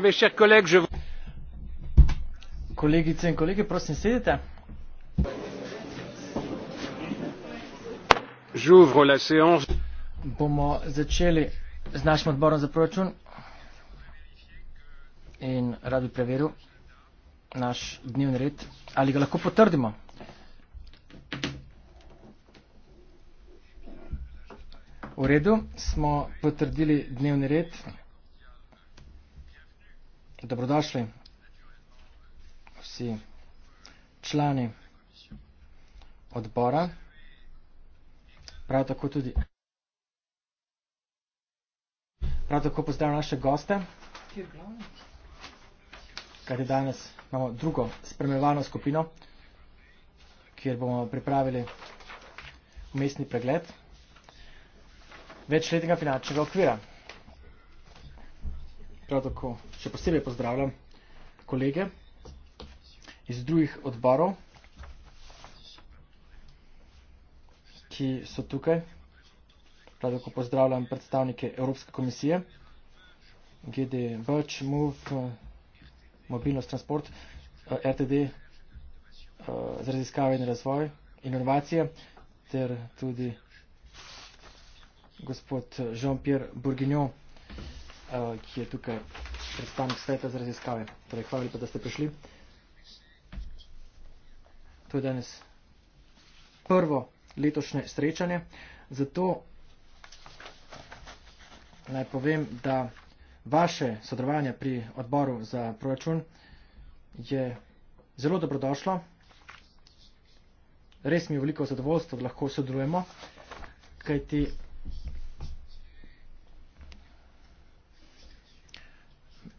mes chers collègues, je vous. Collègues, prosim, sedite. J'ouvre la séance. Bomo začeli z našim odborom za proračun in rad bi preveril naš dnevni red, ali ga lahko potrdimo. V redu, smo potrdili dnevni red. Dobrodošli vsi člani odbora, prav tako tudi prav tako pozdravljam naše goste, kajti danes imamo drugo spremljevalno skupino, kjer bomo pripravili umestni pregled večletnega finančnega okvira. Prav tako še posebej pozdravljam kolege iz drugih odborov, ki so tukaj. Prav tako pozdravljam predstavnike Evropske komisije, GD Birch, MOVE, Mobilnost, Transport, eh, RTD eh, za raziskave in razvoj, inovacije, ter tudi gospod Jean-Pierre Bourguignon, Eh, ki je tukaj predstavnik sveta za raziskave. Torej, hvala lepa, da ste prišli. To je danes prvo letošnje srečanje. Zato naj povem, da vaše sodelovanje pri odboru za proračun je zelo dobrodošlo. Res mi je veliko zadovoljstvo, da lahko sodelujemo, kajti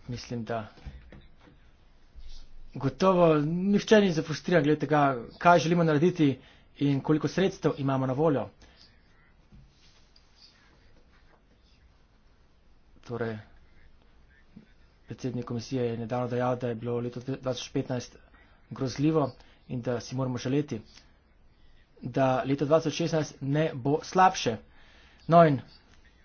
mislim, da gotovo nihče ni zafrustriran glede tega, kaj želimo narediti in koliko sredstev imamo na voljo. Torej, predsednik komisije je nedavno dejal, da je bilo leto 2015 grozljivo in da si moramo želeti, da leto 2016 ne bo slabše. No in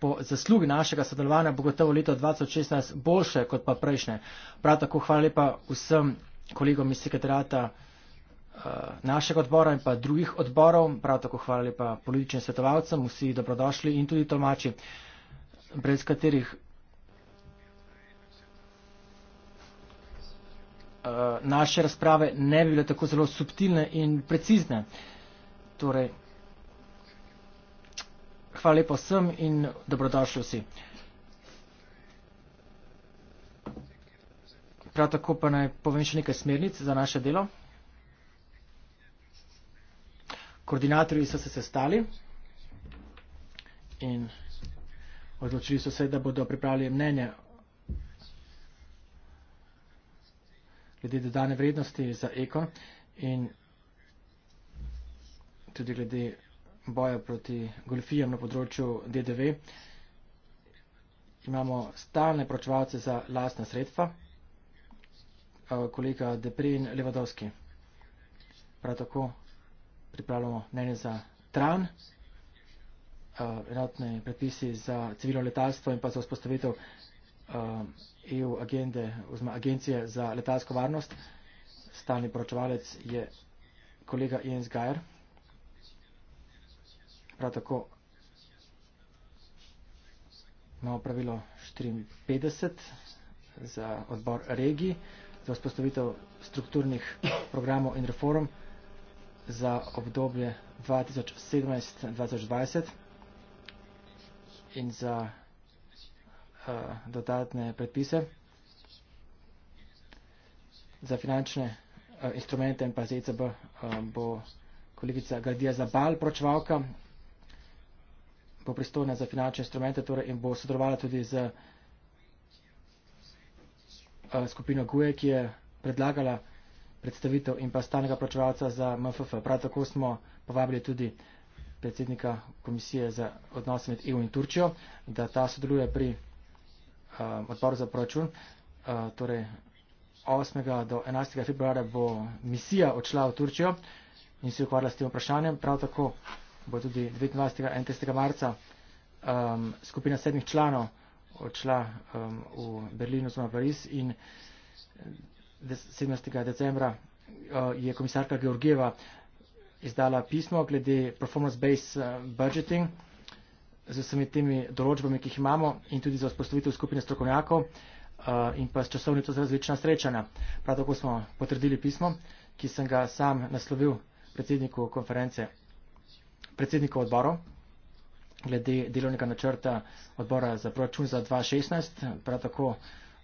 po zaslugi našega sodelovanja bo gotovo leto 2016 boljše kot pa prejšnje. Prav tako hvala lepa vsem kolegom iz sekretarata eh, našega odbora in pa drugih odborov. Prav tako hvala lepa političnim svetovalcem, vsi dobrodošli in tudi tolmači, brez katerih eh, naše razprave ne bi bile tako zelo subtilne in precizne. Torej, Hvala lepo vsem in dobrodošli vsi. Prav tako pa naj povem še nekaj smernic za naše delo. Koordinatorji so se sestali in odločili so se, da bodo pripravili mnenje glede dodane vrednosti za eko in tudi glede boja proti golfijam na področju DDV. Imamo stalne pročevalce za lastna sredstva. Eh, kolega Deprin Levadovski. Prav tako pripravljamo mnenje za TRAN, eh, enotne predpisi za civilno letalstvo in pa za vzpostavitev EU eh, e agende, ozma, agencije za letalsko varnost. Stalni poročevalec je kolega Jens Geier. Prav tako imamo pravilo 54 za odbor regij, za vzpostavitev strukturnih programov in reform za obdobje 2017-2020 in za uh, dodatne predpise za finančne uh, instrumente in pa ZECB uh, eh, bo kolegica Gardija Zabal, pročvalka bo pristojna za finančne instrumente torej in bo sodelovala tudi z eh, skupino GUE, ki je predlagala predstavitev in pa stanega plačevalca za MFF. Prav tako smo povabili tudi predsednika komisije za odnose med EU in Turčjo, da ta sodeluje pri um, odboru za proračun. Uh, torej 8. do 11. februarja bo misija odšla v Turčjo in se ukvarjala s tem vprašanjem. Prav tako bo tudi 29. in 30. marca um, skupina sedmih članov odšla um, v Berlin oziroma Pariz in 17. Eh, decembra uh, je komisarka Georgieva izdala pismo glede performance-based eh, budgeting z vsemi temi določbami, ki jih imamo in tudi za vzpostavitev skupine strokovnjakov uh, in pa s časovnico za različna srečanja. Prav tako smo potrdili pismo, ki sem ga sam naslovil predsedniku konference predsednikov odborov glede delovnega načrta odbora za proračun za 2016. Prav tako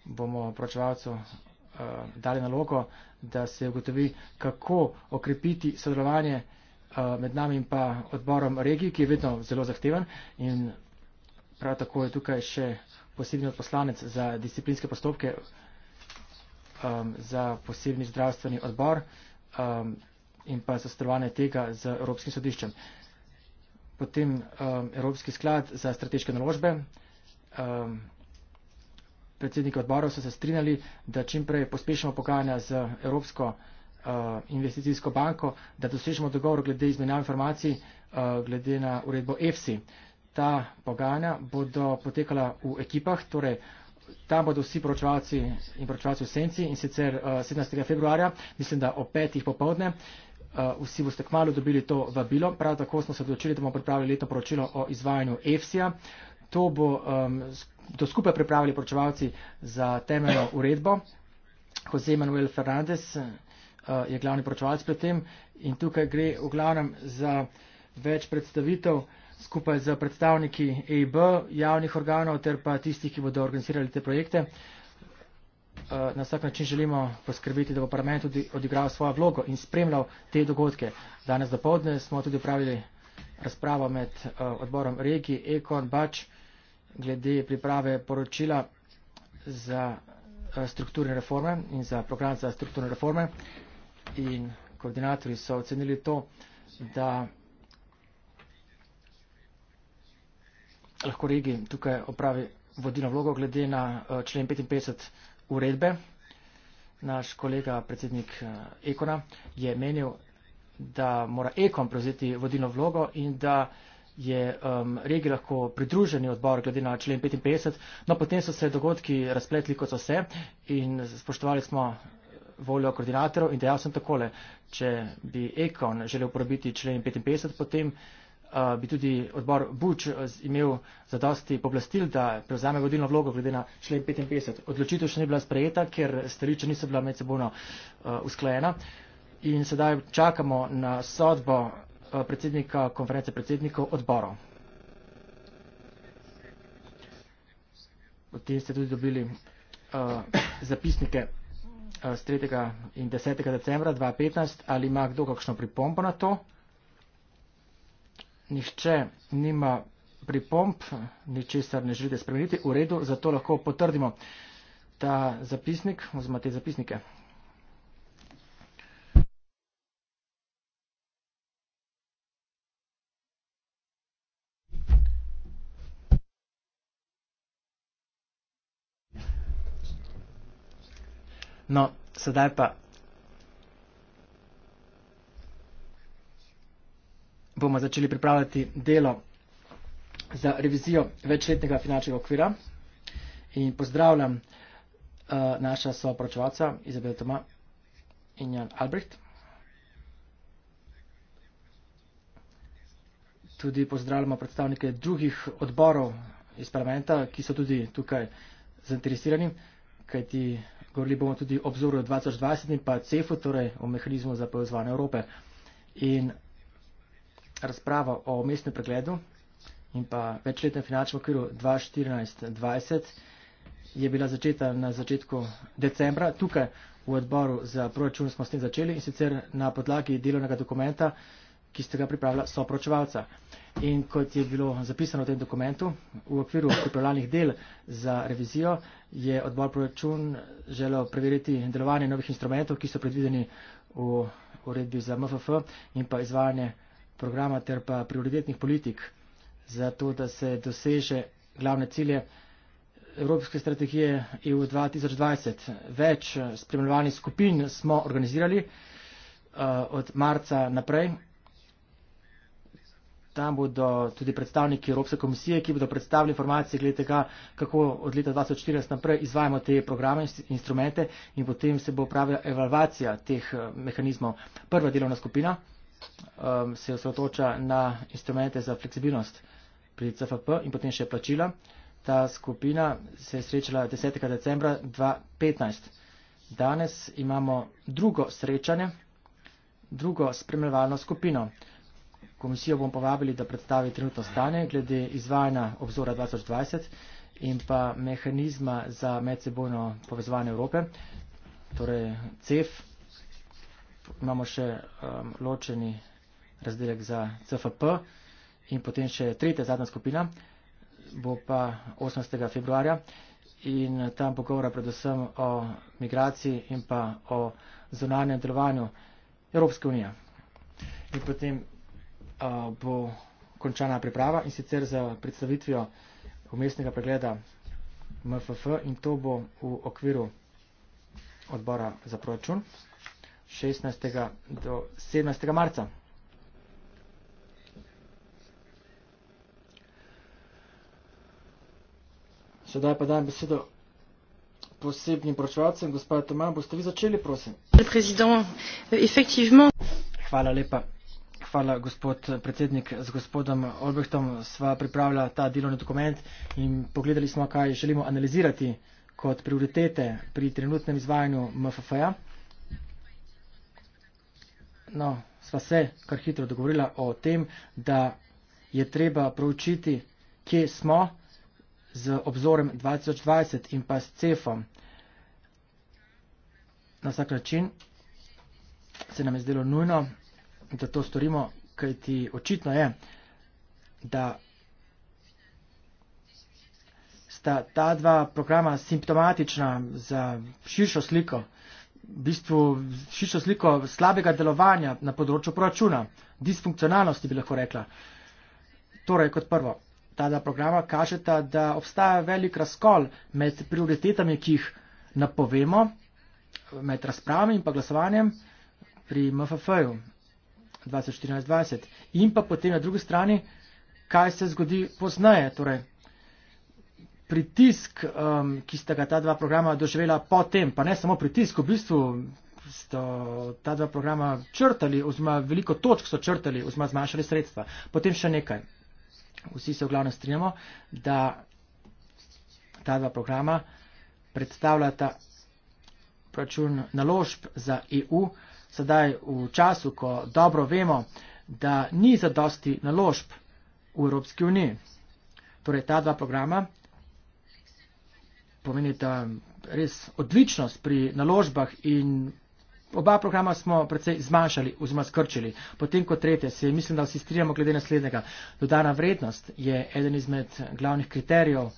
bomo proračevalcu uh, eh, dali nalogo, da se ugotovi, kako okrepiti sodelovanje uh, med nami in pa odborom regij, ki je vedno zelo zahteven. In prav tako je tukaj še posebni odposlanec za disciplinske postopke um, za posebni zdravstveni odbor um, in pa sestrovanje tega z Evropskim sodiščem. Uh, potem um, Evropski sklad za strateške naložbe. Um, predsednik odborov so se strinjali, da čimprej pospešimo pogajanja z Evropsko uh, investicijsko banko, da dosežemo dogovor glede izmenjave informacij, uh, glede na uredbo EFSI. Ta pogajanja bodo potekala v ekipah, torej tam bodo vsi poročevalci in poročevalci v senci in sicer uh, 17. februarja, mislim, da o petih popovdne. Uh, uh, vsi boste kmalo dobili to vabilo. Prav tako smo se odločili, da bomo pripravili leto poročilo o izvajanju EFSI-ja. To bo um, to skupaj pripravili poročevalci za temeljno uredbo. Jose Manuel Fernandez uh, je glavni poročevalc pri tem in tukaj gre v glavnem za več predstavitev skupaj z predstavniki EIB, javnih organov ter pa tistih, ki bodo organizirali te projekte. Uh, Eh, na vsak način želimo poskrbeti, da bo parlament tudi odigral svojo vlogo in spremljal te dogodke. Danes dopoledne smo tudi upravili razpravo med eh, odborom regij Ekon Bač glede priprave poročila za eh, strukturne reforme in za program za strukturne reforme. In koordinatorji so ocenili to, da lahko regij tukaj opravi vodilno vlogo glede na člen 55 uredbe. Naš kolega predsednik eh, Ekona je menil, da mora Ekon prevzeti vodilno vlogo in da je um, regi lahko pridruženi odbor glede na člen 55. No, potem so se dogodki razpletli, kot so se, in spoštovali smo voljo koordinatorov in dejal sem takole, če bi Ekon želel probiti člen 55, potem. Eh, bi tudi odbor Buč eh, imel zadosti poblastil, da prevzame vodilno vlogo glede na člen 55. Odločitev še ni bila sprejeta, ker stališča niso bila medsebojno eh, usklajena. In sedaj čakamo na sodbo predsednika konference predsednikov odborov. Potem ste tudi dobili uh, zapisnike uh, z 3. in 10. decembra 2015. Ali ima kdo kakšno pripombo na to? nihče nima pripomp, ničesar ne želite spremeniti, v redu, zato lahko potrdimo ta zapisnik oziroma te zapisnike. No, sedaj pa bomo začeli pripravljati delo za revizijo večletnega finančnega okvira. In pozdravljam uh, naša soporočevalca Izabela Toma in Jan Albrecht. Tudi pozdravljamo predstavnike drugih odborov iz parlamenta, ki so tudi tukaj zainteresirani, kajti govorili bomo tudi o obzoru 2020 in pa CEF-u, torej o mehanizmu za povezovanje Evrope. In razpravo o mestnem pregledu in pa večletnem finančnem okviru 2014-2020 je bila začeta na začetku decembra. Tukaj v odboru za proračun smo s tem začeli in sicer na podlagi delovnega dokumenta, ki ste ga pripravila soproočevalca. In kot je bilo zapisano v tem dokumentu, v okviru pripravljalnih del za revizijo je odbor proračun želel preveriti delovanje novih instrumentov, ki so predvideni v uredbi za MFF in pa izvajanje programa ter pa prioritetnih politik za to, da se doseže glavne cilje Evropske strategije EU 2020. Več eh, spremljevalnih skupin smo organizirali eh, od marca naprej. Tam bodo tudi predstavniki Evropske komisije, ki bodo predstavili informacije glede tega, kako od leta 2014 naprej izvajamo te programe in instrumente in potem se bo pravila evalvacija teh eh, mehanizmov. Prva delovna skupina um, se osredotoča na instrumente za fleksibilnost pri CFP in potem še plačila. Ta skupina se je srečala 10. decembra 2015. Danes imamo drugo srečanje, drugo spremljevalno skupino. Komisijo bom povabili, da predstavi trenutno stanje glede izvajanja obzora 2020 in pa mehanizma za medsebojno povezovanje Evrope, torej CEF imamo še um, ločeni razdelek za CFP in potem še tretja zadnja skupina, bo pa 18. februarja in tam pogovora predvsem o migraciji in pa o zunanjem delovanju Evropske unije. In potem uh, bo končana priprava in sicer za predstavitvijo umestnega pregleda MFF in to bo v okviru odbora za proračun. 16. do 17. marca. Sedaj pa dajem besedo posebnim poročevalcem, gospod Tomaj, boste vi začeli, prosim. Hvala lepa. Hvala, gospod predsednik, z gospodom Olbehtom sva pripravila ta delovni dokument in pogledali smo, kaj želimo analizirati kot prioritete pri trenutnem izvajanju MFF-ja no, sva se kar hitro dogovorila o tem, da je treba proučiti, kje smo z obzorem 2020 in pa s CEFom. Na vsak način se nam je zdelo nujno, da to storimo, kajti očitno je, da sta ta dva programa simptomatična za širšo sliko v bistvu širšo sliko slabega delovanja na področju proračuna, disfunkcionalnosti bi lahko rekla. Torej, kot prvo, ta dva programa kažeta, da obstaja velik razkol med prioritetami, ki jih napovemo, med razpravami in pa glasovanjem pri MFF-ju 2014-2020 in pa potem na drugi strani, kaj se zgodi poznaje, torej pritisk, um, ki sta ga ta dva programa doživela potem, pa ne samo pritisk, v bistvu sta ta dva programa črtali, oziroma veliko točk so črtali, oziroma zmanjšali sredstva. Potem še nekaj. Vsi se v glavnem strinjamo, da ta dva programa predstavljata račun naložb za EU, sedaj v času, ko dobro vemo, da ni zadosti naložb v Evropski uniji. Torej, ta dva programa pomeni ta res odličnost pri naložbah in oba programa smo predvsej zmanjšali oziroma skrčili. Potem kot tretje, se mislim, da vsi strijamo glede naslednjega. Dodana vrednost je eden izmed glavnih kriterijev eh,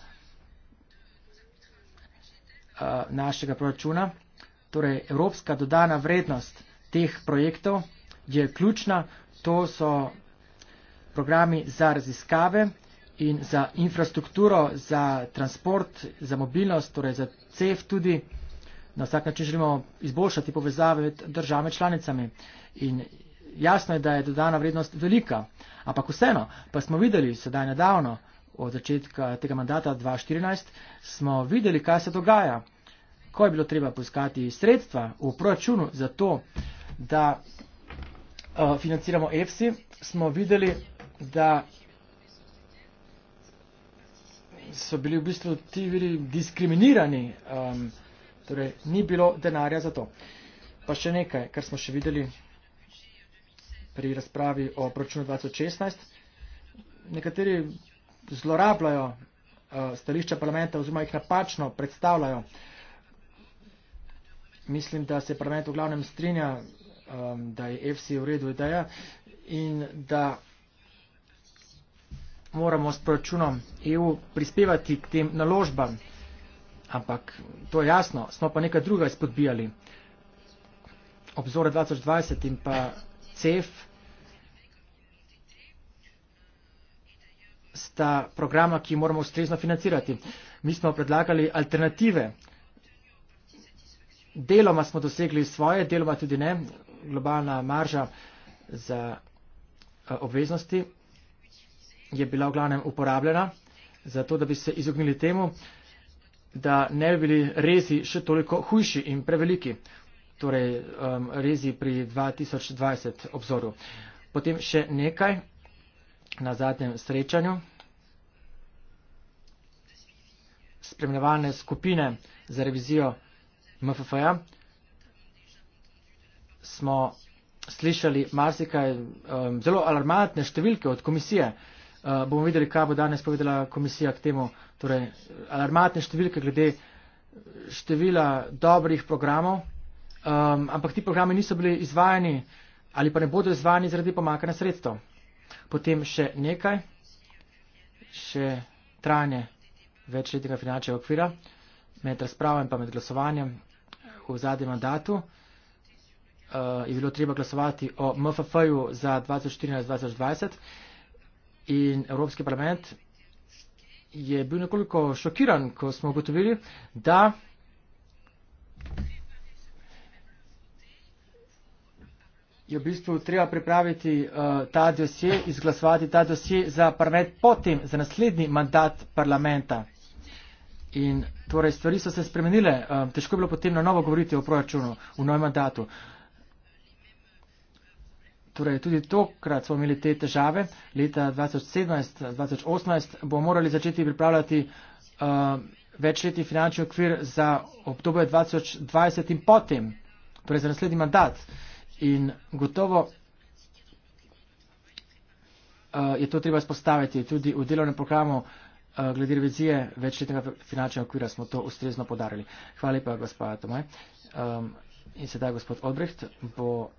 našega proračuna. Torej, evropska dodana vrednost teh projektov je ključna. To so programi za raziskave, in za infrastrukturo, za transport, za mobilnost, torej za CEF tudi. Na vsak način želimo izboljšati povezave med državami članicami. In jasno je, da je dodana vrednost velika. Ampak vseeno, pa smo videli sedaj nedavno, od začetka tega mandata 2014, smo videli, kaj se dogaja. Ko je bilo treba poiskati sredstva v proračunu za to, da uh, financiramo EFSI, smo videli, da so bili v bistvu ti viri diskriminirani, um, torej ni bilo denarja za to. Pa še nekaj, kar smo še videli pri razpravi o proračunu 2016. Nekateri zlorabljajo uh, stališča parlamenta oziroma jih napačno predstavljajo. Mislim, da se parlament v glavnem strinja, um, da je FC v redu ideja in da moramo s proračunom EU prispevati k tem naložbam. Ampak to je jasno, smo pa nekaj druga izpodbijali. Obzore 2020 in pa CEF sta programa, ki moramo ustrezno financirati. Mi smo predlagali alternative. Deloma smo dosegli svoje, deloma tudi ne. Globalna marža za eh, obveznosti je bila v glavnem uporabljena, zato da bi se izognili temu, da ne bi bili rezi še toliko hujši in preveliki, torej um, rezi pri 2020 obzoru. Potem še nekaj na zadnjem srečanju. Spremljevalne skupine za revizijo MFF-ja smo slišali marsikaj um, zelo alarmantne številke od komisije. Uh, bomo videli, kaj bo danes povedala komisija k temu. Torej, alarmantne številke glede števila dobrih programov, um, ampak ti programi niso bili izvajani ali pa ne bodo izvajani zaradi pomakanja sredstev. Potem še nekaj, še trajanje večletnega finančnega okvira med razpravo in pa med glasovanjem v zadnjem mandatu. Uh, je bilo treba glasovati o MFF-ju za 2014-2020. In Evropski parlament je bil nekoliko šokiran, ko smo ugotovili, da je v bistvu treba pripraviti uh, ta dosje, izglasovati ta dosje za parlament potem, za naslednji mandat parlamenta. In torej stvari so se spremenile, uh, težko je bilo potem na novo govoriti o proračunu, v novem mandatu. Uh, Torej, tudi tokrat smo imeli te težave. Leta 2017-2018 bomo morali začeti pripravljati uh, večletni finančni okvir za obdobje 2020 in potem, torej za naslednji mandat. In gotovo uh, je to treba spostaviti tudi v delovnem programu uh, glede revizije večletnega finančnega okvira. Smo to ustrezno podarili. Hvala lepa, gospod Tomaj. Um, in sedaj gospod Odbrecht bo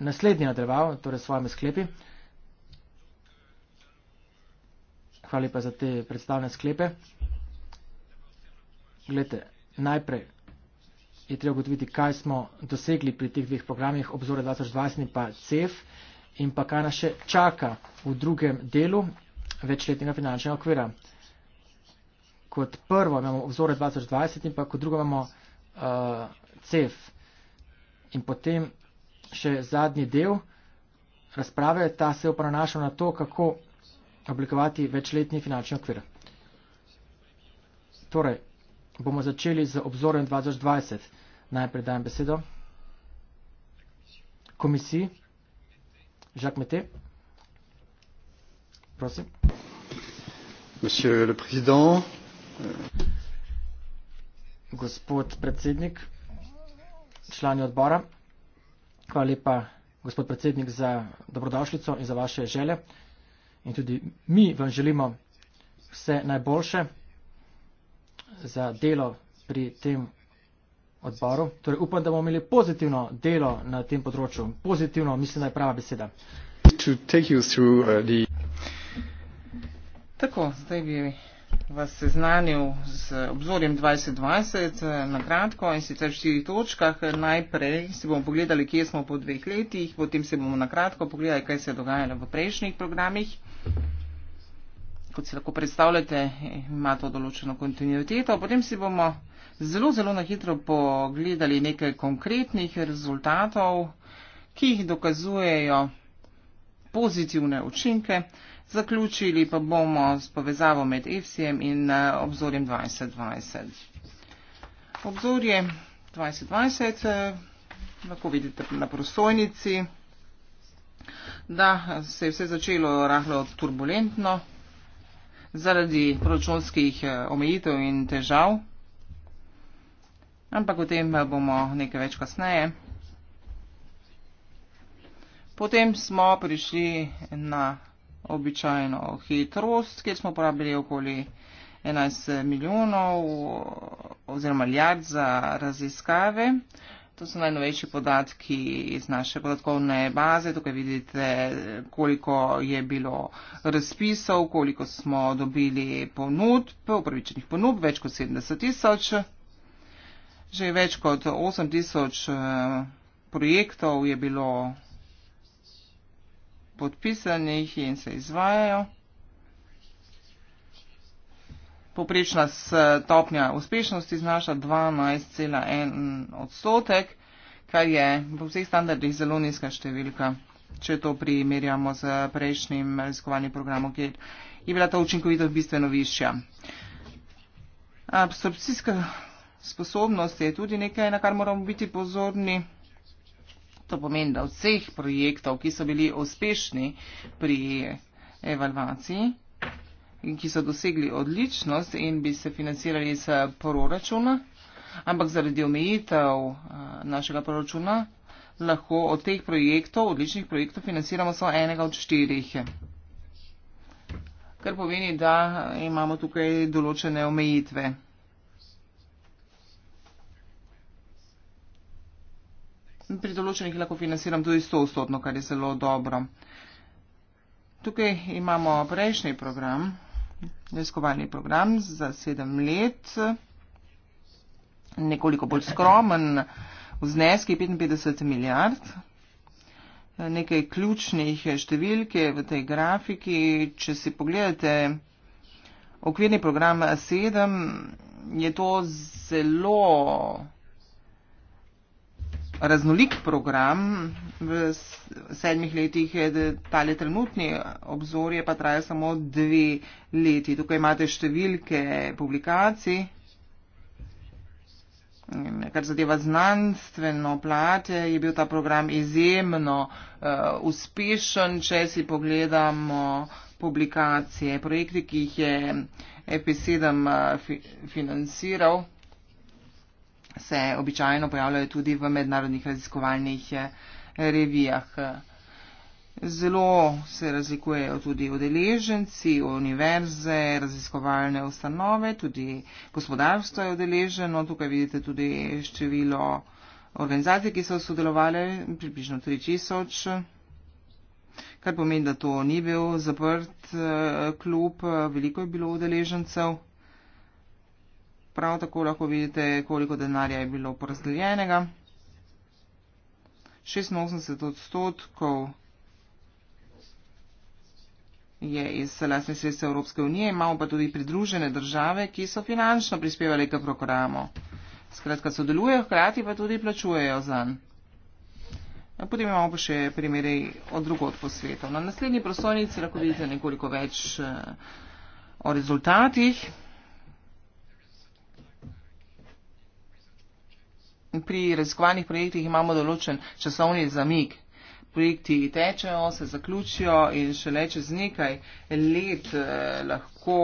naslednji nadreval, torej svojimi sklepi. Hvala pa za te predstavne sklepe. Glede, najprej je treba ugotoviti, kaj smo dosegli pri teh dveh programih, obzore 2020 in pa CEF in pa kaj nas še čaka v drugem delu večletnega finančnega okvira. Kot prvo imamo obzore 2020 in pa kot drugo imamo uh, CEF in potem še zadnji del razprave, ta se je opranašal na to, kako oblikovati večletni finančni okvir. Torej, bomo začeli z obzorjem 2020. Najprej dajem besedo. Komisiji. Jacques Mete. Prosim. Monsieur le président. Euh, Gospod predsednik, člani odbora. Hvala lepa, gospod predsednik, za dobrodošljico in za vaše želje. In tudi mi vam želimo vse najboljše za delo pri tem odboru. Torej upam, da bomo imeli pozitivno delo na tem področju. Pozitivno, mislim, da je prava beseda. Uh, Tako, zdaj bi vas seznanil z obzorjem 2020 eh, na kratko in sicer v štirih točkah. Najprej si bomo pogledali, kje smo po dveh letih, potem si bomo na kratko pogledali, kaj se je dogajalo v prejšnjih programih. Kot si lahko predstavljate, ima to določeno kontinuiteto. Potem si bomo zelo, zelo na hitro pogledali nekaj konkretnih rezultatov, ki jih dokazujejo pozitivne učinke zaključili pa bomo s povezavo med EFSI-jem in eh, obzorjem 2020. Obzorje 2020 eh, lahko vidite na prosojnici, da se je vse začelo rahlo turbulentno zaradi proračunskih eh, omejitev in težav, ampak o tem bomo nekaj več kasneje. Potem smo prišli na običajno hitrost, kjer smo porabili okoli 11 milijonov oziroma milijard za raziskave. To so najnovejši podatki iz naše podatkovne baze. Tukaj vidite, koliko je bilo razpisov, koliko smo dobili ponudb, upravičenih ponudb, več kot 70 tisoč. Že več kot 8 tisoč eh, projektov je bilo podpisani in se izvajajo. Poprečna stopnja uspešnosti znaša 12,1 odstotek, kar je v vseh standardih zelo nizka številka, če to primerjamo z prejšnjim raziskovalnim programom, kjer je bila ta učinkovitost bistveno višja. Absorpcijska sposobnost je tudi nekaj, na kar moramo biti pozorni. To pomeni, da vseh projektov, ki so bili uspešni pri evalvaciji in ki so dosegli odličnost in bi se financirali iz eh, proračuna, ampak zaradi omejitev eh, našega proračuna lahko od teh projektov, odličnih projektov, financiramo samo enega od štirih. Kar pomeni, da eh, imamo tukaj določene omejitve. pri določenih lahko financiram tudi 100 odstotno, kar je zelo dobro. Tukaj imamo prejšnji program, raziskovalni program za 7 let, nekoliko bolj skromen, v zneski 55 milijard. Nekaj ključnih številke v tej grafiki. Če si pogledate okvirni program 7, je to zelo raznolik program. V sedmih letih je tale trenutni obzorje, pa traja samo dve leti. Tukaj imate številke publikacij. Kar zadeva znanstveno plate, je bil ta program izjemno uh, uspešen, če si pogledamo publikacije, projekte, ki jih je FP7 uh, eh, fi financiral se običajno pojavljajo tudi v mednarodnih raziskovalnih eh, revijah. Zelo se razlikujejo tudi odeleženci, univerze, raziskovalne ustanove, tudi gospodarstvo je odeleženo. Tukaj vidite tudi število organizacij, ki so sodelovali, približno 3000, kar pomeni, da to ni bil zaprt eh, klub, veliko je bilo odeležencev. Prav tako lahko vidite, koliko denarja je bilo porazdeljenega. 86 odstotkov je iz lasne sredstva Evropske unije, imamo pa tudi pridružene države, ki so finančno prispevali k programu. Skratka, sodelujejo, hkrati pa tudi plačujejo za njo. Potem imamo pa še primere od drugot po svetu. Na naslednji prosojnici lahko vidite nekoliko več eh, o rezultatih. pri raziskovalnih projektih imamo določen časovni zamik. Projekti tečejo, se zaključijo in šele čez nekaj let eh, lahko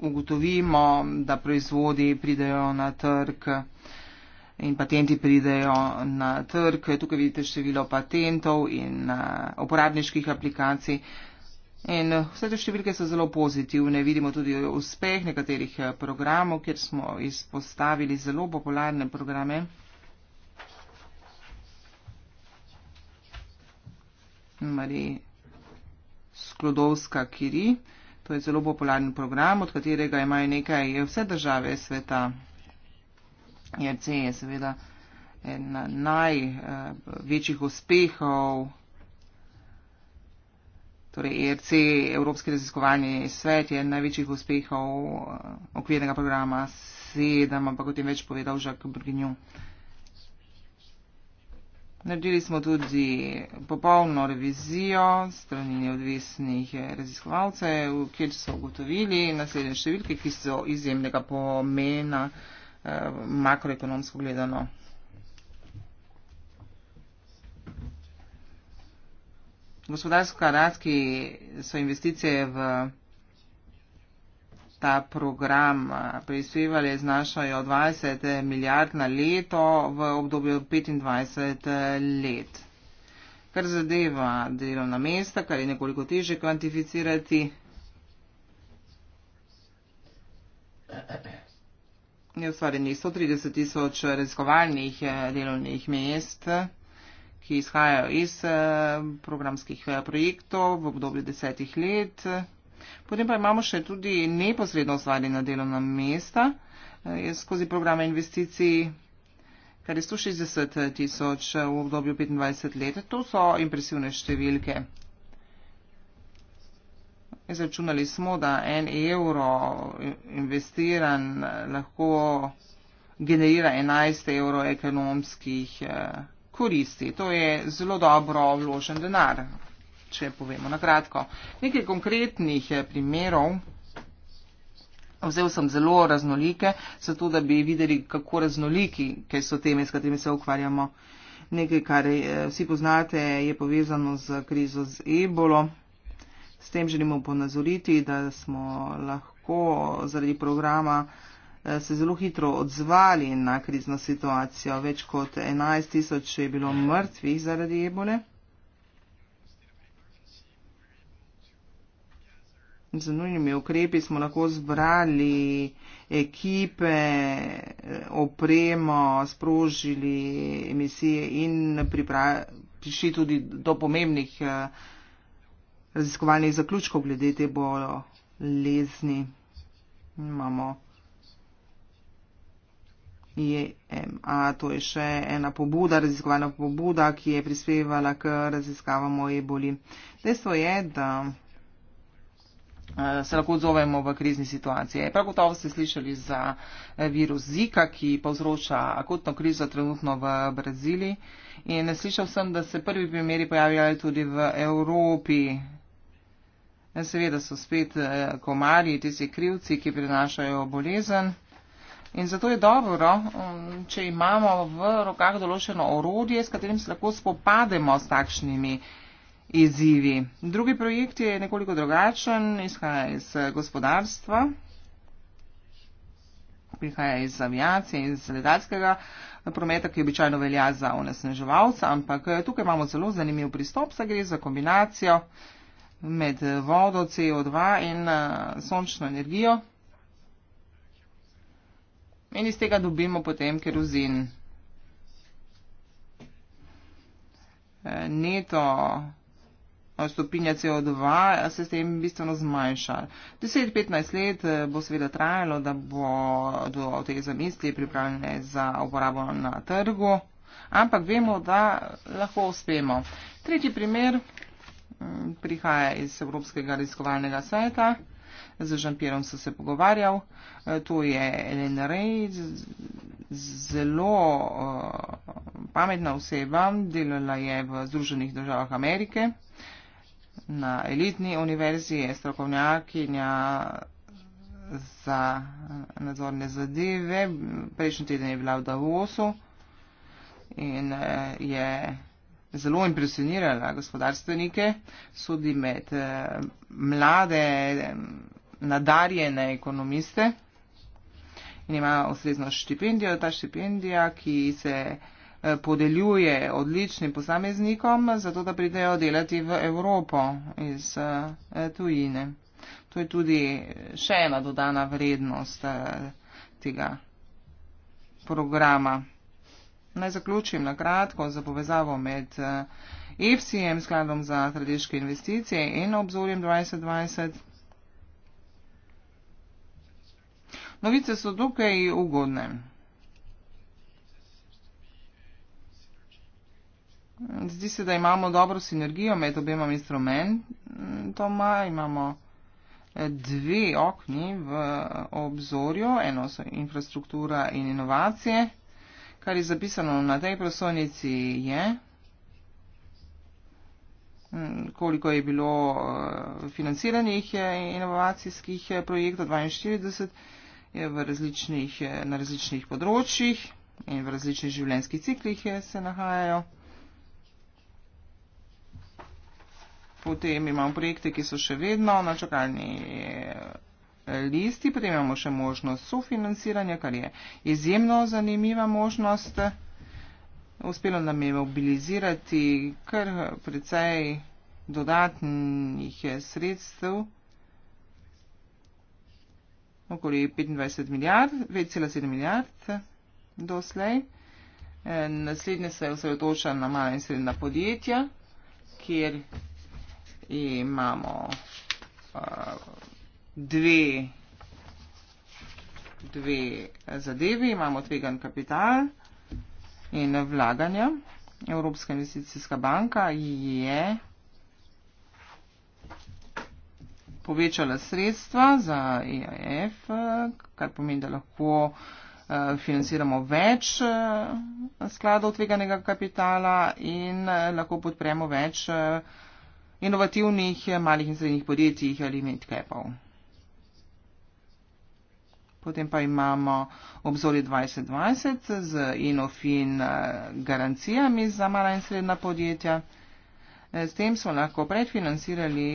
ugotovimo, da proizvodi pridejo na trg in patenti pridejo na trg. Tukaj vidite število patentov in eh, uporabniških aplikacij. In eh, vse te številke so zelo pozitivne. Vidimo tudi uspeh nekaterih eh, programov, kjer smo izpostavili zelo popularne programe. Marija Sklodovska Kiri. To je zelo popularen program, od katerega imajo nekaj vse države sveta. RC je seveda ena največjih eh, uspehov. Torej, ERC, Evropski raziskovalni svet, je največjih uspehov eh, okvirnega programa 7, ampak o tem več povedal Žak Brgnju. Naredili smo tudi popolno revizijo strani neodvisnih eh, raziskovalcev, kjer so ugotovili naslednje številke, ki so izjemnega pomena eh, makroekonomsko gledano. gospodarska rast, ki so investicije v ta program prispevali, znašajo 20 milijard na leto v obdobju 25 e, let. Kar zadeva delovna mesta, kar je nekoliko teže kvantificirati, je ustvarjenih 130 tisoč raziskovalnih e, delovnih mest ki izhajajo iz eh, programskih eh, projektov v obdobju desetih let. Potem pa imamo še tudi neposredno ustvarjena delovna mesta eh, Jaz skozi programe investicij, kar je 160 tisoč v obdobju 25 let. To so impresivne številke. Izračunali smo, da en evro investiran lahko generira 11 evro ekonomskih eh, koristi. To je zelo dobro vložen denar, če povemo na kratko. Nekaj konkretnih eh, primerov. Vzel sem zelo raznolike, zato da bi videli, kako raznoliki so teme, s katerimi se ukvarjamo. Nekaj, kar eh, vsi poznate, je povezano z krizo z ebolo. S tem želimo ponazoriti, da smo lahko zaradi programa eh, Eh, se zelo hitro odzvali na krizno situacijo. Več kot 11 tisoč je bilo mrtvih zaradi ebole. Z nujnimi ukrepi smo lahko zbrali ekipe, eh, opremo, sprožili emisije in prišli tudi do pomembnih eh, raziskovalnih zaključkov glede te bolezni. Imamo IEMA. To je še ena pobuda, raziskovalna pobuda, ki je prispevala k raziskavam o eboli. Dejstvo je, da eh, se lahko odzovemo v krizni situaciji. Prav gotovo ste slišali za eh, virus Zika, ki povzroča akutno krizo trenutno v Braziliji. In slišal sem, da se prvi primeri pojavljajo tudi v Evropi. Eh, seveda so spet komarji, tisti krivci, ki prenašajo bolezen. In zato je dobro, um, če imamo v rokah določeno orodje, s katerim se lahko spopademo s takšnimi izzivi. Drugi projekt je nekoliko drugačen, izhaja iz eh, gospodarstva, prihaja iz aviacije, iz letalskega eh, prometa, ki običajno velja za onesneževalca, ampak eh, tukaj imamo zelo zanimiv pristop, saj gre za kombinacijo med vodo CO2 in sončno energijo, In iz tega dobimo potem kerozin. E, neto e, stopinja CO2 se s tem bistveno zmanjšala. 10-15 let e, bo seveda trajalo, da bo do te zamisli pripravljene za uporabo na trgu, ampak vemo, da lahko uspemo. Tretji primer prihaja iz Evropskega raziskovalnega sveta z Žanpirom sem se pogovarjal, e, tu je Elena Rej, zelo uh, pametna oseba, delala je v Združenih državah Amerike, na elitni univerzi je strokovnjakinja za e, nadzorne zadeve, prejšnji teden je bila v Davosu in uh, je zelo impresionirala gospodarstvenike, sodi med eh, mlade nadarjene ekonomiste in ima osrezno štipendijo. Ta štipendija, ki se eh, podeljuje odličnim posameznikom, zato da pridejo delati v Evropo iz eh, tujine. To je tudi še ena dodana vrednost eh, tega programa. Naj zaključim na kratko za povezavo med EFSI-jem, skladom za strateške investicije in obzorjem 2020. novice so dokaj ugodne. Zdi se, da imamo dobro sinergijo med obema instrumentoma. Imamo eh, dve okni v eh, obzorju, eno so infrastruktura in inovacije. Kar je zapisano na tej prosojnici je, hm, koliko je bilo eh, financiranih inovacijskih projektov, 42 je v različnih, eh, na različnih področjih in v različnih življenjskih ciklih eh, se nahajajo. Potem imamo projekte, ki so še vedno na čakalni eh, listi, potem imamo še možnost sofinanciranja, kar je izjemno zanimiva možnost. Uspelo nam je mobilizirati kar precej dodatnih sredstev okoli 25 milijard, 2,7 milijard doslej. E, naslednje se je osredotočal na mala in srednja podjetja, kjer imamo e, dve, dve zadevi, imamo tvegan kapital in vlaganja. Evropska investicijska banka je povečala sredstva za EAF, kar pomeni, da lahko eh, financiramo več eh, skladov tveganega kapitala in eh, lahko podpremo več inovativnih malih in srednjih podjetij ali midcapov. Potem pa imamo obzorje 2020 z inofin garancijami za mala in srednja podjetja. S tem smo lahko predfinancirali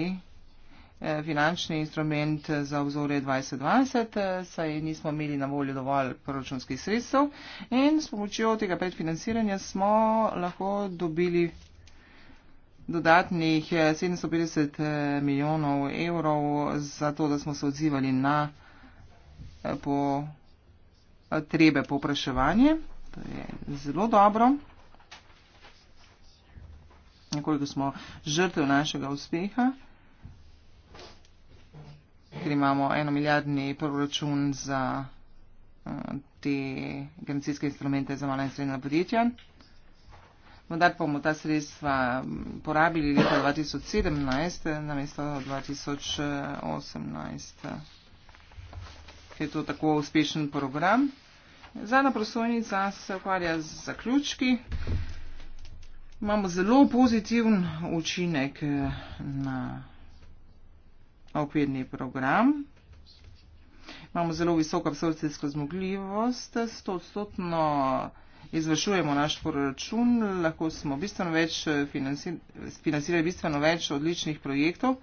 Eh, finančni instrument za obzorje 2020, eh, saj nismo imeli na voljo dovolj proračunskih sredstev in s pomočjo tega predfinanciranja smo lahko dobili dodatnih 750 eh, milijonov evrov za to, da smo se odzivali na po trebe popraševanje. To je zelo dobro. Nekoliko smo žrtev našega uspeha ker imamo eno milijardni proračun za eh, te generacijske instrumente za mala in srednja podjetja. Vendar pa bomo ta sredstva porabili leta 2017 na mesto 2018, ker je to tako uspešen program. Zadnja prosojnica se ukvarja z zaključki. Imamo zelo pozitiven učinek eh, na okvirni program. Imamo zelo visoko absorpcijsko zmogljivost, 100 odstotno izvršujemo naš proračun, lahko smo bistveno več financir financirali bistveno več odličnih projektov,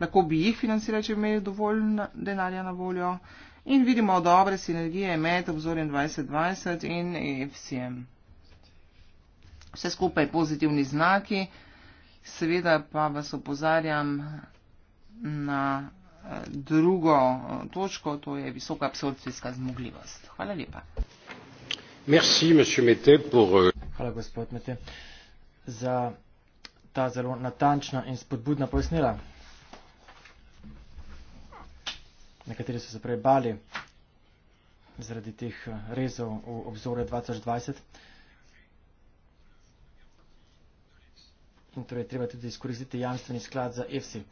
lahko bi jih financirali, če bi imeli dovolj denarja na voljo. In vidimo dobre sinergije med obzorjem 2020 in EFSI-em. Vse skupaj pozitivni znaki, seveda pa vas opozarjam, na eh, drugo eh, točko, to je visoka absorpcijska zmogljivost. Hvala lepa. Merci, Mete, pour... Euh, Hvala, gospod Mete, za ta zelo natančna in spodbudna pojasnila. Nekateri so se prej bali zaradi teh eh, rezov v obzore 2020. In torej treba tudi izkoristiti jamstveni sklad za EFSI.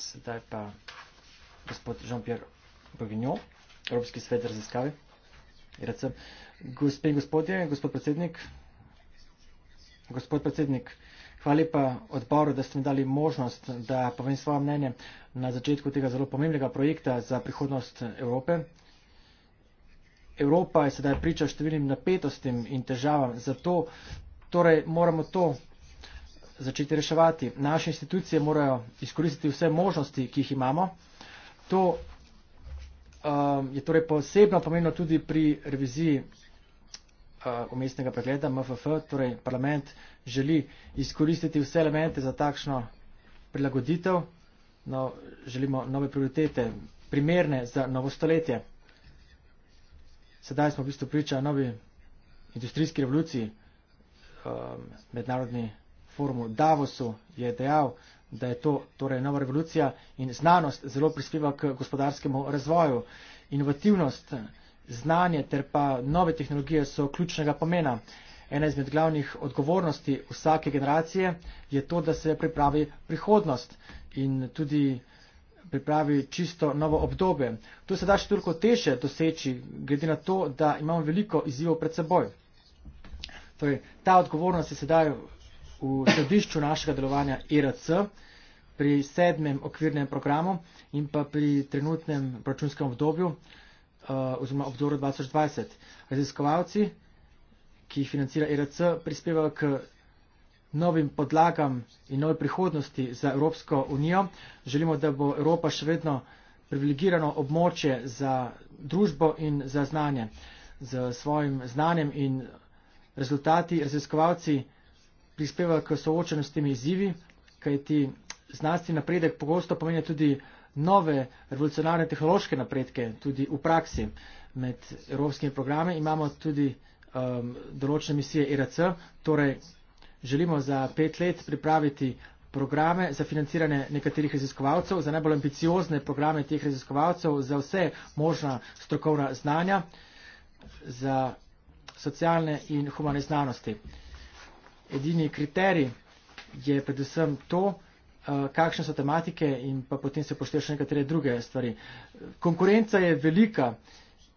Sedaj pa gospod Jean-Pierre Bovignon, Evropski svet za raziskave. Gospe in gospodje, gospod predsednik, gospod predsednik, hvala pa odboru, da ste mi dali možnost, da povem svoje mnenje na začetku tega zelo pomembnega projekta za prihodnost Evrope. Evropa je sedaj priča številnim napetostim in težavam, zato torej moramo to začeti reševati. Naše institucije morajo izkoristiti vse možnosti, ki jih imamo. To um, je torej posebno pomembno tudi pri reviziji uh, umestnega uh, pregleda MFF, torej parlament želi izkoristiti vse elemente za takšno prilagoditev. No, želimo nove prioritete, primerne za novo stoletje. Sedaj smo v bistvu priča novi industrijski revoluciji, um, mednarodni revoluciji forumu Davosu je dejal, da je to torej nova revolucija in znanost zelo prispeva k gospodarskemu razvoju. Inovativnost, znanje ter pa nove tehnologije so ključnega pomena. Ena izmed glavnih odgovornosti vsake generacije je to, da se pripravi prihodnost in tudi pripravi čisto novo obdobje. To se da še toliko teže doseči, glede na to, da imamo veliko izzivov pred seboj. Torej, ta odgovornost je sedaj v središču našega delovanja IRC, e pri sedmem okvirnem programu in pa pri trenutnem računskem obdobju eh, oziroma obdobju 2020. Raziskovalci, ki jih financira IRC, e prispevajo k novim podlagam in nove prihodnosti za Evropsko unijo. Želimo, da bo Evropa še vedno privilegirano območje za družbo in za znanje. Z svojim znanjem in rezultati raziskovalci prispeva k soočanju s temi izzivi, kajti znanstveni napredek pogosto pomeni tudi nove revolucionarne tehnološke napredke, tudi v praksi. Med evropskimi programi imamo tudi um, določene misije IRC, e torej želimo za pet let pripraviti programe za financiranje nekaterih raziskovalcev, za najbolj ambiciozne programe teh raziskovalcev, za vse možna strokovna znanja, za socialne in humane znanosti edini kriterij je predvsem to, eh, kakšne so tematike in pa potem se poštejo še nekatere druge stvari. Konkurenca je velika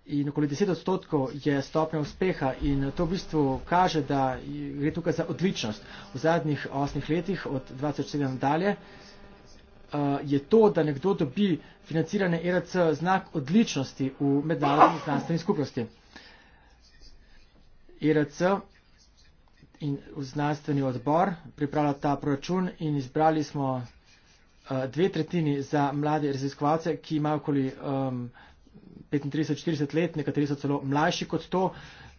in okoli 10 odstotkov je stopnja uspeha in to v bistvu kaže, da gre tukaj za odličnost. V zadnjih osmih letih od 2007 dalje eh, je to, da nekdo dobi financirane ERC znak odličnosti v mednarodni znanstveni skupnosti. ERC in v znanstveni odbor pripravljati ta proračun in izbrali smo eh, dve tretjini za mlade raziskovalce, ki imajo okoli um, 35-40 let, nekateri so celo mlajši kot to.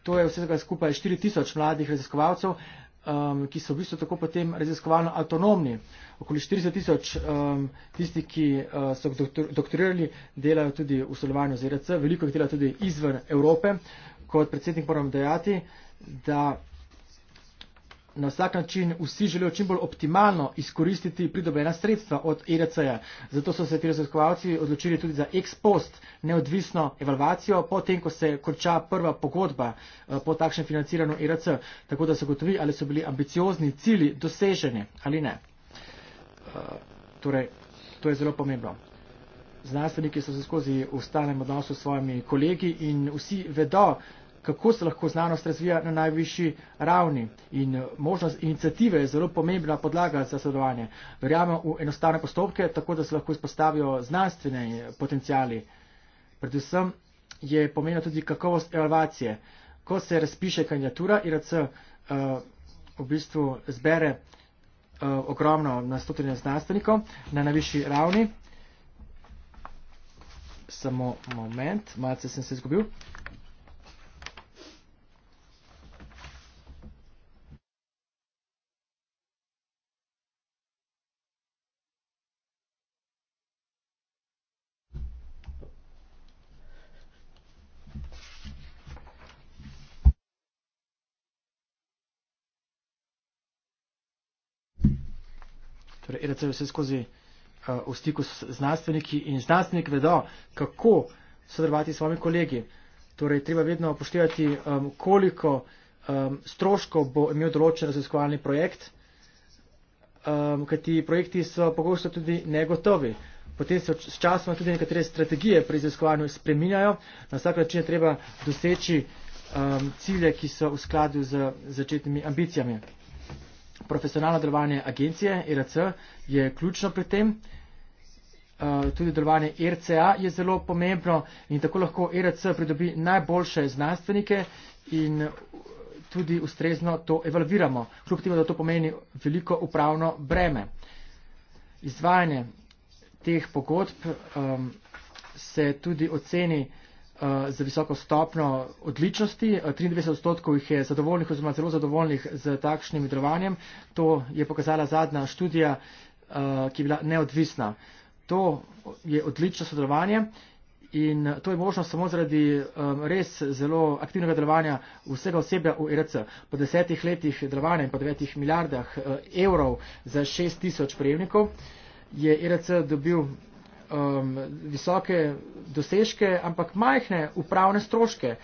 To je vsega skupaj 4000 mladih raziskovalcev, um, ki so v bistvu tako potem raziskovalno avtonomni. Okoli 40 tisoč um, tistih, ki uh, so doktor, doktorirali, delajo tudi v sodelovanju z RC, veliko jih dela tudi izven Evrope. Kot predsednik moram dejati, da na vsak način vsi želijo čim bolj optimalno izkoristiti pridobljena sredstva od ERC-ja. Zato so se ti raziskovalci odločili tudi za ex post neodvisno evalvacijo, potem, ko se konča prva pogodba eh, po takšnem financiranju ERC, tako da se gotovi, ali so bili ambiciozni cili doseženi ali ne. Eh, torej, to je zelo pomembno. Znanstveniki so se skozi ustanem odnosu s svojimi kolegi in vsi vedo, kako se lahko znanost razvija na najvišji ravni. In eh, možnost inicijative je zelo pomembna podlaga za sodelovanje. Verjamemo v enostavne postopke, tako da se lahko izpostavijo znanstvene eh, potencijali. Predvsem je pomembna tudi kakovost evalvacije. Ko se razpiše kandidatura, IRC uh, v bistvu zbere uh, ogromno nastotenja znanstvenikov na najvišji ravni. Samo moment, malce sem se izgubil. recimo vse skozi uh, v stiku s znanstveniki in znanstveniki vedo, kako sodelovati s svojimi kolegi. Torej, treba vedno upoštevati, um, koliko um, stroško bo imel določen raziskovalni projekt, um, ker ti projekti so pogosto tudi negotovi. Potem se s časom tudi nekatere strategije pri raziskovanju spreminjajo. Na vsak način je treba doseči um, cilje, ki so v skladu z začetnimi ambicijami profesionalno delovanje agencije IRC e je ključno pri tem. Eh, tudi delovanje e RCA je zelo pomembno in tako lahko IRC e pridobi najboljše znanstvenike in eh, tudi ustrezno to evalviramo. Kljub temu, da to pomeni veliko upravno breme. Izvajanje teh pogodb um, se tudi oceni uh, Eh, z visoko stopno odličnosti. 93 eh, odstotkov jih je zadovoljnih oziroma zelo zadovoljnih z takšnim mirovanjem. To je pokazala zadnja študija, eh, ki je bila neodvisna. To je odlično sodelovanje in to je možno samo zaradi res zelo aktivnega delovanja vsega osebja v IRC. E po desetih letih delovanja in po devetih milijardah evrov za šest tisoč prejemnikov je IRC e dobil um, visoke dosežke, ampak majhne upravne stroške.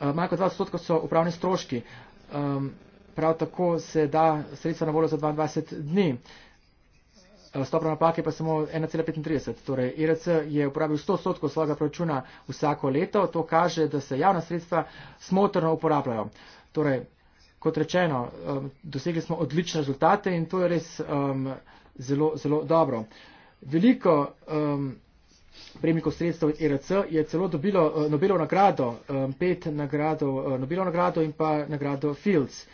Uh, Majko 20 odstotkov so upravni stroški. Um, prav tako se da sredstva na voljo za 22 dni. Uh, Stopra napake pa samo 1,35. Torej, IRC je uporabil 100 odstotkov svojega proračuna vsako leto. To kaže, da se javna sredstva smotrno uporabljajo. Torej, kot rečeno, um, dosegli smo odlične rezultate in to je res um, zelo, zelo dobro. Uh, veliko um, prejemnikov sredstev IRC e je celo dobilo uh, Nobelov nagrado, um, pet nagradov uh, Nobelov nagrado in pa nagrado Fields.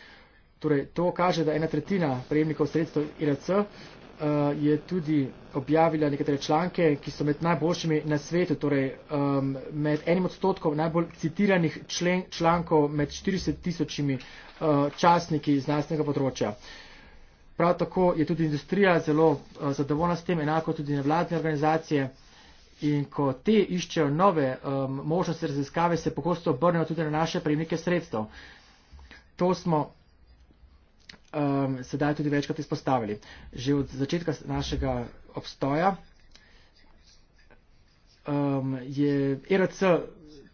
Torej, to kaže, da ena tretjina prejemnikov sredstev IRC e uh, je tudi objavila nekatere članke, ki so med najboljšimi na svetu, torej um, med enim odstotkom najbolj citiranih člen, člankov med 40 tisočimi uh, časniki iz znanstvenega področja. Uh, Prav tako je tudi industrija zelo uh, zadovoljna s tem, enako tudi nevladne organizacije. In ko te iščejo nove um, možnosti raziskave, se pogosto obrnejo tudi na naše prejemnike sredstev. To smo um, sedaj tudi večkrat izpostavili. Že od začetka našega obstoja um, je e RC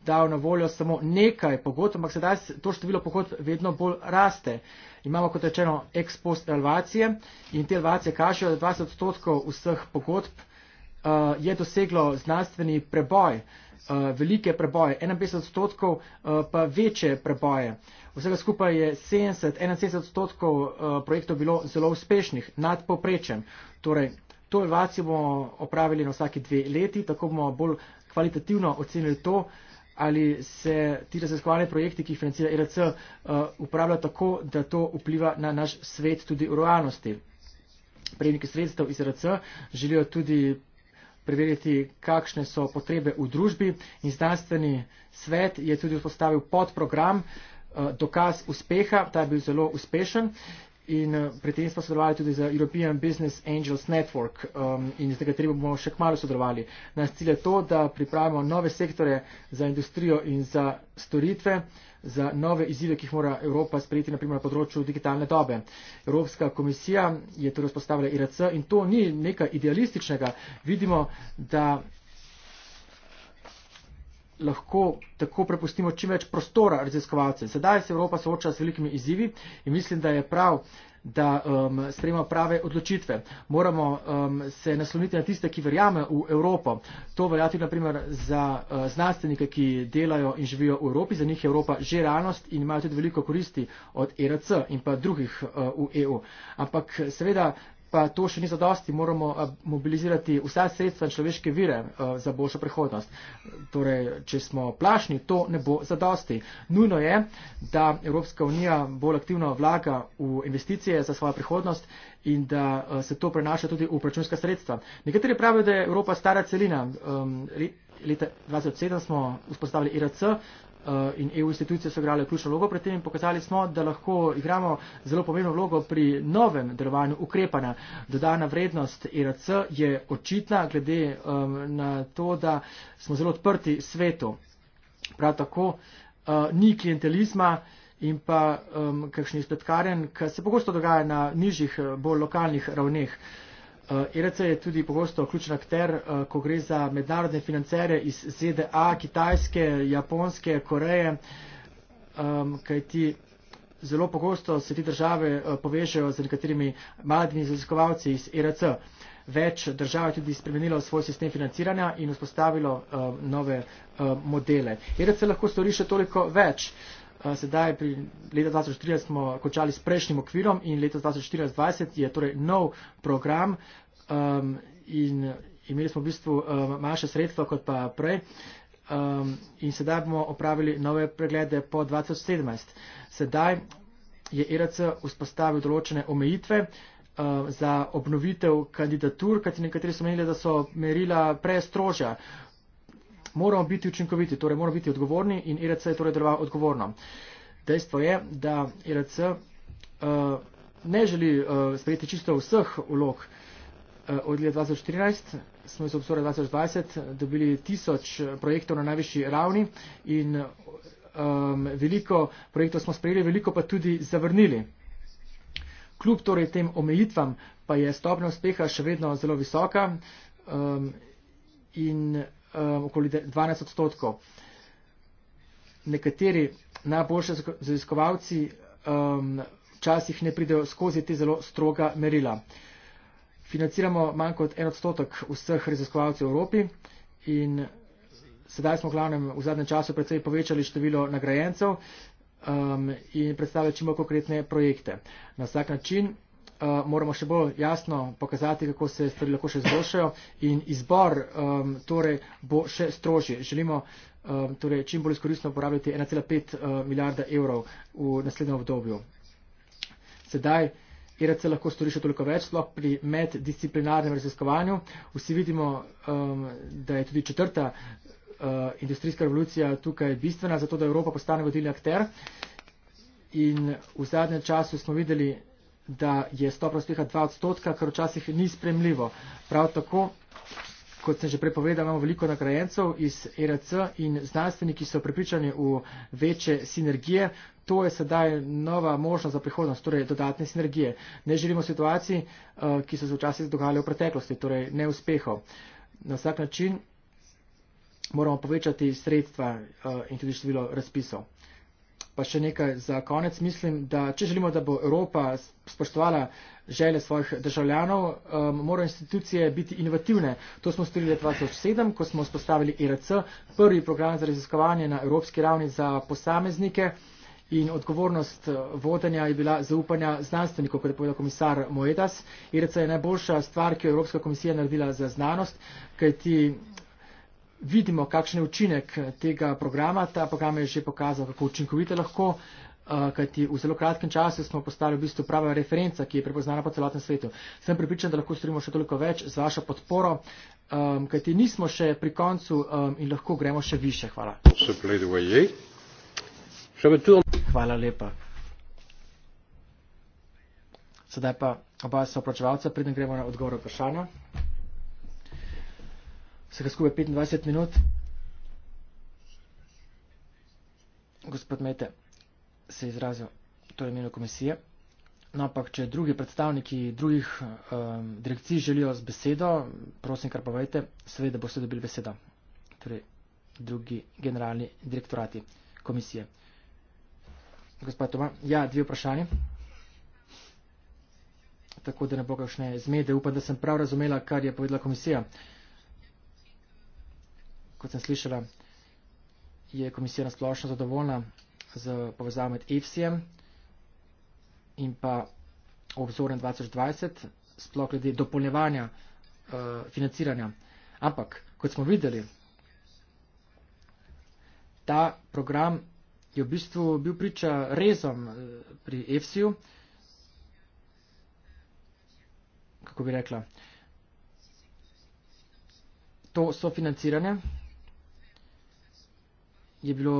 dal na voljo samo nekaj pogodb, ampak sedaj to število pogodb vedno bolj raste. Uh, imamo kot rečeno ex post elevacije in te elevacije kažejo, da 20 odstotkov vseh pogodb uh, je doseglo znanstveni preboj, uh, velike preboje, 51 odstotkov uh, pa večje preboje. Vsega skupaj je 70, 71 odstotkov uh, projektov bilo zelo uspešnih, nad poprečjem. Torej, to elevacijo bomo opravili na vsake dve leti, tako bomo bolj kvalitativno ocenili to, uh, ali se ti raziskovalni projekti, ki jih financira IRC, e uh, upravljajo tako, da to vpliva na naš svet tudi v realnosti. Prejemniki sredstev iz IRC e želijo tudi preveriti, kakšne so potrebe v družbi in znanstveni svet je tudi vzpostavil podprogram uh, Dokaz uspeha, ta je bil zelo uspešen. Uh, in eh, pri tem smo sodelovali tudi za European Business Angels Network um, in z katerim bomo še kmalo sodelovali. Nas cilj je to, da pripravimo nove sektore za industrijo in za storitve, za nove izzive, ki jih mora Evropa sprejeti, naprimer na področju digitalne dobe. Evropska komisija je torej vzpostavila IRC in to ni nekaj idealističnega. Vidimo, da lahko tako prepustimo čim več prostora raziskovalcem. Sedaj se Evropa sooča z velikimi izzivi in mislim, da je prav, da um, sprejema prave odločitve. Moramo um, se nasloniti na tiste, ki verjame v Evropo. To velja tudi naprimer za uh, znanstvenike, ki delajo in živijo v Evropi. Za njih je Evropa že realnost in imajo tudi veliko koristi od ERC in pa drugih uh, v EU. Ampak seveda pa to še ni zadosti, moramo eh, mobilizirati vsa sredstva in človeške vire eh, za boljšo prihodnost. Torej, če smo plašni, to ne bo zadosti. Nujno je, da Evropska unija bolj aktivno vlaga v investicije za svojo prihodnost in da eh, se to prenaša tudi v računska sredstva. Nekateri pravijo, da je Evropa stara celina. Ehm, leta 2007 smo vzpostavili IRC, Eh, in EU institucije so igrali ključno vlogo pri tem in pokazali smo, da lahko igramo zelo pomembno vlogo pri novem delovanju ukrepanja. Dodana vrednost ERC je očitna glede um, na to, da smo zelo odprti svetu. Prav tako uh, ni klientelizma in pa um, kakšni spletkaren, kar se pogosto dogaja na nižjih, bolj lokalnih ravneh. ERC eh, e je tudi pogosto ključen akter, eh, ko gre za mednarodne financere iz ZDA, Kitajske, Japonske, Koreje, kaj ti zelo pogosto se ti države eh, povežejo z nekaterimi mladimi raziskovalci iz ERC. Več držav je tudi spremenilo svoj sistem financiranja in vzpostavilo nove modele. ERC lahko stori še toliko več. Eh, sedaj pri leta 2013 smo končali s prejšnjim okvirom in leta 2024 je torej nov program um, in imeli smo v bistvu um, manjše sredstva kot pa prej um, in sedaj bomo opravili nove preglede po 2017. Sedaj je ERC vzpostavil določene omejitve um, za obnovitev kandidatur, kajti nekateri so menili, da so merila prestrožja moramo biti učinkoviti, torej moramo biti odgovorni in IRC e je torej deloval odgovorno. Dejstvo je, da IRC e uh, eh, ne želi uh, sprejeti čisto vseh vlog. Uh, od leta 2014 smo iz obsora 2020 dobili tisoč projektov na najvišji ravni in um, veliko projektov smo sprejeli, veliko pa tudi zavrnili. Kljub torej tem omejitvam pa je stopnja uspeha še vedno zelo visoka um, in um, okoli 12 odstotkov. Nekateri najboljši raziskovalci um, včasih ne pridejo skozi te zelo stroga merila. Financiramo manj kot en odstotek vseh raziskovalcev v Evropi in sedaj smo v glavnem v zadnjem času predvsej povečali število nagrajencev um, in predstavljali čim bolj konkretne projekte. Na vsak način uh, moramo še bolj jasno pokazati, kako se stvari lahko še izboljšajo in izbor um, torej bo še strožje. Želimo um, torej čim bolj izkoristno uporabljati 1,5 uh, eh, milijarda evrov v naslednjem obdobju. Sedaj ERC lahko stori še toliko več, sploh pri meddisciplinarnem raziskovanju. Vsi vidimo, um, da je tudi četrta uh, industrijska revolucija tukaj bistvena, zato da Evropa postane vodilni akter. In v zadnjem času smo videli da je stopnja uspeha 2 odstotka, kar včasih ni spremljivo. Prav tako, kot sem že prepovedal, imamo veliko nagrajencev iz ERC in znanstveniki so pripričani v večje sinergije. To je sedaj nova možnost za prihodnost, torej dodatne sinergije. Ne želimo situacij, eh, ki so se včasih dogajale v preteklosti, torej neuspehov. Na vsak način moramo povečati sredstva eh, in tudi število razpisov. Pa še nekaj za konec. Mislim, da če želimo, da bo Evropa spoštovala želje svojih državljanov, um, morajo institucije biti inovativne. To smo storili 2007, ko smo spostavili IRC, e prvi program za raziskovanje na evropski ravni za posameznike. In odgovornost uh, vodenja je bila zaupanja znanstvenikov, kot je povedal komisar Moedas. IRC e je najboljša stvar, ki jo je Evropska komisija naredila za znanost, kajti vidimo, kakšen je učinek eh, tega programa. Ta program je že pokazal, kako učinkovite lahko, eh, kajti v zelo kratkem času smo postali v bistvu prava referenca, ki je prepoznana po celotnem svetu. Sem pripričan, da lahko storimo še toliko več z vašo podporo, ehm, kajti nismo še pri koncu ehm, in lahko gremo še više. Hvala. Eh? Hvala lepa. Sedaj pa oba soopračevalca, preden gremo na odgovor vprašanja vsega skupaj 25 minut. Gospod Mete se je izrazil torej imenu komisije. No, ampak, če drugi predstavniki drugih um, direkcij želijo z besedo, prosim, kar povejte, seveda boste dobili besedo. Torej, drugi generalni direktorati komisije. Gospod Toma, ja, dve vprašanje. Tako da ne bo kakšne zmede. Upam, da sem prav razumela, kar je povedala komisija. Uh, kot sem slišala, je komisija nasplošno zadovoljna z povezavo med EFSI-jem in pa obzorem 2020, sploh glede dopolnjevanja uh, financiranja. Ampak, kot smo videli, ta program je v bistvu bil priča rezom eh, pri EFSI-ju, kako bi rekla, to sofinanciranje. financiranje je bilo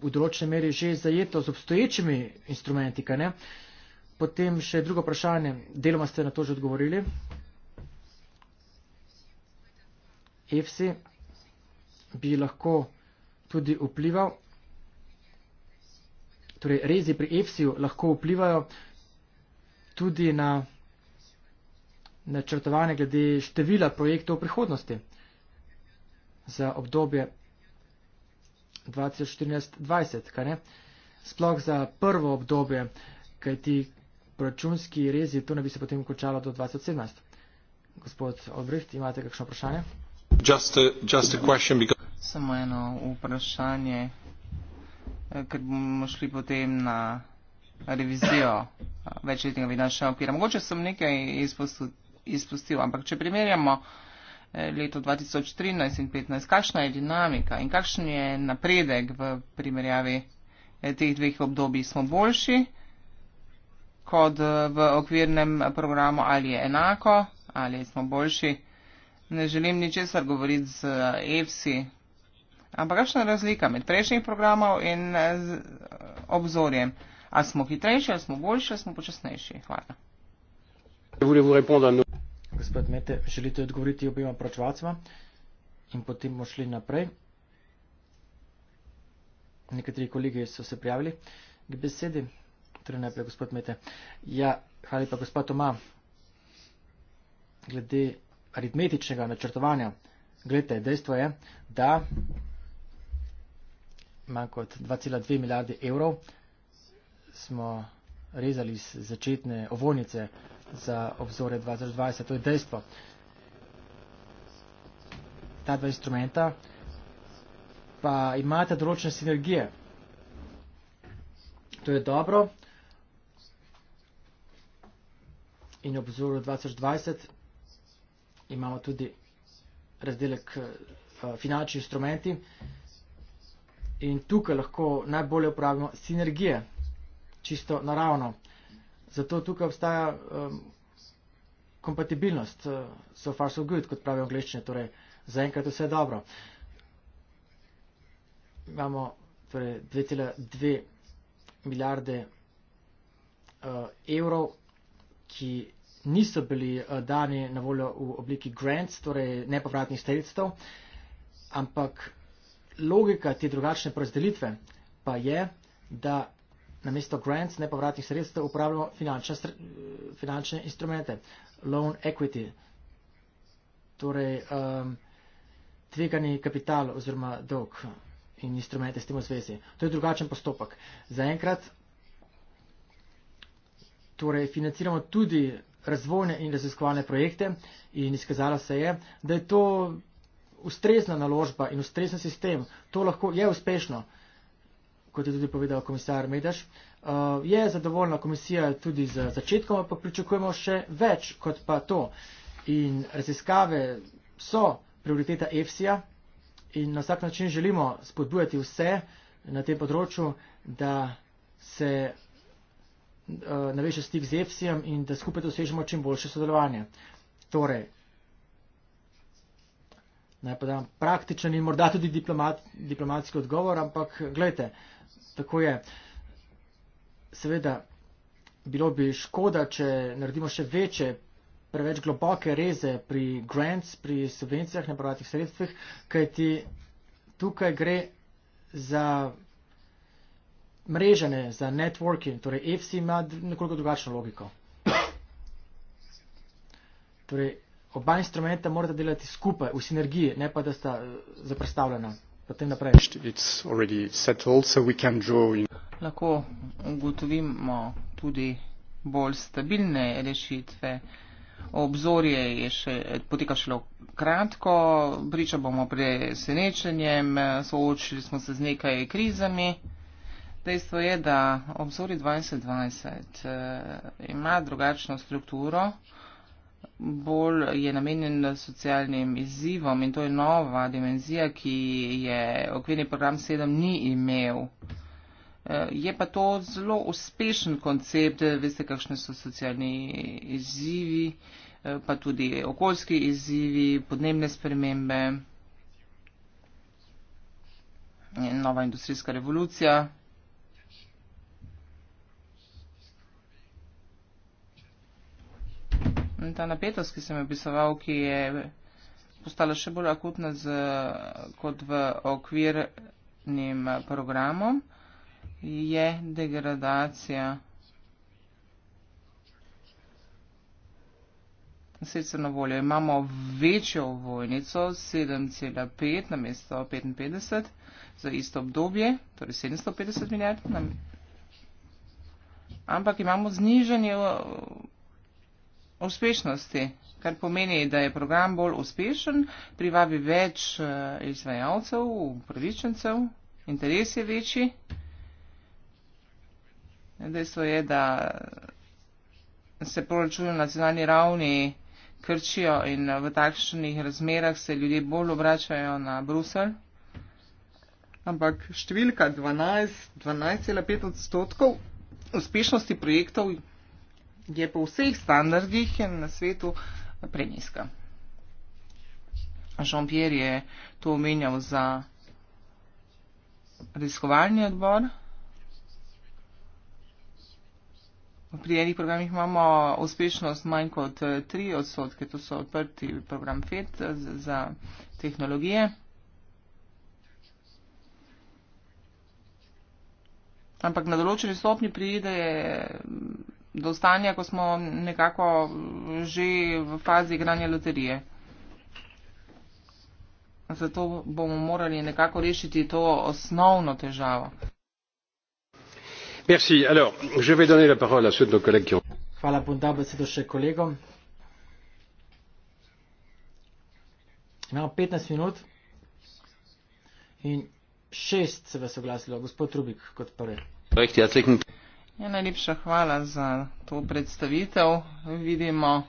v določene meri že zajeto z obstoječimi instrumenti. Potem še drugo vprašanje, deloma ste na to že odgovorili. EFSI bi lahko tudi vplival, torej rezi pri EFSI-ju lahko vplivajo tudi na načrtovanje glede števila projektov v prihodnosti za obdobje 2021-2027. 2014-2020, sploh za prvo obdobje, kaj ti proračunski rezi, to ne bi se potem končalo do 2017. Gospod Obricht, imate kakšno vprašanje? Just a, just a question, because... Samo eno vprašanje, eh, ker bomo šli potem na revizijo eh, večletnega finančnega okvira. Mogoče sem nekaj izpustil, izpustil ampak če primerjamo leto 2013 in 2015, kakšna je dinamika in kakšen je napredek v primerjavi eh, teh dveh obdobij. Smo boljši kot eh, v okvirnem programu ali je enako ali smo boljši. Ne želim ničesar govoriti z EFSI, eh, e ampak kakšna je razlika med prejšnjih programov in obzorjem. A smo hitrejši, a smo boljši, a smo počasnejši. Hvala. Voulez-vous répondre à nos gospod Mete, želite odgovoriti obima pročvacima in potem bomo šli naprej. Nekateri kolegi so se prijavili k besedi. Torej najprej, gospod Mete. Ja, hvala lepa, gospod Toma. Glede aritmetičnega načrtovanja, gledajte, dejstvo je, da manj kot 2,2 milijarde evrov smo rezali z začetne ovojnice za obzore 2020, to je dejstvo. Ta dva instrumenta pa imata določene sinergije. To je dobro. In obzoru 2020 imamo tudi razdelek eh, finančni instrumenti. In tukaj lahko najbolje upravimo sinergije, čisto naravno. Zato tukaj obstaja um, kompatibilnost, uh, so far so good, kot pravijo angliščine, torej zaenkrat vse dobro. Imamo torej 2,2 milijarde uh, evrov, ki niso bili uh, dani na voljo v obliki grants, torej nepovratnih sredstev, ampak logika te drugačne porazdelitve pa je, da namesto grants, nepovratnih sredstev, uporabljamo finančne, finančne instrumente, loan equity, torej um, tvegani kapital oziroma dolg in instrumente s tem v zvezi. To je drugačen postopek. Zaenkrat torej, financiramo tudi razvojne in raziskovalne projekte in izkazalo se je, da je to ustrezna naložba in ustrezen sistem. To lahko je uspešno kot je tudi povedal komisar Medeš. Uh, eh, je zadovoljna komisija tudi z začetkom, pa pričakujemo še več kot pa to. In raziskave so prioriteta EFSI-ja in na vsak način želimo spodbujati vse na tem področju, da se uh, naveže stik z EFSI-jem in da skupaj dosežemo čim boljše sodelovanje. Torej, naj podam praktičen in morda tudi diplomat, diplomatski odgovor, ampak gledajte, uh, tako je. Seveda, bilo bi škoda, če naredimo še večje, preveč globoke reze pri grants, pri subvencijah, nepravljatih sredstvih, kajti tukaj gre za mrežene, za networking, torej EFSI ima nekoliko drugačno logiko. Torej, oba instrumenta morate delati skupaj, v sinergiji, ne pa da sta eh, zaprestavljena potem naprej. Lahko ugotovimo tudi bolj stabilne rešitve. Obzorje je še, poteka šele kratko, priča bomo presenečenjem, soočili smo se z nekaj krizami. Dejstvo je, da obzorje 2020 eh, ima drugačno strukturo bolj je namenjen socialnim izzivom in to je nova dimenzija, ki je okvirni program 7 ni imel. Eh, je pa to zelo uspešen koncept, veste, kakšne so socialni izzivi, eh, pa tudi okoljski izzivi, podnebne spremembe, nova industrijska revolucija, ta napetost, ki sem jo opisoval, ki je postala še bolj akutna z, kot v okvirnim programom, je degradacija srcevno voljo. Imamo večjo vojnico 7,5 na mesto 55 za isto obdobje, torej 750 milijard. Ampak imamo znižanje uspešnosti, kar pomeni, da je program bolj uspešen, privabi več eh, izvajalcev, upravičencev, interes je večji. Dejstvo je, da se proračuni na nacionalni ravni krčijo in v takšnih razmerah se ljudje bolj obračajo na Bruselj. Ampak številka 12,5 12 odstotkov uspešnosti projektov je po vseh standardih na svetu preniska. Jean-Pierre je to omenjal za raziskovalni odbor. Pri enih programih imamo uspešnost manj kot 3 eh, odstotke, to so odprti program FED za tehnologije. Ampak na določeni stopnji pride do stanja, ko smo nekako že v fazi igranja loterije. Zato bomo morali nekako rešiti to osnovno težavo. Hvala, bom dal besedo še kolegom. Imamo 15 minut in 6 se je soglasilo. Gospod Trubik, kot prvi. Recht herzlichen Dank. Ja, najlepša hvala za to predstavitev. Vidimo,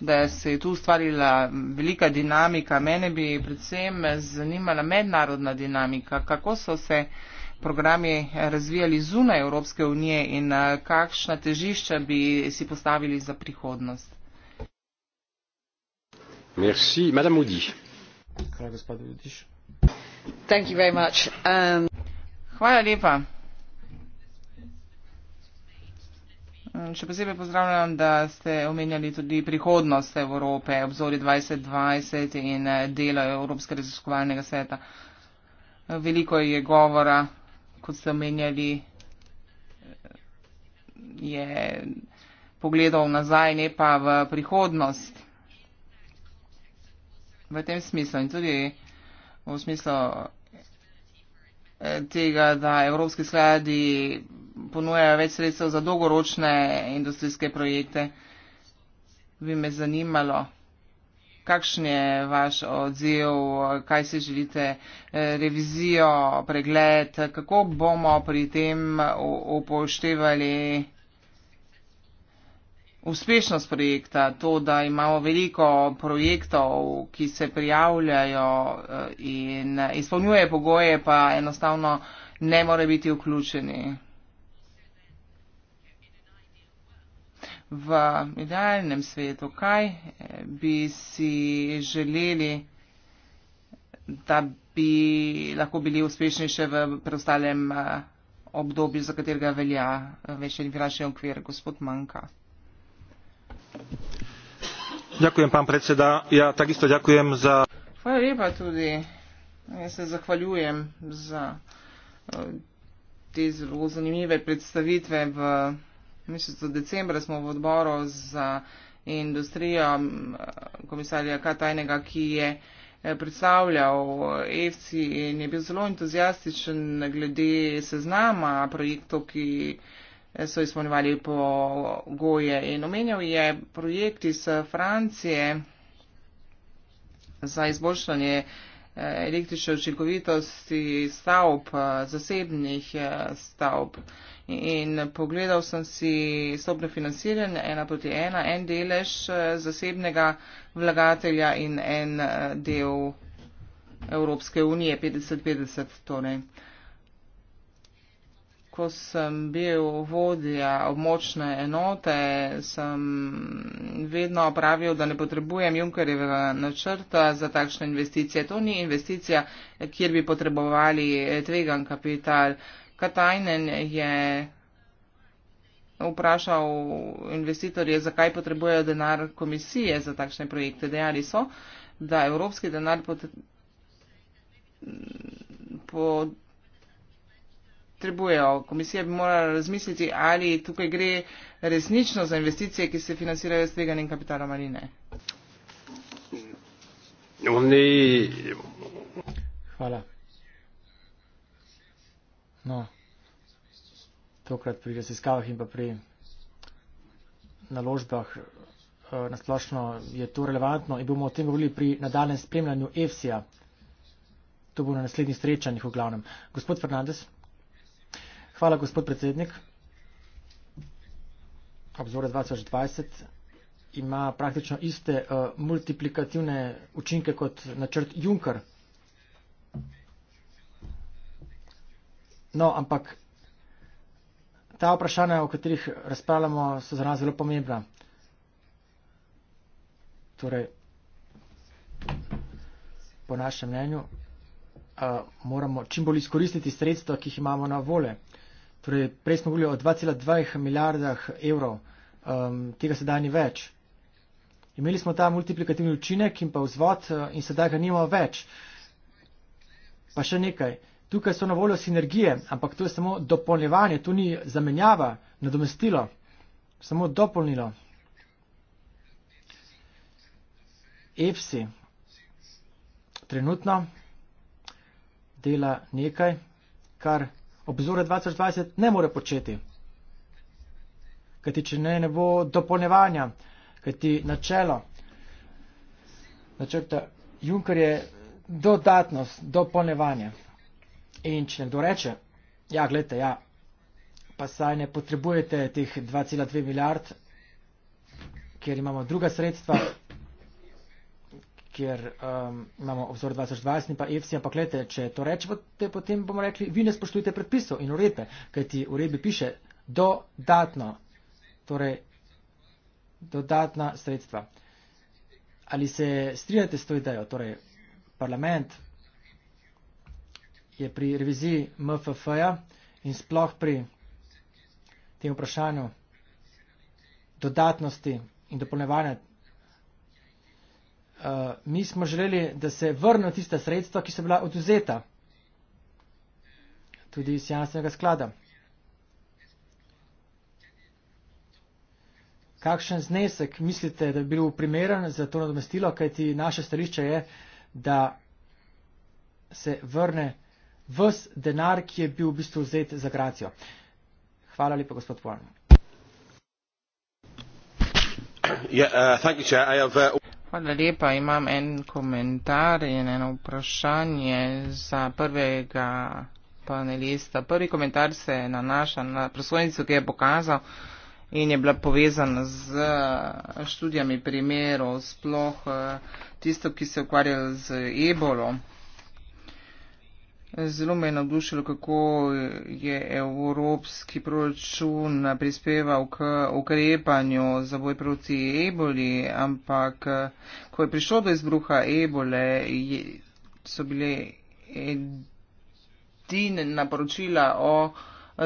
da se je tu ustvarila velika dinamika. Mene bi predvsem zanimala mednarodna dinamika. Kako so se programi razvijali zunaj Evropske unije in kakšna težišča bi si postavili za prihodnost? Merci, madame Udi. Hvala, gospod Udiš. Thank you very much. Um... Hvala lepa. Mm, še posebej pozdravljam, da ste omenjali tudi prihodnost Evrope, obzori 2020 in eh, delo Evropske raziskovalnega sveta. Veliko je govora, kot ste omenjali, je pogledal nazaj, ne pa v prihodnost. V tem smislu in tudi v smislu eh, tega, da Evropski skladi ponujajo več sredstev za dolgoročne industrijske projekte. Bi me zanimalo, kakšen je vaš odziv, kaj si želite, eh, revizijo, pregled, kako bomo pri tem upoštevali uspešnost projekta, to, da imamo veliko projektov, ki se prijavljajo eh, in izpolnjuje pogoje, pa enostavno ne more biti vključeni. v idealnem svetu, kaj eh, bi si želeli, da bi lahko bili uspešni še v preostalem eh, obdobju, za katerega velja eh, večji in vrašji okvir, gospod Manka. Ďakujem, pán predseda. Ja takisto ďakujem za... Hvala lepa tudi. Ja se zahvaljujem za te zelo zanimive predstavitve v mesecu decembra smo v odboru za industrijo komisarja Katajnega, ki je eh, predstavljal EFCI eh, in je bil zelo entuzijastičen glede seznama projektov, ki eh, so izpolnjevali pogoje. In omenjal je projekt iz Francije za izboljšanje električne učinkovitosti stavb, zasebnih stavb. In pogledal sem si stopno financiranje ena proti ena, en delež eh, zasebnega vlagatelja in en eh, del Evropske unije, 50-50 torej. Ko sem bil vodja območne enote, sem vedno pravil, da ne potrebujem Junkerjevega načrta za takšne investicije. To ni investicija, kjer bi potrebovali tvegan kapital. Katajnen je vprašal investitorje, zakaj potrebujejo denar komisije za takšne projekte. Dejali so, da evropski denar potrebujejo. Komisija bi morala razmisliti, ali tukaj gre resnično za investicije, ki se financirajo s tveganim kapitalom ali ne. Hvala. No, tokrat pri raziskavah in pa pri naložbah uh, eh, nasplošno je to relevantno in bomo o tem govorili pri nadaljem spremljanju EFSI-ja. To bo na naslednjih srečanjih v glavnem. Gospod Fernandez. Hvala, gospod predsednik. Obzor 2020 ima praktično iste uh, multiplikativne učinke kot načrt Juncker. No, ampak ta vprašanja, o katerih razpravljamo, so za nas zelo pomembna. Torej, po našem mnenju, uh, moramo čim bolj izkoristiti sredstva, ki jih imamo na vole. Torej, prej smo govorili o 2,2 milijardah evrov, um, tega sedaj ni več. Imeli smo ta multiplikativni učinek in pa vzvod uh, in sedaj ga nimamo več. Pa še nekaj. Tukaj so na voljo sinergije, ampak to je samo dopolnjevanje, to ni zamenjava, nadomestilo, samo dopolnilo. EFSI trenutno dela nekaj, kar obzore 2020 ne more početi. Kajti, če ne, ne bo dopolnjevanja, kajti načelo načrta Junker je dodatnost, dopolnjevanje. In če nekdo reče, ja, gledajte, ja, pa saj ne potrebujete teh 2,2 milijard, ker imamo druga sredstva, ker um, imamo obzor 2020 in pa EFSI, ampak gledajte, če to rečete, potem bomo rekli, vi ne spoštujete predpisov in uredbe, kaj ti uredbi piše dodatno, torej dodatna sredstva. Ali se strinjate s to idejo? Torej, parlament, je pri reviziji MFF-ja in sploh pri tem vprašanju dodatnosti in dopolnevanja. Uh, eh, mi smo želeli, da se vrnejo tiste sredstva, ki so bila oduzeta tudi iz jasnega sklada. Kakšen znesek mislite, da bi bil primeren za to nadomestilo, kajti naše stališče je, da se vrne vs denar, ki je bil v bistvu vzet za gracijo. Hvala lepa, gospod Polan. Uh, uh, Hvala lepa, imam en komentar in eno vprašanje za prvega panelista. Prvi komentar se nanaša na prosvojnico, ki je pokazal in je bila povezana z eh, študijami primerov, sploh eh, tisto, ki se ukvarjajo z ebolom. Zelo me je navdušilo, kako je evropski proračun prispeval k ukrepanju za boj proti eboli, ampak ko je prišlo do izbruha ebole, je, so bile edine naporočila o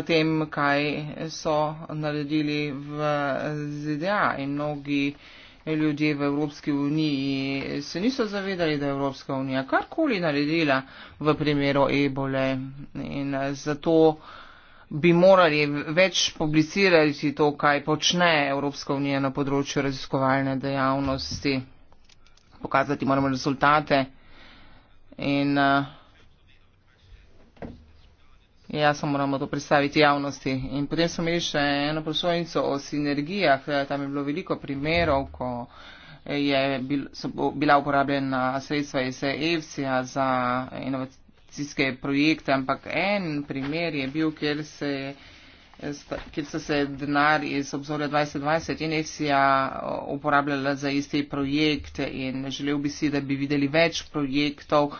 tem, kaj so naredili v ZDA in mnogi ljudje v Evropski uniji se niso zavedali, da je Evropska unija karkoli naredila v primeru ebole in eh, zato bi morali več publicirati to, kaj počne Evropska unija na področju raziskovalne dejavnosti, pokazati moramo rezultate in uh, Ja, samo moramo to predstaviti javnosti. In potem smo imeli še eno prosojnico o sinergijah. Tam je bilo veliko primerov, ko je bil, so bila uporabljena sredstva iz EFSI-ja za inovacijske projekte, ampak en primer je bil, kjer se je kjer so se denar iz obzorja 2020 in ESIA uporabljala za isti projekt in želel bi si, da bi videli več projektov,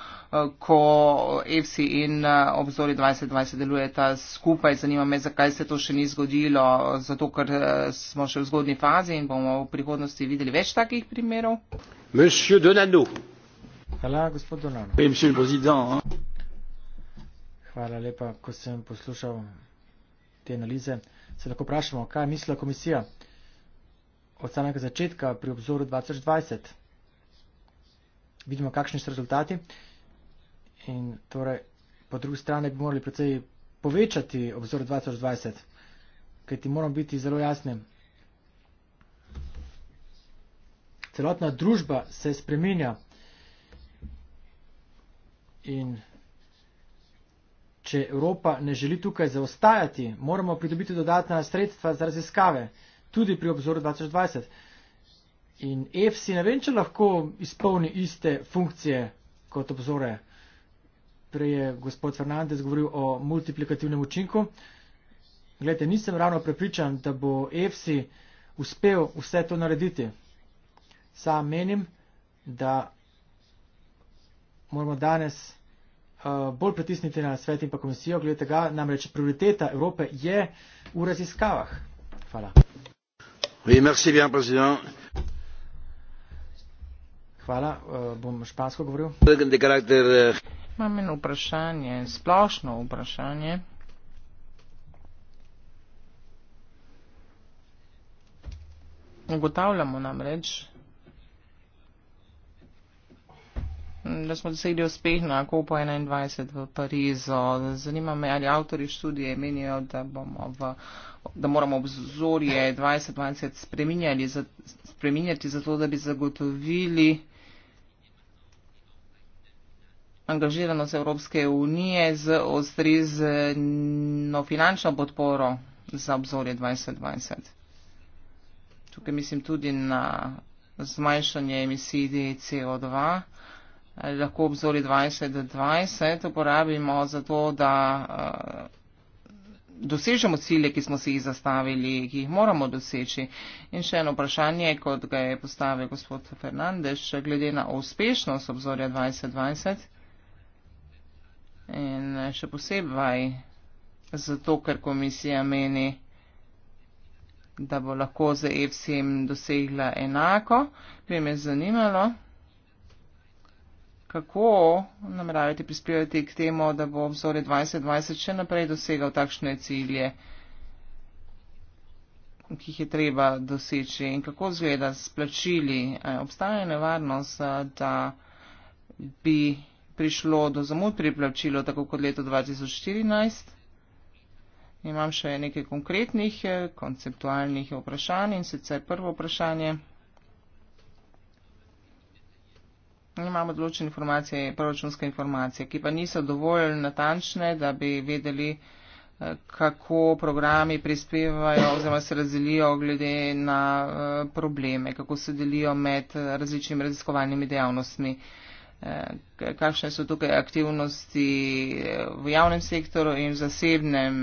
ko EFSI in obzorje 2020 delujeta skupaj. Zanima me, zakaj se to še ni zgodilo, zato ker smo še v zgodni fazi in bomo v prihodnosti videli več takih primerov. Monsieur Donano. Hvala, gospod Donano. Hvala lepa, ko sem poslušal te analize, se lahko vprašamo, kaj je mislila komisija od samega začetka pri obzoru 2020. Vidimo, kakšni so rezultati. In torej, po drugi strani bi morali precej povečati obzor 2020, kaj ti moramo biti zelo jasni. Celotna družba se spremenja in če Evropa ne želi tukaj zaostajati, moramo pridobiti dodatna sredstva za raziskave, tudi pri obzoru 2020. In EFSI ne vem, če lahko izpolni iste funkcije kot obzore. Prej je gospod Fernandez govoril o multiplikativnem učinku. Glede, nisem ravno prepričan, da bo EFSI uspel vse to narediti. Sam menim, da moramo danes Eh, bolj pritisnite na svet in pa komisijo glede tega, namreč prioriteta Evrope je v raziskavah. Hvala. Oui, merci bien, président. Hvala, uh, bom špansko govoril. Eh, Imam eno vprašanje, splošno vprašanje. Ugotavljamo namreč, da smo dosegli uspeh na COP21 v Parizu. Zanima me, ali avtori študije menijo, da, v, da moramo obzorje 2020 spreminjati, spreminjati zato, da bi zagotovili angažiranost Evropske unije z ostrizno finančno podporo za obzorje 2020. Tukaj mislim tudi na zmanjšanje emisij DCO2 lahko obzori 20 do 20 uporabimo za to, da eh, dosežemo cilje, ki smo si jih zastavili, ki jih moramo doseči. In še eno vprašanje, kot ga je postavil gospod Fernandez, glede na uspešnost obzorja 2020. In eh, še posebej zato, ker komisija meni, da bo lahko z EFSIM dosegla enako, bi me zanimalo kako nameravate prispevati k temu, da bo vzore 2020 še naprej dosegal takšne cilje, ki jih je treba doseči in kako zgleda s plačili. Obstaja nevarnost, da bi prišlo do zamud pri plačilu, tako kot leto 2014. Imam še nekaj konkretnih eh, konceptualnih vprašanj in sicer prvo vprašanje. imamo določene informacije, proračunske informacije, ki pa niso dovolj natančne, da bi vedeli, eh, kako programi prispevajo oziroma se razdelijo glede na eh, probleme, kako se delijo med eh, različnimi raziskovalnimi dejavnostmi, kakšne so tukaj aktivnosti v javnem sektoru in v zasebnem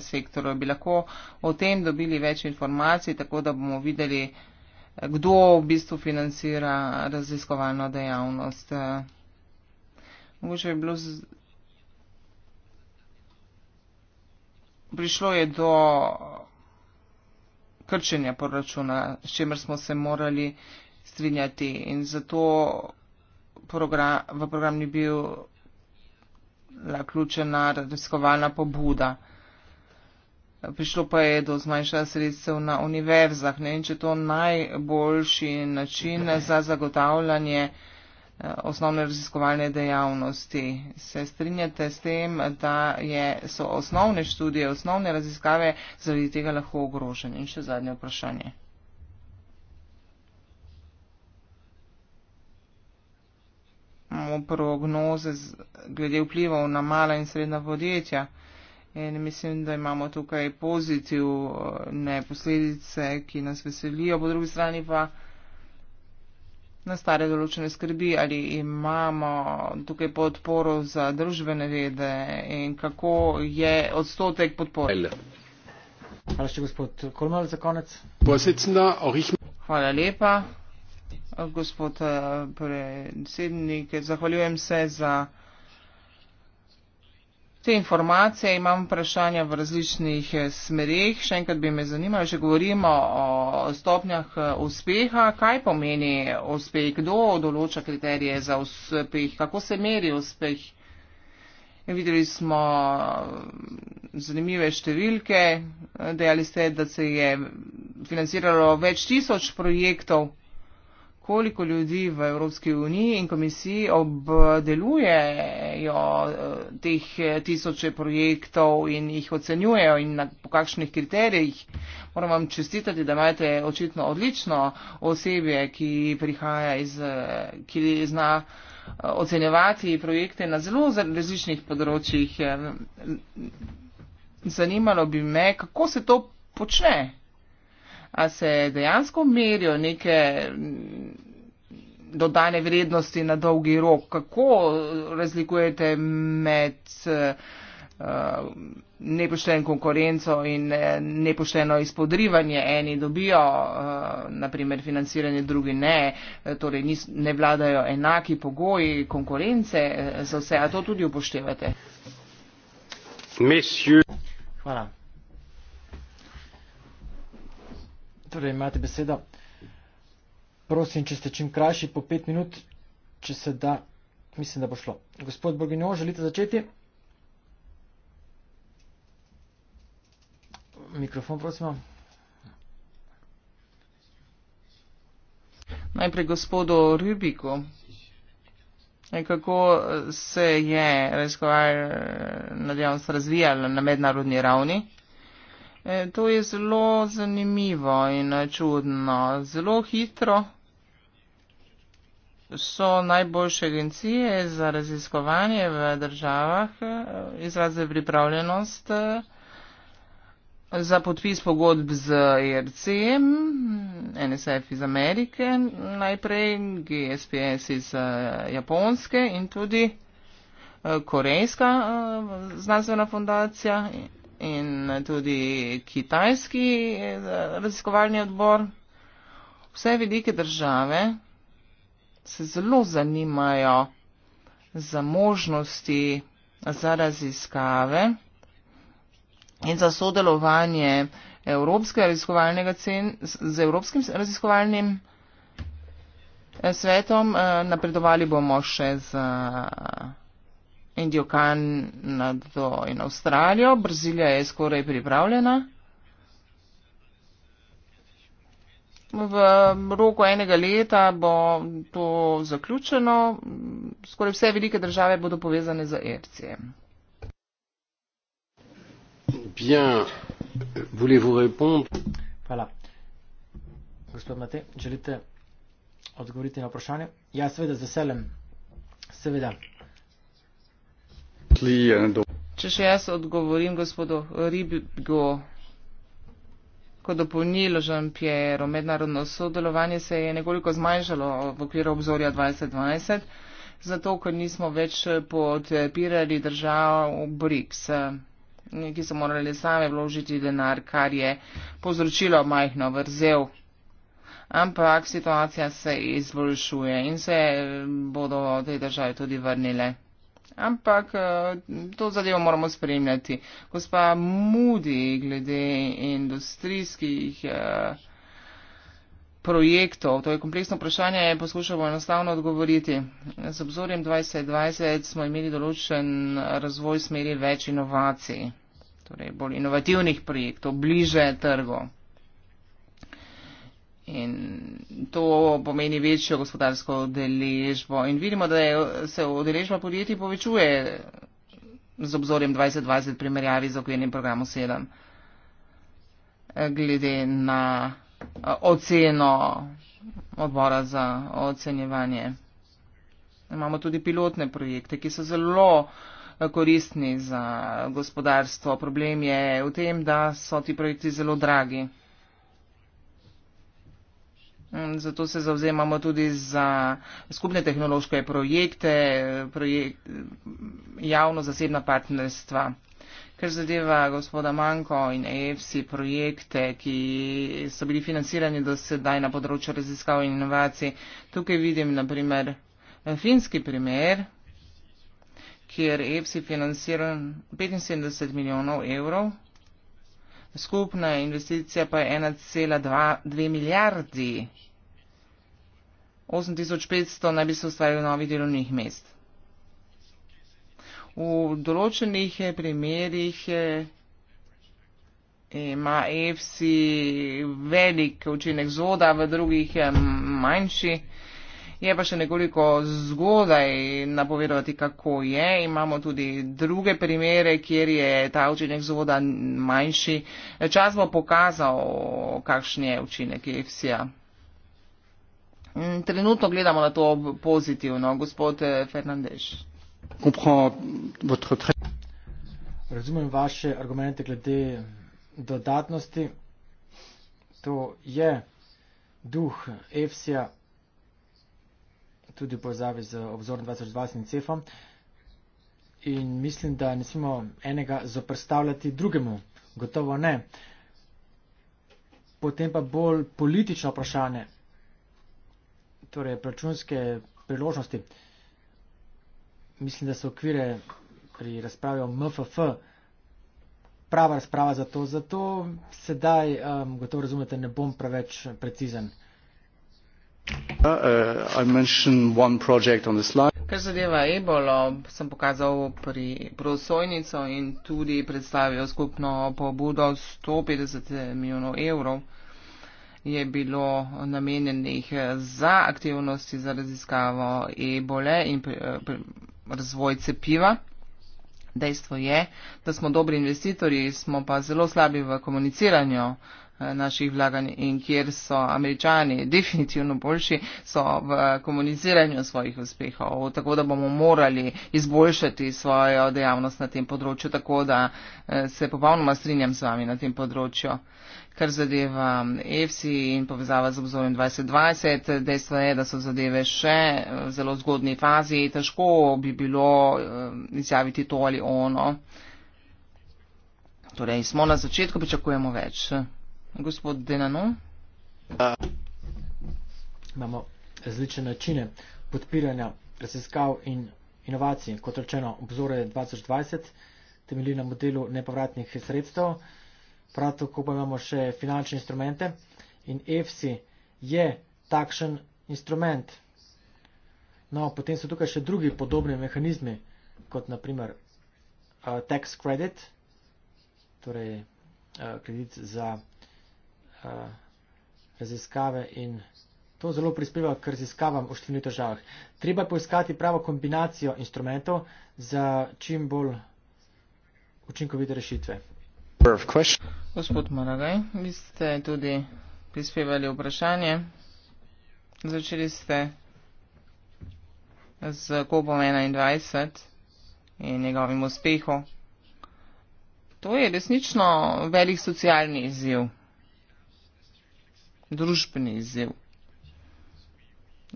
sektoru. Bi lahko o tem dobili več informacij, tako da bomo videli, kdo v bistvu financira raziskovalno dejavnost. Mogoče je bilo z... prišlo je do krčenja proračuna, s čemer smo se morali strinjati in zato program, v program ni bil la ključena raziskovalna pobuda prišlo pa je do zmanjšanja sredstev na univerzah. Ne vem, če je to najboljši način za zagotavljanje eh, osnovne raziskovalne dejavnosti. Se strinjate s tem, da je, so osnovne študije, osnovne raziskave zaradi tega lahko ogrožene? In še zadnje vprašanje. Prognoze glede vplivov na mala in srednja podjetja. In mislim, da imamo tukaj pozitivne posledice, ki nas veselijo, po drugi strani pa nastare določene skrbi, ali imamo tukaj podporo za družbene vede in kako je odstotek podpore. Hvala, še gospod Kolmar za konec. Hvala lepa, gospod eh, predsednik. Zahvaljujem se za te informacije, imam vprašanja v različnih eh, smerih. Še enkrat bi me zanimalo, že govorimo o stopnjah eh, uspeha. Kaj pomeni uspeh? Kdo določa kriterije za uspeh? Kako se meri uspeh? Videli smo eh, zanimive številke. Dejali ste, da se je financiralo več tisoč projektov koliko ljudi v Evropski uniji in komisiji obdelujejo eh, teh eh, tisoče projektov in jih ocenjujejo in na, po kakšnih kriterijih. Moram vam čestitati, da imate očitno odlično osebje, ki prihaja iz, eh, ki zna ocenjevati projekte na zelo različnih področjih. Zanimalo bi me, kako se to počne a se dejansko merijo neke dodane vrednosti na dolgi rok, kako razlikujete med eh, nepošteno konkurenco in eh, nepošteno izpodrivanje. Eni dobijo, eh, naprimer, financiranje, drugi ne, torej ne vladajo enaki pogoji konkurence za vse, a to tudi upoštevate. Monsieur. Hvala. Torej, imate besedo. Prosim, če ste čim krajši, po pet minut, če se da, mislim, da bo šlo. Gospod Borginjo, želite začeti? Mikrofon, prosim. Najprej gospodu Rubiku. E, kako se je raziskovalna dejavnost razvijala na mednarodni ravni? E, to je zelo zanimivo in e, čudno. Zelo hitro so najboljše agencije za raziskovanje v državah e, izraze pripravljenost e, za podpis pogodb z ERC, NSF iz Amerike, najprej GSPS iz Japonske in tudi Korejska znanstvena fundacija in tudi kitajski eh, raziskovalni odbor. Vse velike države se zelo zanimajo za možnosti za raziskave in za sodelovanje cen, z Evropskim raziskovalnim eh, svetom. Eh, napredovali bomo še za. Indijokan nadvo in Avstralijo. Brazilija je skoraj pripravljena. V roku enega leta bo to zaključeno. Skoraj vse velike države bodo povezane z ERC-je. Bien, voulez-vous répondre? Hvala. Gospod Matej, želite odgovoriti na vprašanje? Ja, seveda, z veseljem. Seveda. Uh, Če še jaz odgovorim gospodu Ribgo, kot dopolnilo Žampiero, mednarodno sodelovanje se je nekoliko zmanjšalo v okviru obzorja 2020, zato ker nismo več podpirali držav BRICS, ki so morali same vložiti denar, kar je povzročilo majhno vrzel. Ampak situacija se izboljšuje in se bodo te države tudi vrnile ampak eh, to zadevo moramo spremljati. Gospa Mudi, glede industrijskih eh, projektov, to je kompleksno vprašanje, poskušamo enostavno odgovoriti. Z obzorjem 2020 smo imeli določen razvoj v smeri več inovacij, torej bolj inovativnih projektov, bliže trgov. In to pomeni večjo gospodarsko deležbo. In vidimo, da je, se odeležba podjetij povečuje z obzorjem 2020 primerjavi z okvirnim programom 7. Glede na oceno odbora za ocenjevanje. Imamo tudi pilotne projekte, ki so zelo koristni za gospodarstvo. Problem je v tem, da so ti projekti zelo dragi. Mm, zato se zauzemamo tudi za skupne tehnološke projekte, projekt, javno-zasebna partnerstva. Ker zadeva gospoda Manko in EFC projekte, ki so bili financirani do sedaj na področju raziskav in inovacij, tukaj vidim naprimer finski primer kjer EFSI financira 75 milijonov evrov skupna investicija pa je 1,2 milijardi. 8500 naj bi se ustvarilo novih delovnih mest. V določenih eh, primerjih eh, ima EFSI velik učinek zvoda, v drugih eh, manjši. Je pa še nekoliko zgodaj napovedovati, kako je. Imamo tudi druge primere, kjer je ta učinek zvoda manjši. Čas bo pokazal, kakšen je učinek EFSI-ja. Mm, trenutno gledamo na to pozitivno, gospod eh, Fernandež. Razumem vaše argumente glede dodatnosti. To je duh EFSI-ja tudi v povezavi z obzorom 2020 in CEF-om. In mislim, da ne smemo enega zoprstavljati drugemu. Gotovo ne. Potem pa bolj politično vprašanje, torej računske priložnosti. Mislim, da so okvire pri razpravi o MFF prava razprava za to, zato sedaj um, gotovo razumete, ne bom preveč precizen. Uh, uh, kar zadeva ebolo sem pokazal pri prosojnico in tudi predstavil skupno pobudo 150 milijonov evrov je bilo namenjenih za aktivnosti za raziskavo ebole in eh, razvoj cepiva. Dejstvo je, da smo dobri investitorji, smo pa zelo slabi v komuniciranju. Eh, naših vlaganj in kjer so američani definitivno boljši, so v komuniciranju svojih uspehov, tako da bomo morali izboljšati svojo dejavnost na tem področju, tako da eh, se popolnoma strinjam z vami na tem področju. Kar zadeva mm, EFSI in povezava z obzorjem 2020, dejstvo je, da so zadeve še eh, v zelo zgodni fazi, težko bi bilo izjaviti to ali ono. Torej, smo na začetku, pričakujemo več gospod Denano. Uh. Imamo različne načine podpiranja raziskav in inovacij. Kot rečeno, obzore 2020 temelji na modelu nepovratnih sredstev, prav tako pa imamo še finančne instrumente in EFSI je takšen instrument. No, potem so tukaj še drugi podobni mehanizmi, kot naprimer uh, tax credit, torej uh, kredit za raziskave in to zelo prispeva k raziskavam v številnih državah. Treba je poiskati pravo kombinacijo instrumentov za čim bolj učinkovite rešitve. Gospod Maragaj, vi ste tudi prispevali vprašanje. Začeli ste z Kobom 21 in njegovim uspehom. To je resnično velik socialni izziv družbeni izziv.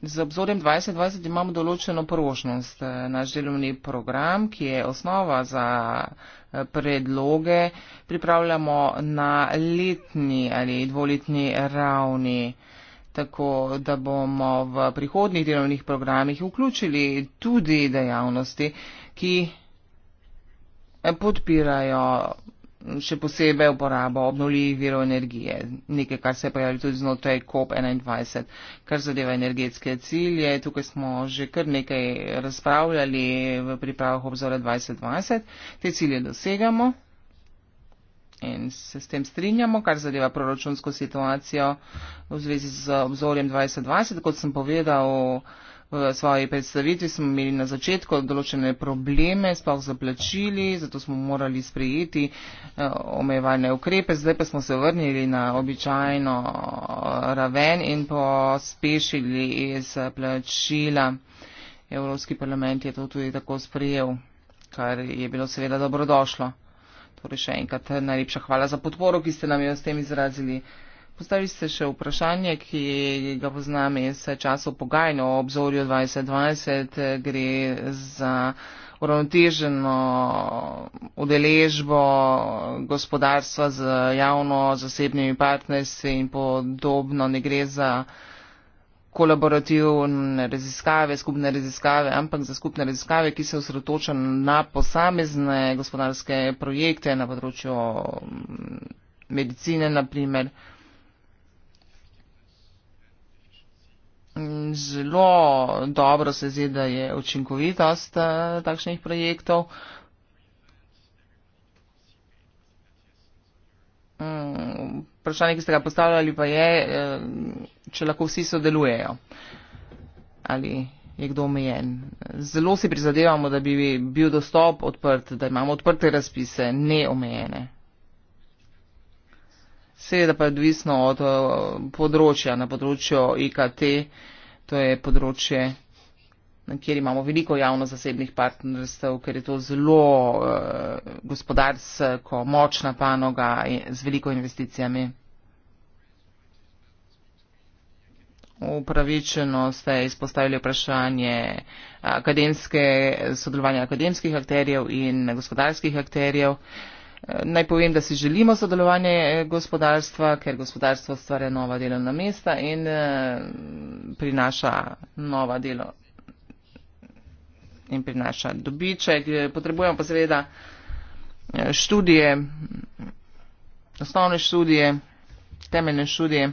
Z obzorjem 2020 imamo določeno prožnost. Naš delovni program, ki je osnova za eh, predloge, pripravljamo na letni ali dvoletni ravni, tako da bomo v prihodnih delovnih programih vključili tudi dejavnosti, ki eh, podpirajo še posebej uporabo obnovljivih virov energije, nekaj, kar se je pojavilo tudi znotraj COP21, kar zadeva energetske cilje. Tukaj smo že kar nekaj razpravljali v pripravah obzora 2020. Te cilje dosegamo in se s tem strinjamo, kar zadeva proračunsko situacijo v zvezi z obzorjem 2020. Kot sem povedal, v svoji predstavitvi smo imeli na začetku določene probleme, sploh zaplačili, zato smo morali sprejeti eh, omejevalne ukrepe. Zdaj pa smo se vrnili na običajno eh, raven in pospešili zaplačila. Evropski parlament je to tudi tako sprejel, kar je bilo seveda dobrodošlo. Torej še enkrat najlepša hvala za podporo, ki ste nam jo s tem izrazili. Postavi se še vprašanje, ki ga poznam iz časov pogajanja o obzorju 2020. Gre za uravnoteženo udeležbo gospodarstva z javno-zasebnimi partnerstvi in podobno. Ne gre za kolaborativne raziskave, skupne raziskave, ampak za skupne raziskave, ki se osredotoča na posamezne gospodarske projekte na področju mm, medicine, naprimer. Zelo dobro se zdi, da je učinkovitost eh, takšnih projektov. Mm, vprašanje, ki ste ga postavljali, pa je, eh, če lahko vsi sodelujejo ali je kdo omejen. Zelo si prizadevamo, da bi bil dostop odprt, da imamo odprte razpise, neomejene. Seveda pa je odvisno od eh, področja. Na področju IKT, to je področje, na kjer imamo veliko javno-zasebnih partnerstv, ker je to zelo eh, gospodarsko močna panoga z veliko investicijami. Upravičeno ste izpostavili vprašanje akademske, sodelovanja akademskih akterjev in gospodarskih akterjev. Eh, Naj povem, da si želimo sodelovanje eh, gospodarstva, ker gospodarstvo stvarja nova delovna mesta in eh, prinaša nova delo in prinaša dobiček. Eh, potrebujemo pa seveda študije, osnovne študije, temeljne študije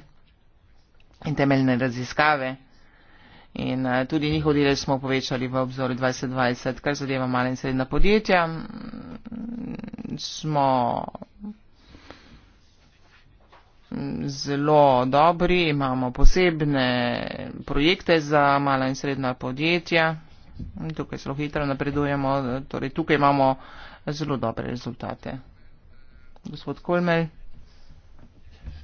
in temeljne raziskave. In tudi njihov delež smo povečali v obzoru 2020, kar zadeva male in srednja podjetja smo zelo dobri, imamo posebne projekte za mala in srednja podjetja. Tukaj zelo hitro napredujemo, torej tukaj imamo zelo dobre rezultate. Gospod Kolmel,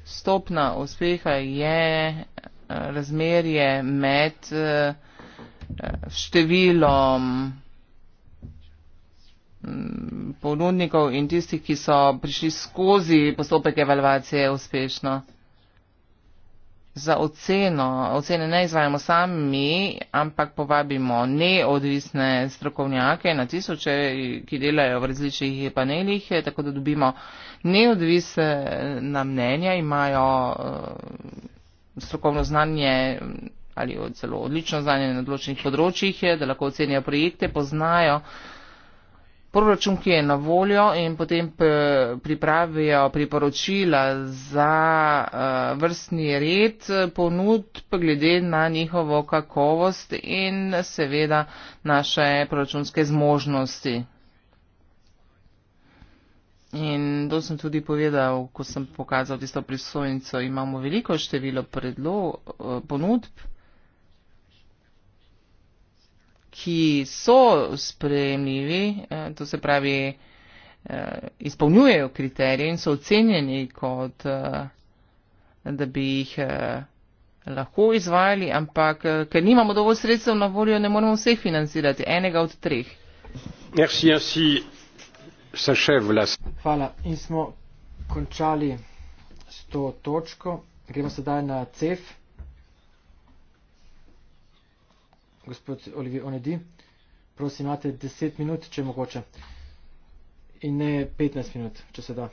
stopna uspeha je eh, razmerje med eh, številom ponudnikov in tistih, ki so prišli skozi postopek evalvacije uspešno. Za oceno, ocene ne izvajamo sami, ampak povabimo neodvisne strokovnjake na tisoče, ki delajo v različnih panelih, tako da dobimo neodvisna mnenja, imajo eh, strokovno znanje ali celo odlično znanje na odločenih področjih, da lahko ocenijo projekte, poznajo proračun, ki je na voljo in potem pripravijo priporočila za eh, vrstni red ponudb glede na njihovo kakovost in seveda naše proračunske zmožnosti. In to sem tudi povedal, ko sem pokazal tisto prisojnico, imamo veliko število predlog, eh, ponudb ki so sprejemljivi, eh, to se pravi, eh, izpolnjujejo kriterije in so ocenjeni kot, eh, da bi jih lahko izvajali, ampak ker nimamo dovolj sredstev na voljo, ne moremo vseh financirati, enega od treh. Merci, merci. Hvala. In smo končali s to točko. Gremo sedaj na CEF. gospod Olivi Onedi, prosim, imate 10 minut, če mogoče. In ne 15 minut, če se da.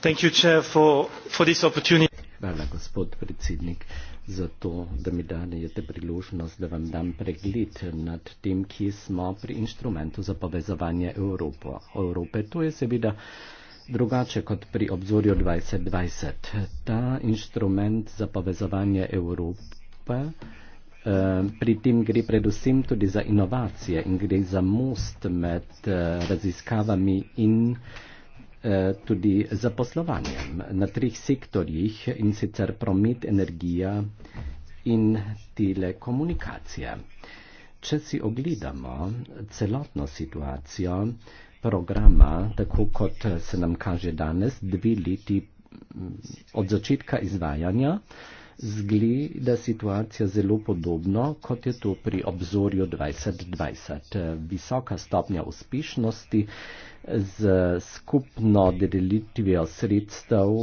Thank you, chair, for, for this Hvala, gospod predsednik, za to, da mi danete priložnost, da vam dam pregled nad tem, ki smo pri inštrumentu za povezovanje Evropo. Evrope. To je seveda drugače kot pri obzorju 2020. Ta inštrument za povezovanje Evrope Eh, pri tem gre predvsem tudi za inovacije in gre za most med uh, raziskavami in eh, tudi zaposlovanjem na treh sektorjih in sicer promet, energija in telekomunikacije. Če si ogledamo celotno situacijo programa, tako kot se nam kaže danes, dve leti od začetka izvajanja, uh, zgleda situacija zelo podobno, kot je to pri obzorju 2020. Visoka stopnja uspešnosti z skupno delitvijo sredstev,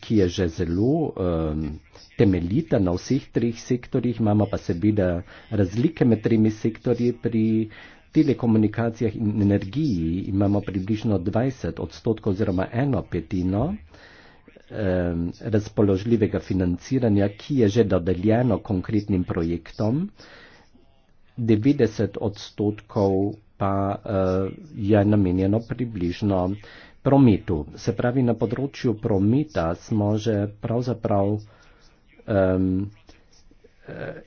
ki je že zelo um, temeljita na vseh treh sektorjih, imamo pa seveda razlike med tremi sektorji pri telekomunikacijah in energiji. Imamo približno 20 odstotkov oziroma eno petino razpoložljivega financiranja, ki je že dodeljeno konkretnim projektom, 90 odstotkov pa eh, je namenjeno približno prometu. Se pravi, na področju prometa smo že pravzaprav um,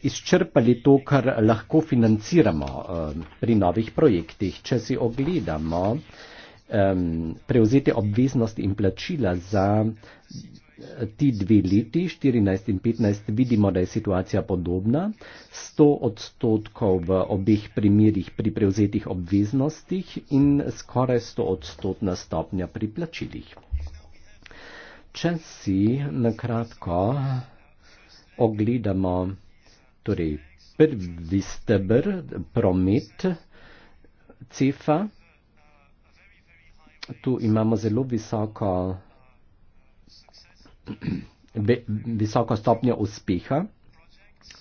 izčrpali to, kar lahko financiramo um, pri novih projektih. Če si ogledamo, um, prevzete obveznosti in plačila za eh, ti dve leti, 14 in 15, vidimo, da je situacija podobna. 100 odstotkov v obeh primerjih pri prevzetih obveznostih in skoraj 100 odstotna stopnja pri plačilih. Če si na kratko ogledamo torej prvi steber promet CEFA, tu imamo zelo visoko, be, visoko stopnjo uspeha.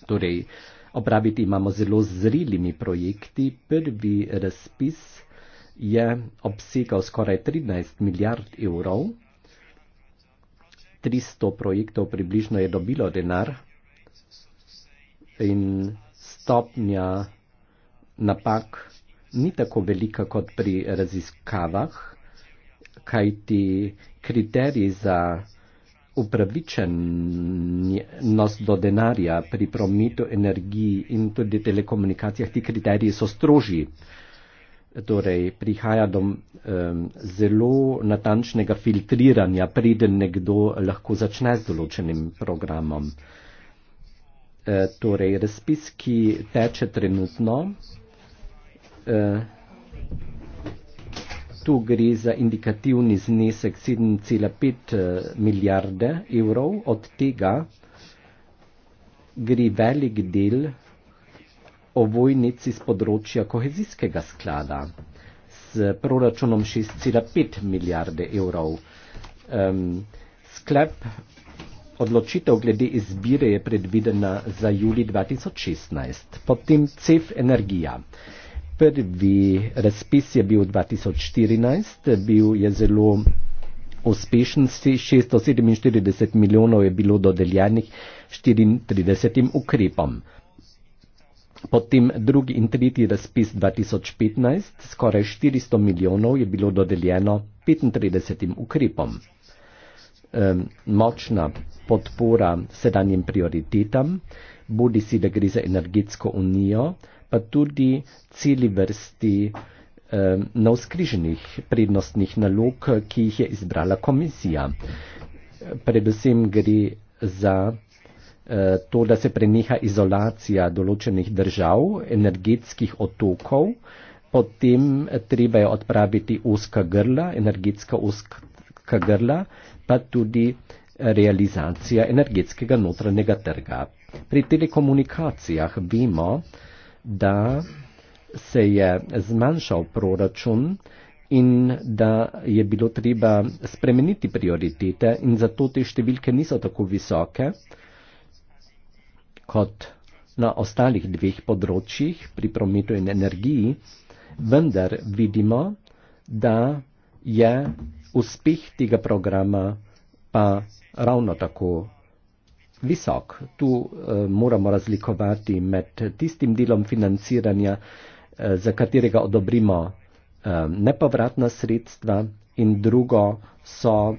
Torej, opraviti imamo zelo zrelimi projekti. Prvi razpis je obsegal skoraj 13 milijard evrov. 300 projektov približno je dobilo denar in stopnja napak ni tako velika kot pri raziskavah kajti kriterij za upravičenost do denarja pri prometu, energiji in tudi telekomunikacijah, ti kriteriji so strožji. Torej, prihaja do um, zelo natančnega filtriranja, preden nekdo lahko začne z določenim programom. E, torej, razpis, ki teče trenutno, e, tu gre za indikativni znesek 7,5 eh, milijarde evrov, od tega gre velik del ovojnic iz področja kohezijskega sklada s proračunom 6,5 milijarde evrov. Um, sklep odločitev glede izbire je predvidena za juli 2016, potem CEF Energija prvi razpis je bil 2014, bil je zelo uspešen, 647 milijonov je bilo dodeljenih 34 ukrepom. Potem drugi in tretji razpis 2015, skoraj 400 milijonov je bilo dodeljeno 35 ukrepom. Močna podpora sedanjim prioritetam, bodi si, da gre za energetsko unijo, pa tudi celi vrsti eh, navskriženih prednostnih nalog, ki jih je izbrala komisija. Predvsem gre za eh, to, da se preneha izolacija določenih držav, energetskih otokov, potem treba je odpraviti oska grla, energetska oska grla, pa tudi realizacija energetskega notranjega trga. Pri telekomunikacijah vemo, da se je zmanjšal proračun in da je bilo treba spremeniti prioritete in zato te številke niso tako visoke kot na ostalih dveh področjih pri prometu in energiji, vendar vidimo, da je uspeh tega programa pa ravno tako visok. Tu eh, moramo razlikovati med tistim delom financiranja, eh, za katerega odobrimo eh, nepovratna sredstva in drugo so,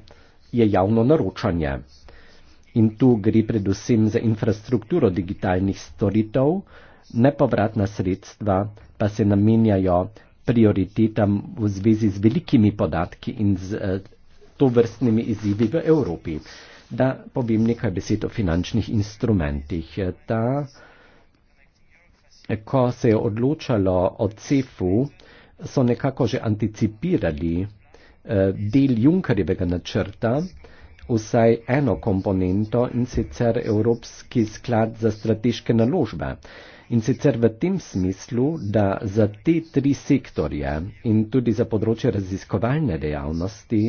je javno naročanje. In tu gre predvsem za infrastrukturo digitalnih storitev, nepovratna sredstva pa se namenjajo prioritetam v zvezi z velikimi podatki in z to vrstnimi izzivi v Evropi da povem nekaj besed o finančnih instrumentih. Ta, ko se je odločalo o CEF-u, so nekako že anticipirali eh, del Junkerjevega načrta, vsaj eno komponento in sicer Evropski sklad za strateške naložbe. In sicer v tem smislu, da za te tri sektorje in tudi za področje raziskovalne dejavnosti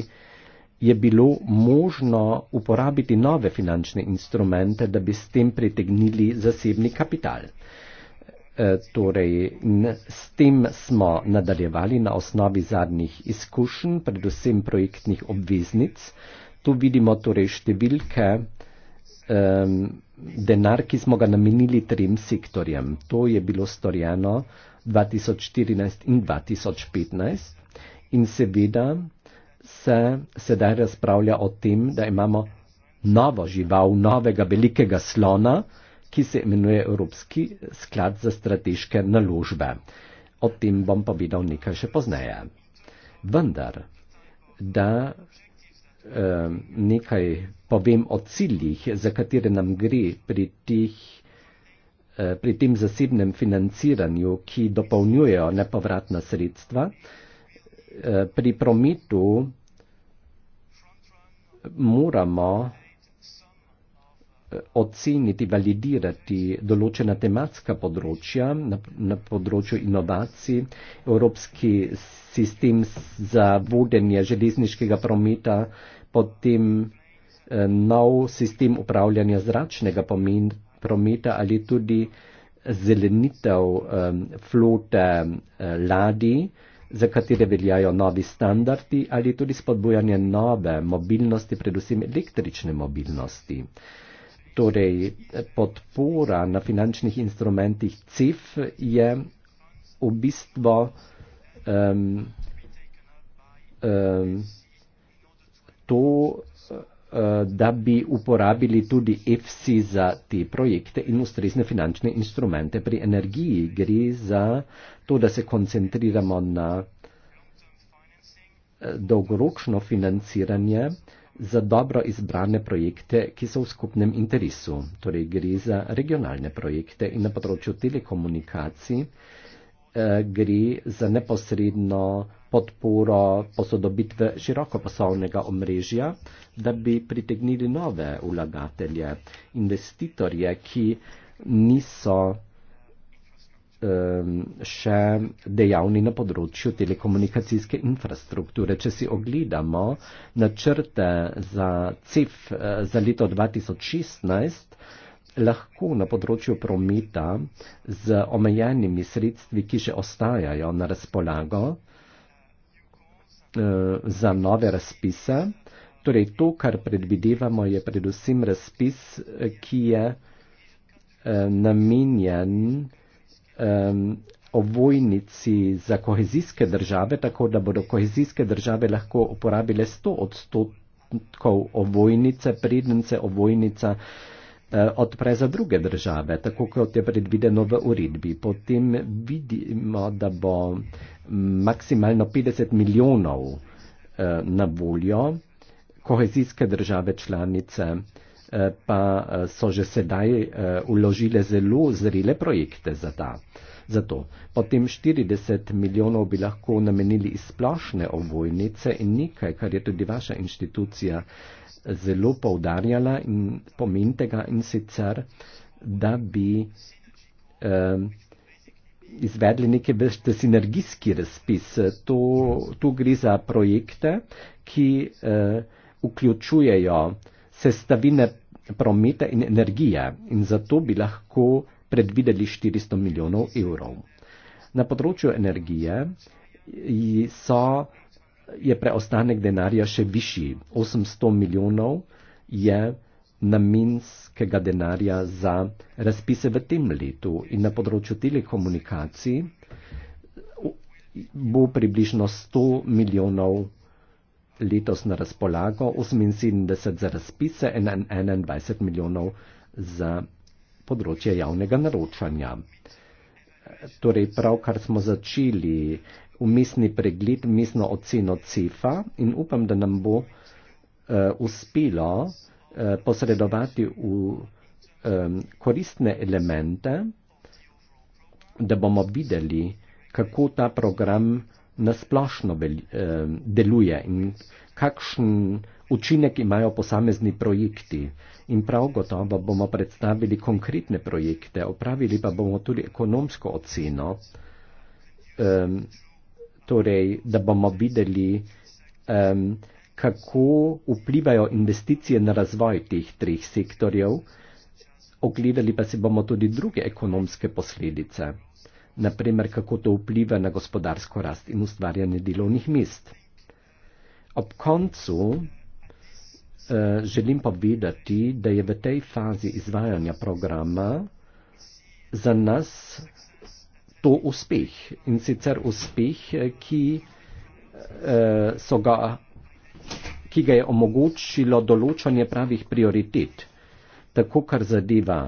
je bilo možno uporabiti nove finančne instrumente, da bi s tem pritegnili zasebni kapital. E, torej, s tem smo nadaljevali na osnovi zadnjih izkušenj, predvsem projektnih obveznic. Tu vidimo torej številke, e, denar, ki smo ga namenili trem sektorjem. To je bilo storjeno 2014 in 2015. In seveda, se sedaj razpravlja o tem, da imamo novo žival, novega velikega slona, ki se imenuje Evropski sklad za strateške naložbe. O tem bom povedal nekaj še pozneje. Vendar, da eh, nekaj povem o ciljih, za katere nam gre pri, tih, eh, pri tem zasebnem financiranju, ki dopolnjujejo nepovratna sredstva, eh, Eh, pri prometu moramo eh, oceniti, validirati določena tematska področja na, na področju inovacij. Evropski sistem za vodenje železniškega prometa, potem eh, nov sistem upravljanja zračnega pomen, prometa ali tudi zelenitev eh, flote eh, ladij. Eh, za katere veljajo novi standardi ali tudi spodbujanje nove mobilnosti, predvsem električne mobilnosti. Torej, podpora na finančnih instrumentih CIF je v bistvu um, um, to, Eh, da bi uporabili tudi EFSI za te projekte in ustrezne finančne instrumente pri energiji. Gre za to, da se koncentriramo na eh, dolgoročno financiranje za dobro izbrane projekte, ki so v skupnem interesu. Torej gre za regionalne projekte in na področju telekomunikacij eh, gre za neposredno podporo posodobitve širokopasovnega omrežja, da bi pritegnili nove vlagatelje, investitorje, ki niso um, še dejavni na področju telekomunikacijske infrastrukture. Če si ogledamo načrte za CIF eh, za leto 2016, lahko na področju prometa z omejenimi sredstvi, ki še ostajajo na razpolago, Eh, za nove razpise. Torej, to, kar predvidevamo, je predvsem razpis, eh, ki je eh, namenjen ovojnici za kohezijske države, tako da bodo kohezijske države lahko uporabile 100 odstotkov ovojnice, prednjice ovojnica. Eh, odpre za druge države, tako kot je predvideno v uredbi. Potem vidimo, da bo maksimalno 50 milijonov eh, na voljo kohezijske države članice eh, pa so že sedaj uložile zelo zrele projekte za, ta, za to. Potem 40 milijonov bi lahko namenili iz splošne ovojnice in nekaj, kar je tudi vaša inštitucija eh, zelo povdarjala in pomen tega in sicer, da bi eh, izvedli neke vrste sinergijski razpis. To, tu gre za projekte, ki eh, vključujejo sestavine prometa in energije in zato bi lahko predvideli 400 milijonov evrov. Na področju energije so je preostanek denarja še višji. 800 milijonov je namenskega denarja za razpise v tem letu in na področju telekomunikacij bo približno 100 milijonov letos na razpolago, 78 za razpise in 21 milijonov za področje javnega naročanja. Torej, pravkar smo začeli umestni pregled, umestno oceno CEFA in upam, da nam bo uh, uspelo uh, posredovati v um, koristne elemente, da bomo videli, kako ta program nasplošno vel, um, deluje in kakšen učinek imajo posamezni projekti. In prav gotovo bomo predstavili konkretne projekte, opravili pa bomo tudi ekonomsko oceno. Um, torej, da bomo videli, um, kako vplivajo investicije na razvoj teh treh sektorjev. Ogledali pa si bomo tudi druge ekonomske posledice, naprimer, kako to vpliva na gospodarsko rast in ustvarjanje delovnih mest. Ob koncu uh, želim povedati, da je v tej fazi izvajanja programa za nas to uspeh in sicer uspeh, eh, ki, eh, ga, ki ga je omogočilo določanje pravih prioritet, tako kar zadeva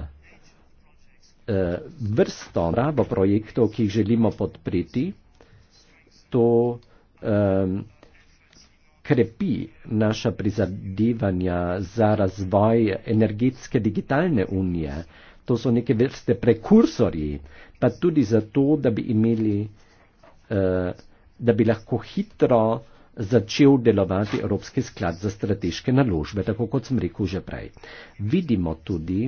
eh, vrsto rabo projektov, ki jih želimo podpreti, to um, krepi naša prizadevanja za razvoj energetske digitalne unije. To so neke vrste prekursori pa tudi zato, da bi imeli, eh, da bi lahko hitro začel delovati Evropski sklad za strateške naložbe, tako kot sem rekel že prej. Vidimo tudi,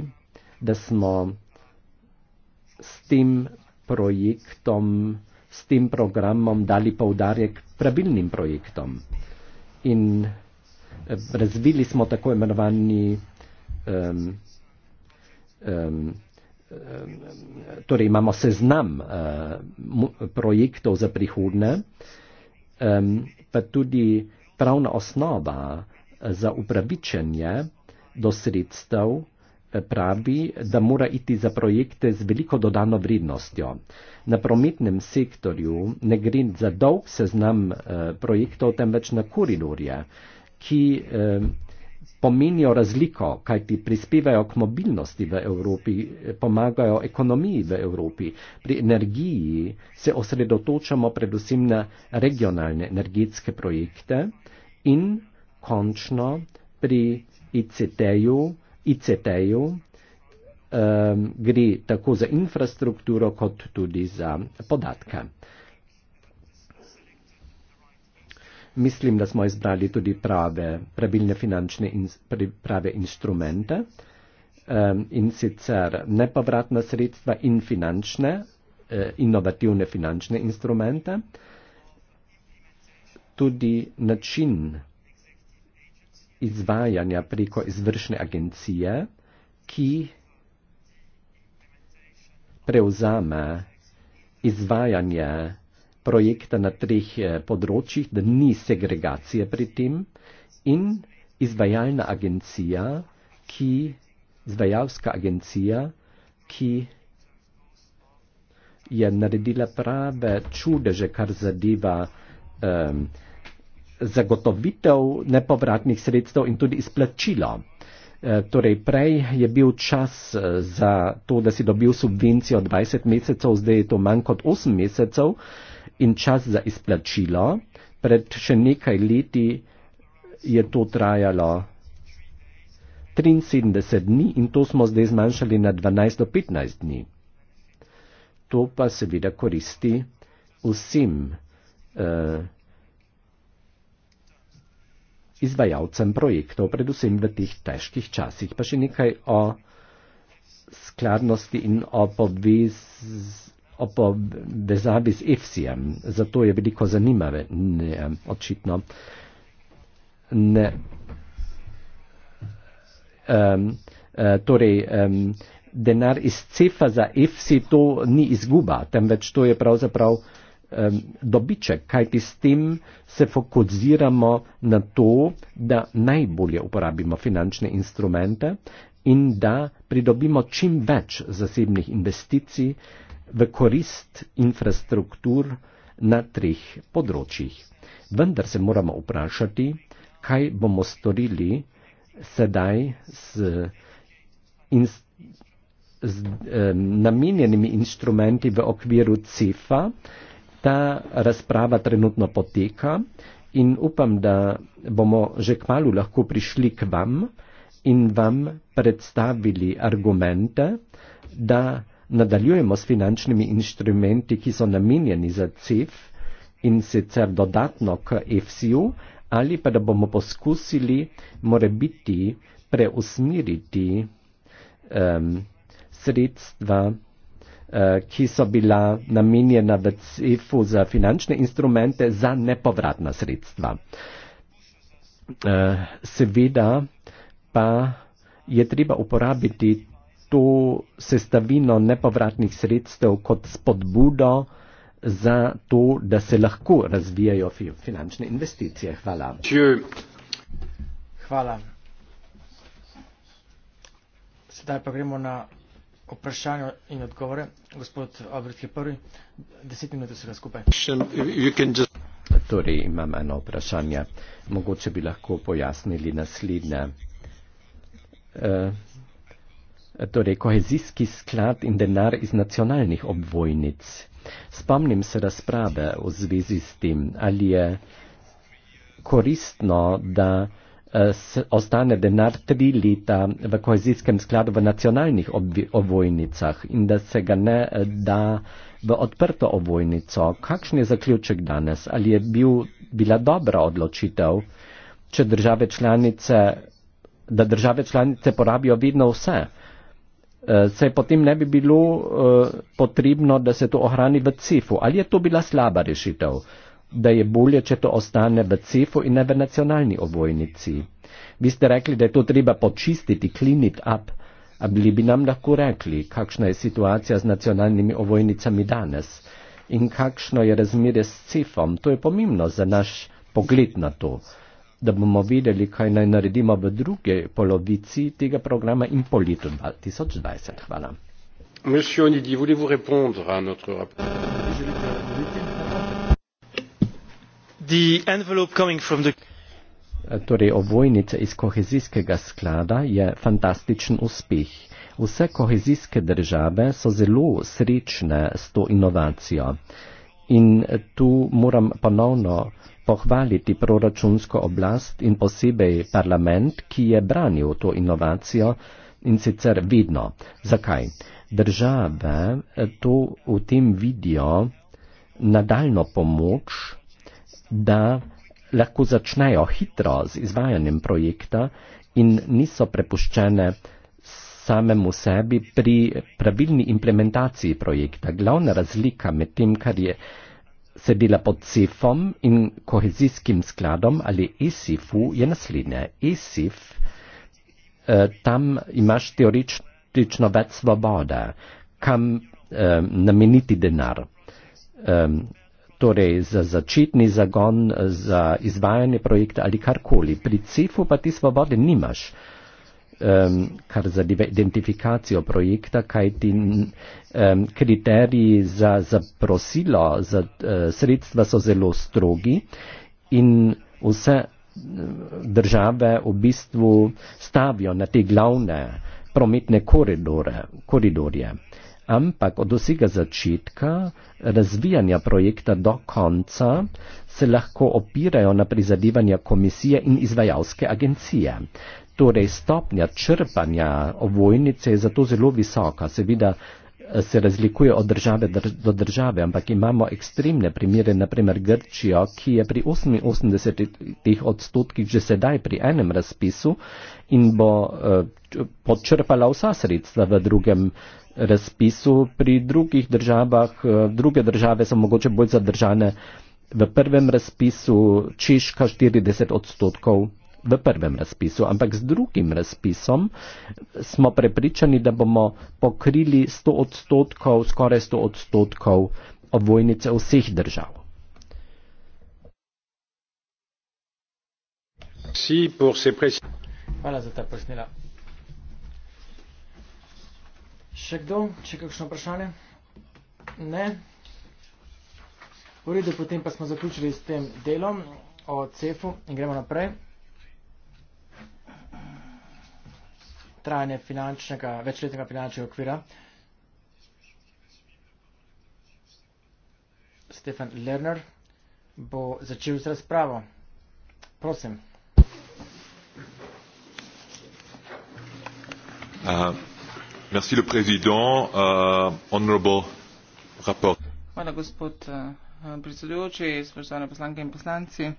da smo s tem projektom, s tem programom dali povdarek pravilnim projektom in eh, razvili smo tako imenovani um, um, torej imamo seznam eh, projektov za prihodne, pa tudi pravna osnova eh, za upravičenje do sredstev eh, pravi, da mora iti za projekte z veliko dodano vrednostjo. Na prometnem sektorju ne gre za dolg seznam projektov, temveč na koridorje, ki pomenijo razliko, kajti prispevajo k mobilnosti v Evropi, pomagajo ekonomiji v Evropi. Pri energiji se osredotočamo predvsem na regionalne energetske projekte in končno pri ICT-ju ICT um, ehm, gre tako za infrastrukturo kot tudi za podatke. Mislim, da smo izbrali tudi prave, pravilne finančne in prave instrumente ehm, in sicer nepovratna sredstva in finančne, eh, inovativne finančne instrumente, tudi način izvajanja preko izvršne agencije, ki prevzame izvajanje projekta na treh eh, področjih, da ni segregacije pri tem in izvajalna agencija, ki, izvajalska agencija, ki je naredila prave čudeže, kar zadeva um, zagotovitev nepovratnih sredstev in tudi izplačilo. Eh, torej, prej je bil čas eh, za to, da si dobil subvencijo 20 mesecev, zdaj je to manj kot 8 mesecev. Uh, in čas za izplačilo. Pred še nekaj leti je to trajalo 73 dni in to smo zdaj zmanjšali na 12 do 15 dni. To pa seveda koristi vsem eh, izvajalcem projektov, predvsem v teh težkih časih. Pa še nekaj o skladnosti in o povez o povezavi z Efsijem. Zato je veliko zanimave, ne, eh, očitno. Ne. Um, uh, torej, um, denar iz cefa za Efsi to ni izguba, temveč to je pravzaprav um, dobiček, kajti s tem se fokuziramo na to, da najbolje uporabimo finančne instrumente in da pridobimo čim več zasebnih investicij, uh, v korist infrastruktur na treh področjih. Vendar se moramo vprašati, kaj bomo storili sedaj s in, z, um, namenjenimi instrumenti v okviru CEFA. Ta razprava trenutno poteka in upam, da bomo že kmalo lahko prišli k vam in vam predstavili argumente, da nadaljujemo s finančnimi inštrumenti, ki so namenjeni za CEF in sicer dodatno k EFSI-ju, ali pa da bomo poskusili morebiti preusmeriti um, sredstva, uh, ki so bila namenjena v CEF-u za finančne instrumente za nepovratna sredstva. Uh, seveda pa je treba uporabiti to sestavino nepovratnih sredstev kot spodbudo za to, da se lahko razvijajo finančne investicije. Hvala. Hvala. Sedaj pa gremo na vprašanje in odgovore. Gospod Albrecht je prvi. Deset minut se ga skupaj. Torej imam eno vprašanje. Mogoče bi lahko pojasnili naslednje. Uh, Torej, kohezijski sklad in denar iz nacionalnih obvojnic. Spomnim se razprave v zvezi s tem, ali je koristno, da eh, ostane denar tri leta v kohezijskem skladu v nacionalnih obvojnicah in da se ga ne eh, da v odprto obvojnico. Kakšen je zaključek danes? Ali je bil, bila dobra odločitev, če države članice, da države članice porabijo vedno vse? Eh, se potem ne bi bilo eh, potrebno, da se to ohrani v cefu. Ali je to bila slaba rešitev, da je bolje, če to ostane v cefu in ne v nacionalni ovojnici? Vi ste rekli, da je to treba počistiti, clean it up. A bili bi nam lahko rekli, kakšna je situacija z nacionalnimi ovojnicami danes in kakšno je razmerje s cefom? To je pomembno za naš pogled na to. Uh, da bomo videli, kaj naj naredimo v drugi polovici tega programa in po letu 2020. Hvala. Monsieur Onidi, voulez-vous répondre à notre rapport Torej, ovojnica iz kohezijskega sklada je fantastičen uspeh. Vse kohezijske države so zelo srečne s to inovacijo. In tu moram ponovno pohvaliti proračunsko oblast in posebej parlament, ki je branil to inovacijo in sicer vidno. Zakaj? Države eh, to v tem vidijo nadaljno pomoč, da lahko začnejo hitro z izvajanjem projekta in niso prepuščene samemu sebi pri pravilni implementaciji projekta. Glavna razlika med tem, kar je Sedila pod SIF-om in kohezijskim skladom ali e ISIF-u je naslednja. E ISIF, eh, tam imaš teoretično več svobode, kam eh, nameniti denar. Eh, torej za začetni zagon, za izvajanje projekta ali karkoli. Pri SIF-u pa ti svobode nimaš. Eh, um, kar za identifikacijo projekta, kaj ti um, ehm, kriteriji za, za prosilo, za uh, eh, sredstva so zelo strogi in vse eh, države v bistvu stavijo na te glavne prometne koridore, koridorje. Ampak od vsega začetka razvijanja projekta do konca se lahko opirajo na prizadevanja komisije in izvajalske agencije. Torej, stopnja črpanja ovojnice je zato zelo visoka. Seveda eh, se razlikuje od države do države, ampak imamo ekstremne primere, naprimer Grčijo, ki je pri 88 odstotkih že sedaj pri enem razpisu in bo eh, počrpala vsa sredstva v drugem razpisu. Pri drugih državah, eh, druge države so mogoče bolj zadržane. V prvem razpisu Češka 40 odstotkov, v prvem razpisu, ampak z drugim razpisom smo prepričani, da bomo pokrili 100 odstotkov, skoraj 100 odstotkov obvojnice vseh držav. Hvala za ta pojasnila. Še kdo, če kakšno vprašanje? Ne. V redu, potem pa smo zaključili s tem delom o CEF-u in gremo naprej. trajanje finančnega, večletnega finančnega okvira. Stefan Lerner bo začel z razpravo. Prosim. Uh, merci, le président, uh, honorable rapport. Hvala, gospod uh, predsedujoči, spoštovane poslanke in poslanci.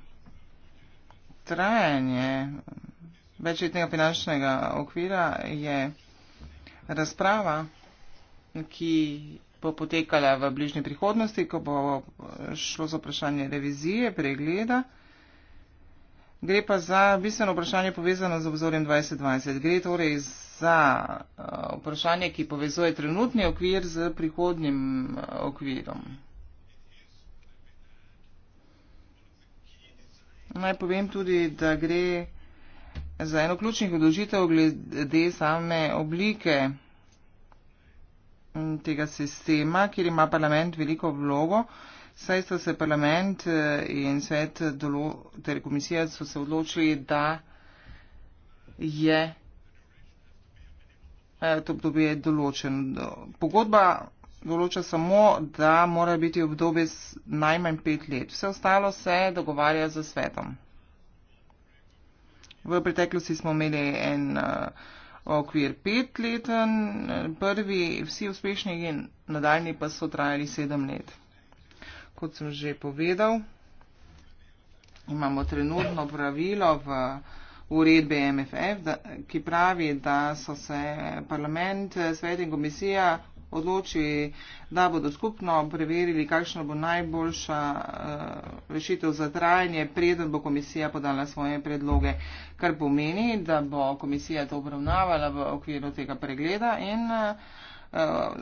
Trajanje uh, večletnega finančnega okvira je razprava, ki bo potekala v bližnji prihodnosti, ko bo šlo za vprašanje revizije, pregleda. Gre pa za bistveno vprašanje povezano z obzorjem 2020. Gre torej za eh, vprašanje, ki povezuje trenutni okvir z prihodnjim eh, okvirom. Naj povem tudi, da gre za eno ključnih odložitev glede same oblike tega sistema, kjer ima parlament veliko vlogo. Saj so se parlament eh, in svet ter komisija so se odločili, da je eh, to obdobje določeno. Pogodba določa samo, da mora biti obdobje najmanj pet let. Vse ostalo se dogovarja za svetom. V preteklosti smo imeli en uh, okvir petleten, prvi, vsi uspešni in nadaljni pa so trajali sedem let. Kot sem že povedal, imamo trenutno pravilo v uredbe MFF, da, ki pravi, da so se parlament, svet in komisija odloči, da bodo skupno preverili, kakšna bo najboljša uh, rešitev za trajanje, preden bo komisija podala svoje predloge, kar pomeni, da bo komisija to obravnavala v okviru tega pregleda in uh,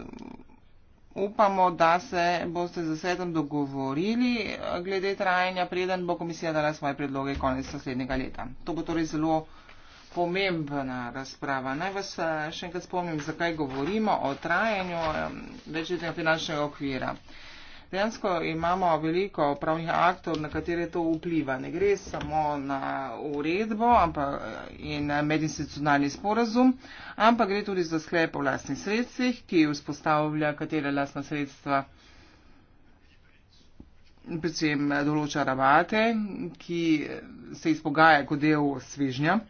upamo, da se boste z sedem dogovorili eh, glede trajanja, preden bo komisija dala svoje predloge konec naslednjega leta. To bo torej zelo pomembna razprava. Naj vas eh, še enkrat spomnim, zakaj govorimo o trajanju eh, večletnega finančnega okvira. Dejansko imamo veliko pravnih aktov, na katere to vpliva. Ne gre samo na uredbo ampak, eh, in medinstitucionalni sporazum, ampak gre tudi za sklep o vlastnih sredstvih, ki vzpostavlja katere lastna sredstva. Predvsem določa rabate, ki se izpogaja kot del svežnja.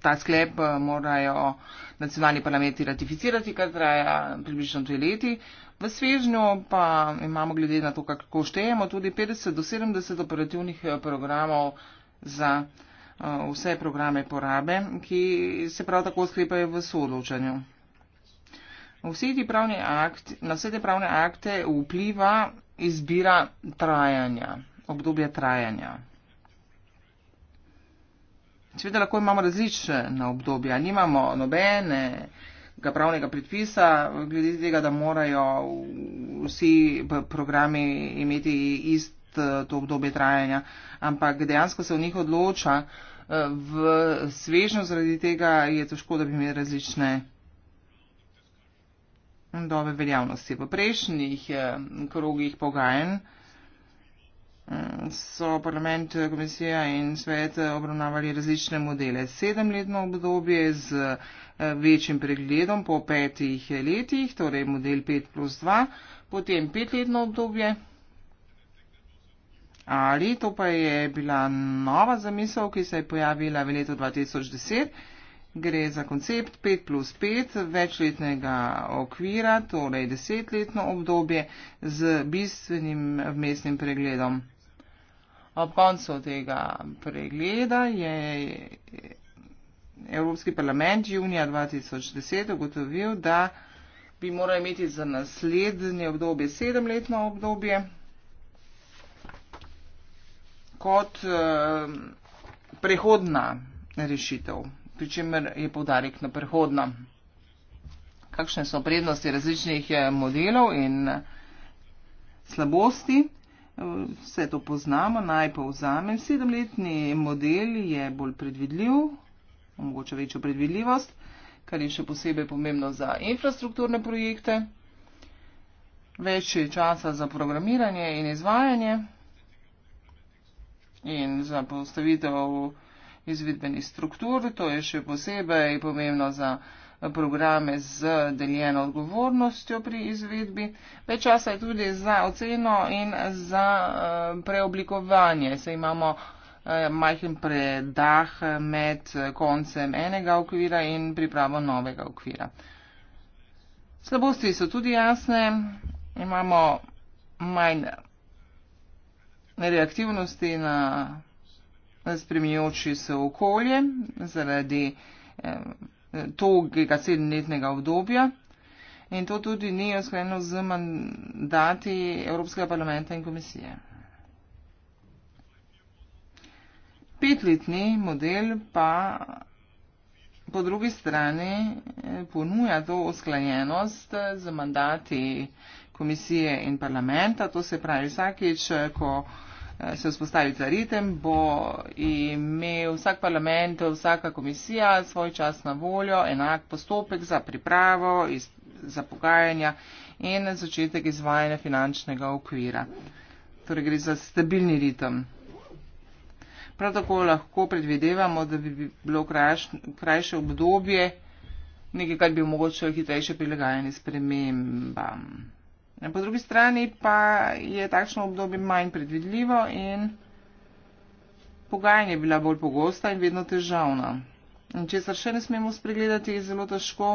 Ta sklep eh, morajo nacionalni parlamenti ratificirati, kar traja približno dve leti. V svežnju pa imamo glede na to, kako štejemo, tudi 50 do 70 operativnih eh, programov za eh, vse programe porabe, ki se prav tako sklepajo v soodločanju. Vse te pravne akte, na vse te pravne akte vpliva izbira trajanja, obdobja trajanja. Seveda lahko imamo različne obdobja, nimamo nobene pravnega predpisa, glede tega, da morajo vsi programi imeti isto eh, to obdobje trajanja, ampak dejansko se v njih odloča eh, v svežnju, zaradi tega je težko, da bi imeli različne dobe veljavnosti. V prejšnjih eh, krogih pogajanj so parlament, komisija in svet obravnavali različne modele. Sedemletno obdobje z eh, večjim pregledom po petih letih, torej model 5 plus 2, potem petletno obdobje. Ali to pa je bila nova zamisel, ki se je pojavila v letu 2010, gre za koncept 5 plus 5 večletnega okvira, torej desetletno obdobje z bistvenim vmesnim pregledom. Ob koncu tega pregleda je Evropski parlament junija 2010 ugotovil, da bi morali imeti za naslednje obdobje sedemletno obdobje kot eh, prehodna rešitev, pri čemer je povdarek na prehodna. Kakšne so prednosti različnih eh, modelov in slabosti? vse to poznamo, naj povzamem. Sedemletni model je bolj predvidljiv, omogoča večjo predvidljivost, kar je še posebej pomembno za infrastrukturne projekte. Več je časa za programiranje in izvajanje in za postavitev izvedbenih struktur, to je še posebej pomembno za infrastrukturne projekte programe z deljeno odgovornostjo pri izvedbi. Več časa je tudi za oceno in za eh, preoblikovanje. Se imamo eh, majhen predah med koncem enega okvira in pripravo novega okvira. Slabosti so tudi jasne, imamo manj reaktivnosti na spremenjoči se okolje zaradi eh, togega sedemletnega obdobja. In to tudi ni oskreno z mandati Evropskega parlamenta in komisije. Petletni model pa po drugi strani eh, ponuja to osklajenost eh, z mandati komisije in parlamenta, to se pravi vsakeč, eh, ko Eh, se vzpostavi ta ritem, bo imel vsak parlament, vsaka komisija svoj čas na voljo, enak postopek za pripravo, iz, za pogajanja in začetek izvajanja finančnega okvira. Torej gre za stabilni ritem. Prav tako lahko predvidevamo, da bi bilo kraš, krajše obdobje, nekaj, kar bi omogočilo hitrejše prilagajanje spremembam. Po drugi strani pa je takšno obdobje manj predvidljivo in pogajanje je bila bolj pogosta in vedno težavna. In česar še ne smemo spregledati, je zelo težko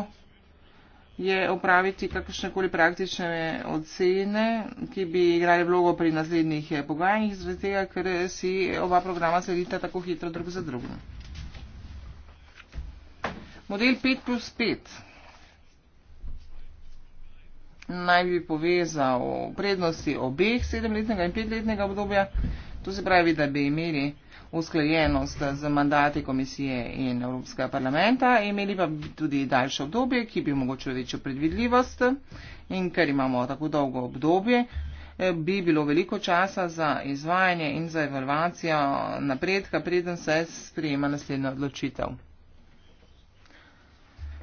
je opraviti kakršnekoli praktične ocene, ki bi igrali vlogo pri naslednjih eh, pogajanjih, zaradi tega, ker eh, si oba programa sledita tako hitro drug za drugim. Model 5 plus 5 naj bi povezal prednosti obeh sedemletnega in petletnega obdobja. To se pravi, da bi imeli usklajenost z mandati komisije in Evropskega parlamenta, imeli pa bi tudi daljše obdobje, ki bi omogočilo večjo predvidljivost in ker imamo tako dolgo obdobje, eh, bi bilo veliko časa za izvajanje in za evalvacijo napredka, preden se sprejema naslednja odločitev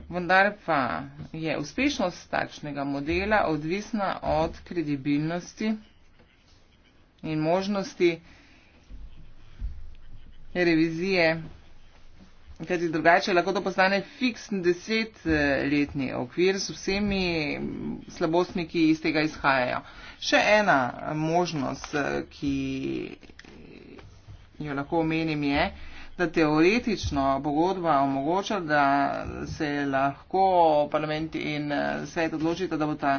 vendar pa je uspešnost takšnega modela odvisna od kredibilnosti in možnosti revizije, kajti drugače lahko to postane fiksni desetletni okvir s vsemi slabostmi, ki iz tega izhajajo. Še ena možnost, ki jo lahko omenim, je, da da teoretično pogodba omogoča, da se lahko parlament in eh, svet odločita, da bota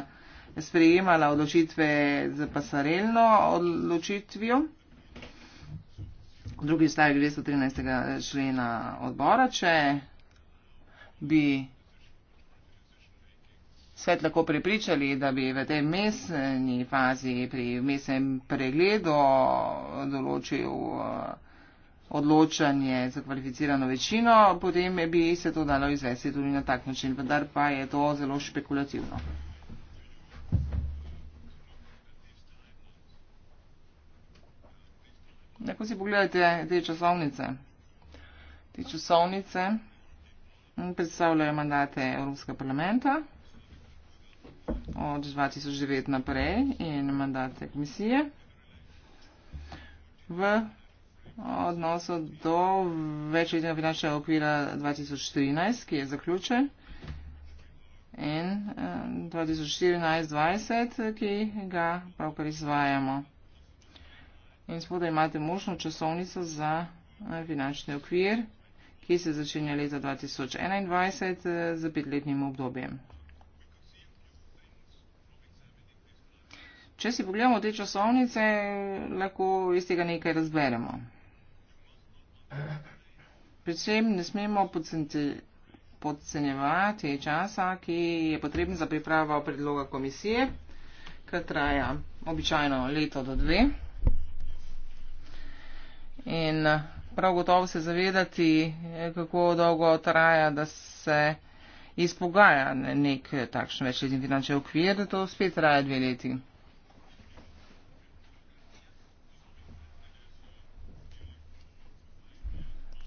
sprejemala odločitve z pasarelno odločitvijo. Drugi stavek 213. člena odbora, če bi svet lahko pripričali, da bi v tej mesni fazi pri mesnem pregledu določil uh, odločanje za kvalificirano večino, potem bi se to dalo izvesti tudi na tak način, vendar pa je to zelo špekulativno. Neko si pogledajte te časovnice. Te časovnice predstavljajo mandate Evropska parlamenta od 2009 naprej in mandate komisije. V odnosu do večjega finančnega okvira 2014, ki je zaključen, in 2014-2020, eh, ki ga pravkar izvajamo. In spodaj imate možno časovnico za eh, finančni okvir, ki se začenja leta 2021 eh, z petletnim obdobjem. Če si pogledamo te časovnice, lahko iz tega nekaj razberemo. Predvsem ne smemo podcenjevati časa, ki je potreben za pripravo predloga komisije, kar traja običajno leto do dve. In prav gotovo se zavedati, kako dolgo traja, da se izpogaja nek takšen večletni finančni okvir, da to spet traja dve leti.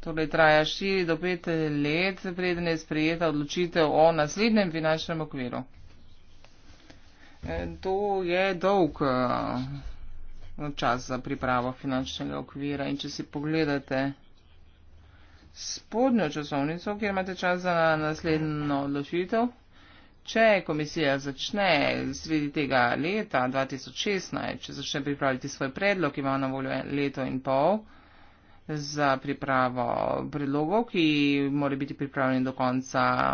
Torej traja 4 do 5 let, preden je sprejeta odločitev o naslednjem finančnem okviru. E, to je dolg e, čas za pripravo finančnega okvira in če si pogledate spodnjo časovnico, kjer imate čas za naslednjo odločitev, če komisija začne sredi tega leta 2016, če začne pripraviti svoj predlog, ima na voljo leto in pol, za pripravo predlogov, ki mora biti pripravljen do konca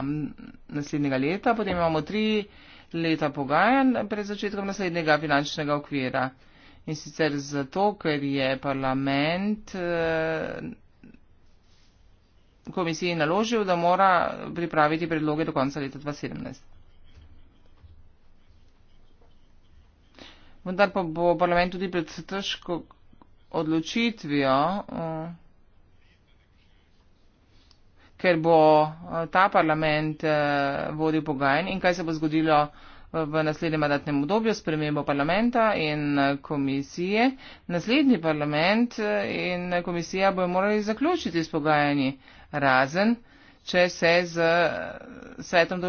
naslednjega leta. Potem imamo tri leta pogajanj pred začetkom naslednjega finančnega okvira. In sicer zato, ker je parlament e, komisiji naložil, da mora pripraviti predloge do konca leta 2017. Vendar pa bo parlament tudi pred težko odločitvijo, ker bo ta parlament e, vodil pogajen in kaj se bo zgodilo v naslednjem mandatnem obdobju s premembo parlamenta in komisije. Naslednji parlament e, in komisija bojo morali zaključiti s pogajanji razen, če se z e, svetom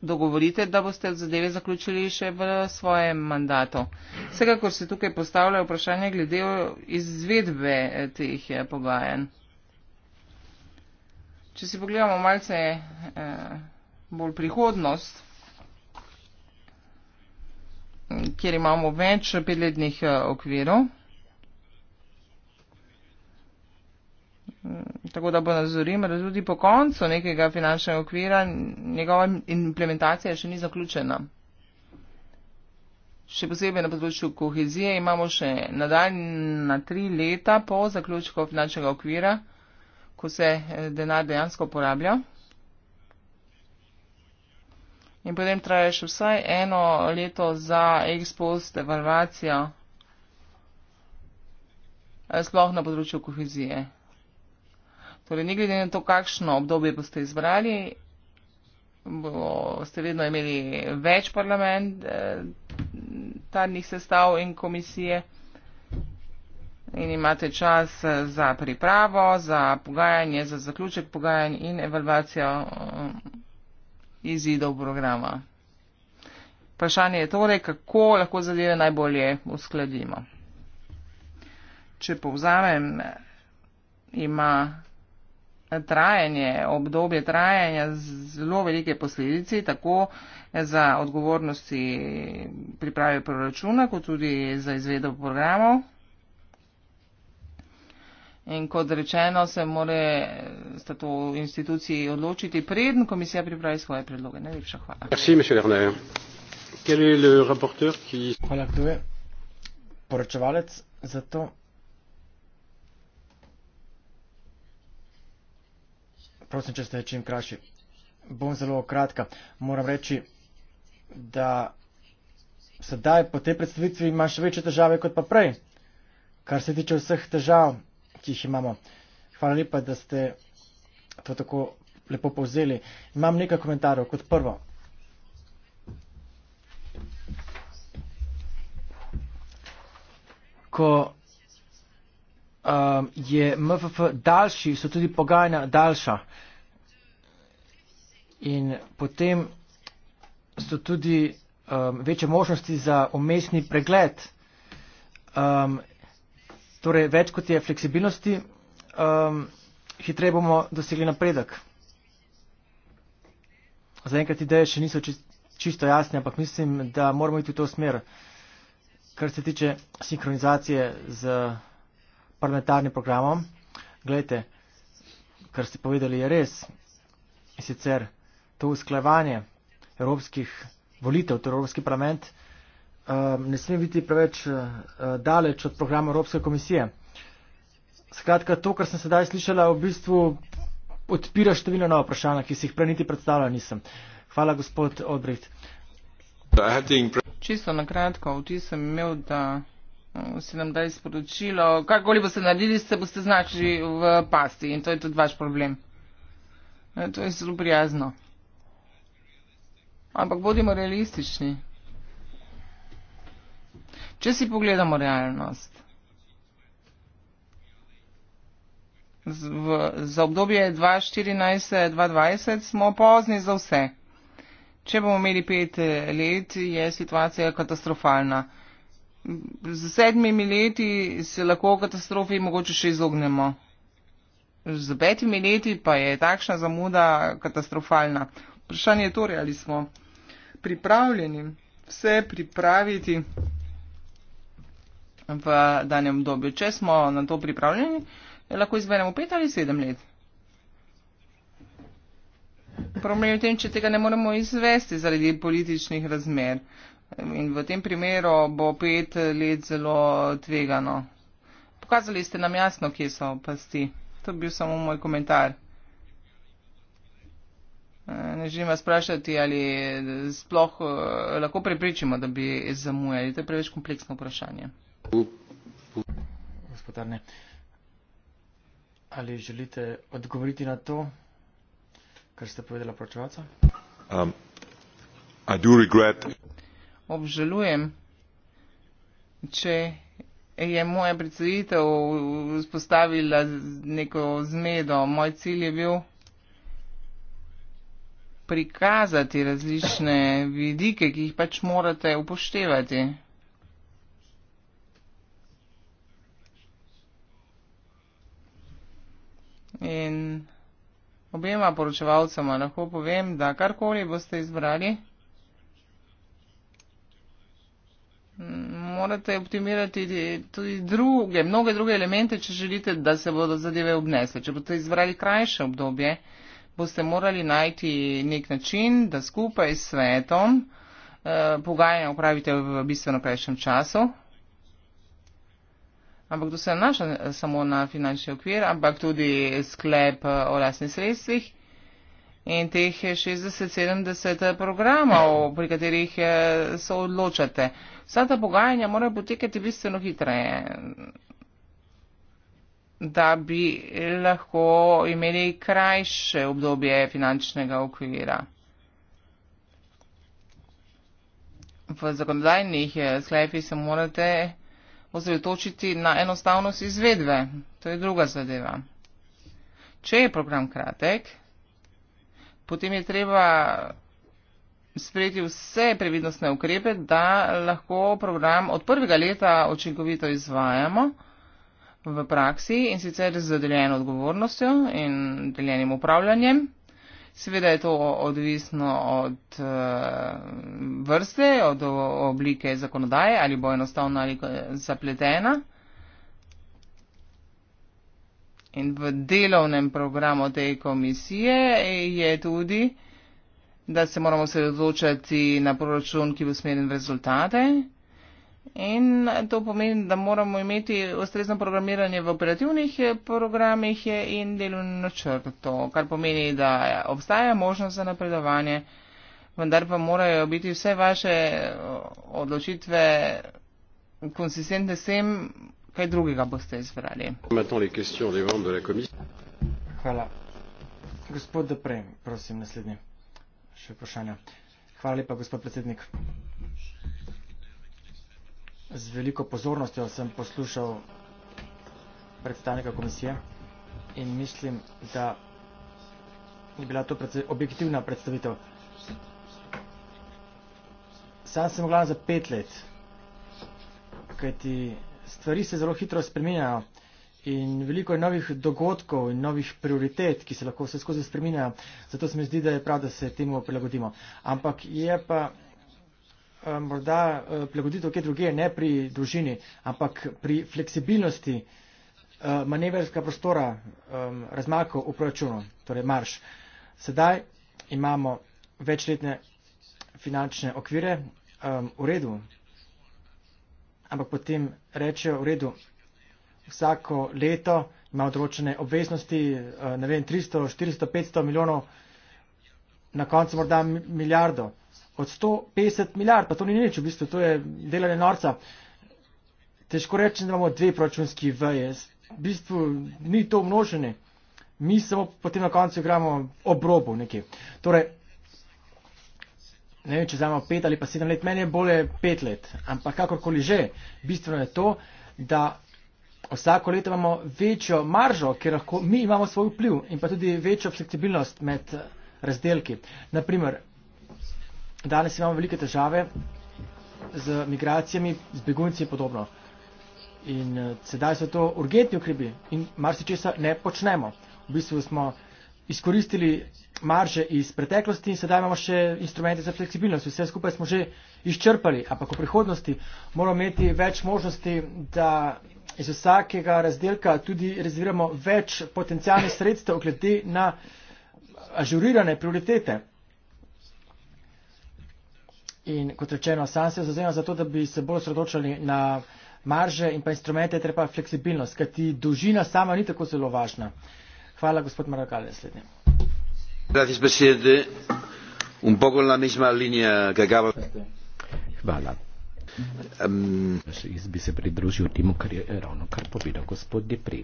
dogovorite, da boste zadeve zaključili še v svojem mandatu. Vsekakor se tukaj postavlja vprašanje glede izvedbe eh, teh eh, pogajanj. Če si pogledamo malce eh, bolj prihodnost, kjer imamo več petletnih okvirov, Tako da bo nazorim, da tudi po koncu nekega finančnega okvira njegova implementacija še ni zaključena. Še posebej na področju kohezije imamo še nadaljna tri leta po zaključku finančnega okvira, ko se eh, denar dejansko uporablja. In potem traja še vsaj eno leto za ekspost evalvacijo, eh, sploh na področju kohezije. Torej, ne glede na to, kakšno obdobje boste izbrali, boste vedno imeli več parlamentarnih eh, sestav in komisije in imate čas eh, za pripravo, za pogajanje, za zaključek pogajanj in evalvacijo eh, izidov programa. Vprašanje je torej, kako lahko zadeve najbolje uskladimo. Če povzamem, ima trajanje, obdobje trajanja zelo velike posledice, tako za odgovornosti priprave proračuna, kot tudi za izvedbo programov. In kot rečeno, se more sta to instituciji odločiti, preden komisija pripravi svoje predloge. Najlepša hvala. Merci, Quel est le rapporteur qui... Voilà, Poročevalec za to prosim, če ste čim krajši. Bom zelo kratka. Moram reči, da sedaj po tej predstavitvi imaš večje težave kot pa prej, kar se tiče vseh težav, ki jih imamo. Hvala lepa, da ste to tako lepo povzeli. Imam nekaj komentarjev kot prvo. Ko um, je MFF daljši, so tudi pogajanja daljša. In potem so tudi um, večje možnosti za umestni pregled. Um, torej, več kot je fleksibilnosti, um, hitreje bomo dosegli napredek. Zaenkrat ideje še niso čisto jasne, ampak mislim, da moramo iti v to smer, kar se tiče sinhronizacije z parlamentarnim programom. Glejte, kar ste povedali je res. In sicer to usklevanje evropskih volitev, to torej Evropski parlament, ehm, ne sme biti preveč eh, daleč od programa Evropske komisije. Skratka, to, kar sem sedaj slišala, v bistvu odpira številna nova vprašanja, ki si jih prej niti predstavljala nisem. Hvala, gospod Odbrit. Čisto na kratko, vtis sem imel, da se nam daj sporočilo, kakoli boste naredili, se boste znači v pasti in to je tudi vaš problem. E, to je zelo prijazno. Ampak bodimo realistični. Če si pogledamo realnost, v, za obdobje 2014-2020 smo pozni za vse. Če bomo imeli pet let, je situacija katastrofalna z sedmimi leti se lahko katastrofi mogoče še izognemo. Z petimi leti pa je takšna zamuda katastrofalna. Vprašanje je torej, ali smo pripravljeni vse pripraviti v danem dobju. Če smo na to pripravljeni, lahko izberemo pet ali sedem let. Problem je v tem, če tega ne moremo izvesti zaradi političnih razmer. In v tem primeru bo pet let zelo tvegano. Pokazali ste nam jasno, kje so pasti. To bi bil samo moj komentar. E, ne želim vas vprašati, ali sploh e, lahko prepričimo, da bi zamujali. To je preveč kompleksno vprašanje. Gospodarne, ali želite odgovoriti na to, kar ste povedala poročevalca? Um, obžalujem, če je moja predstavitev spostavila neko zmedo. Moj cilj je bil prikazati različne vidike, ki jih pač morate upoštevati. In obema poročevalcema lahko povem, da karkoli boste izbrali, Morate optimirati tudi druge, mnoge druge elemente, če želite, da se bodo zadeve obnesle. Če boste izbrali krajše obdobje, boste morali najti nek način, da skupaj s svetom eh, pogajanja upravite v bistveno krajšem času. Ampak to se nanaša eh, samo na finančni okvir, ampak tudi sklep eh, o lasnih sredstvih in teh 60-70 eh, programov, pri katerih eh, se odločate. Vsa ta pogajanja morajo potekati bistveno hitreje, da bi lahko imeli krajše obdobje finančnega okvira. V zakonodajnih eh, sklepih se morate osredotočiti na enostavnost izvedbe. To je druga zadeva. Če je program kratek, potem je treba sprejeti vse previdnostne ukrepe, da lahko program od prvega leta očinkovito izvajamo v praksi in sicer z deljeno odgovornostjo in deljenim upravljanjem. Seveda je to odvisno od eh, vrste, od oblike zakonodaje ali bo enostavna ali zapletena. In v delovnem programu te komisije je tudi, da se moramo se odločati na proračun, ki bo smeren v rezultate. In to pomeni, da moramo imeti ustrezno programiranje v operativnih programih in delovno načrto, kar pomeni, da obstaja možnost za napredovanje, vendar pa morajo biti vse vaše odločitve konsistentne s tem, kaj drugega boste izbrali? Hvala. Gospod Deprej, prosim, naslednji. Še vprašanje. Hvala lepa, gospod predsednik. Z veliko pozornostjo sem poslušal predstavnika komisije in mislim, da je bila to predvsej objektivna predstavitev. Sam sem vlada za pet let, kajti stvari se zelo hitro spreminjajo in veliko je novih dogodkov in novih prioritet, ki se lahko vse skozi spreminjajo. Zato se mi zdi, da je prav, da se temu prilagodimo. Ampak je pa eh, morda eh, prilagoditev kje druge, ne pri družini, ampak pri fleksibilnosti eh, manevrskega prostora razmakov v proračunu, torej marš. Sedaj imamo večletne finančne okvire v redu, ampak potem rečejo, v redu, vsako leto ima odročene obveznosti, eh, ne vem, 300, 400, 500 milijonov, na koncu morda milijardo. Od 150 milijard, pa to ni nič, v bistvu to je delanje norca. Težko reči, da imamo dve proračunski veje, v bistvu ni to množenje. Mi samo potem na koncu igramo obrobo nekje. Torej, ne vem, če zajamo pet ali pa sedem let, meni je bolje pet let, ampak kakorkoli že, bistveno je to, da vsako leto imamo večjo maržo, ker lahko mi imamo svoj vpliv in pa tudi večjo fleksibilnost med eh, razdelki. Naprimer, danes imamo velike težave z migracijami, z begunci in podobno. In eh, sedaj so to urgentni ukrepi in marsičesa ne počnemo. V bistvu smo izkoristili marže iz preteklosti in sedaj imamo še instrumente za fleksibilnost. Vse skupaj smo že izčrpali, ampak v prihodnosti moramo imeti več možnosti, da iz vsakega razdelka tudi rezerviramo več potencijalnih sredstev glede na ažurirane prioritete. In kot rečeno, sam se zazemam za to, da bi se bolj osredočali na marže in pa instrumente, ter pa fleksibilnost, kajti dolžina sama ni tako zelo važna. Hvala, gospod Marakale, slednje. Hvala. Jaz bi se pridružil temu, kar je ravno kar povedal gospod Depri.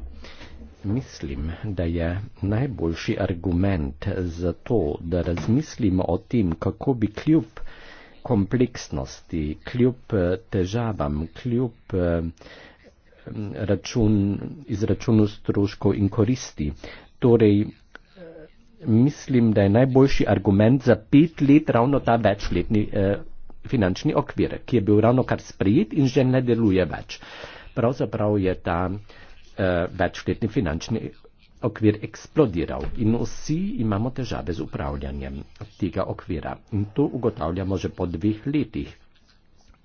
Mislim, da je najboljši argument za to, da razmislimo o tem, kako bi kljub kompleksnosti, kljub eh, težavam, kljub eh, račun, izračunu stroškov in koristi Torej, mislim, da je najboljši argument za pet let ravno ta večletni eh, finančni okvir, ki je bil ravno kar sprejet in že ne deluje več. Pravzaprav je ta eh, večletni finančni okvir eksplodiral in vsi imamo težave z upravljanjem tega okvira. In to ugotavljamo že po dveh letih.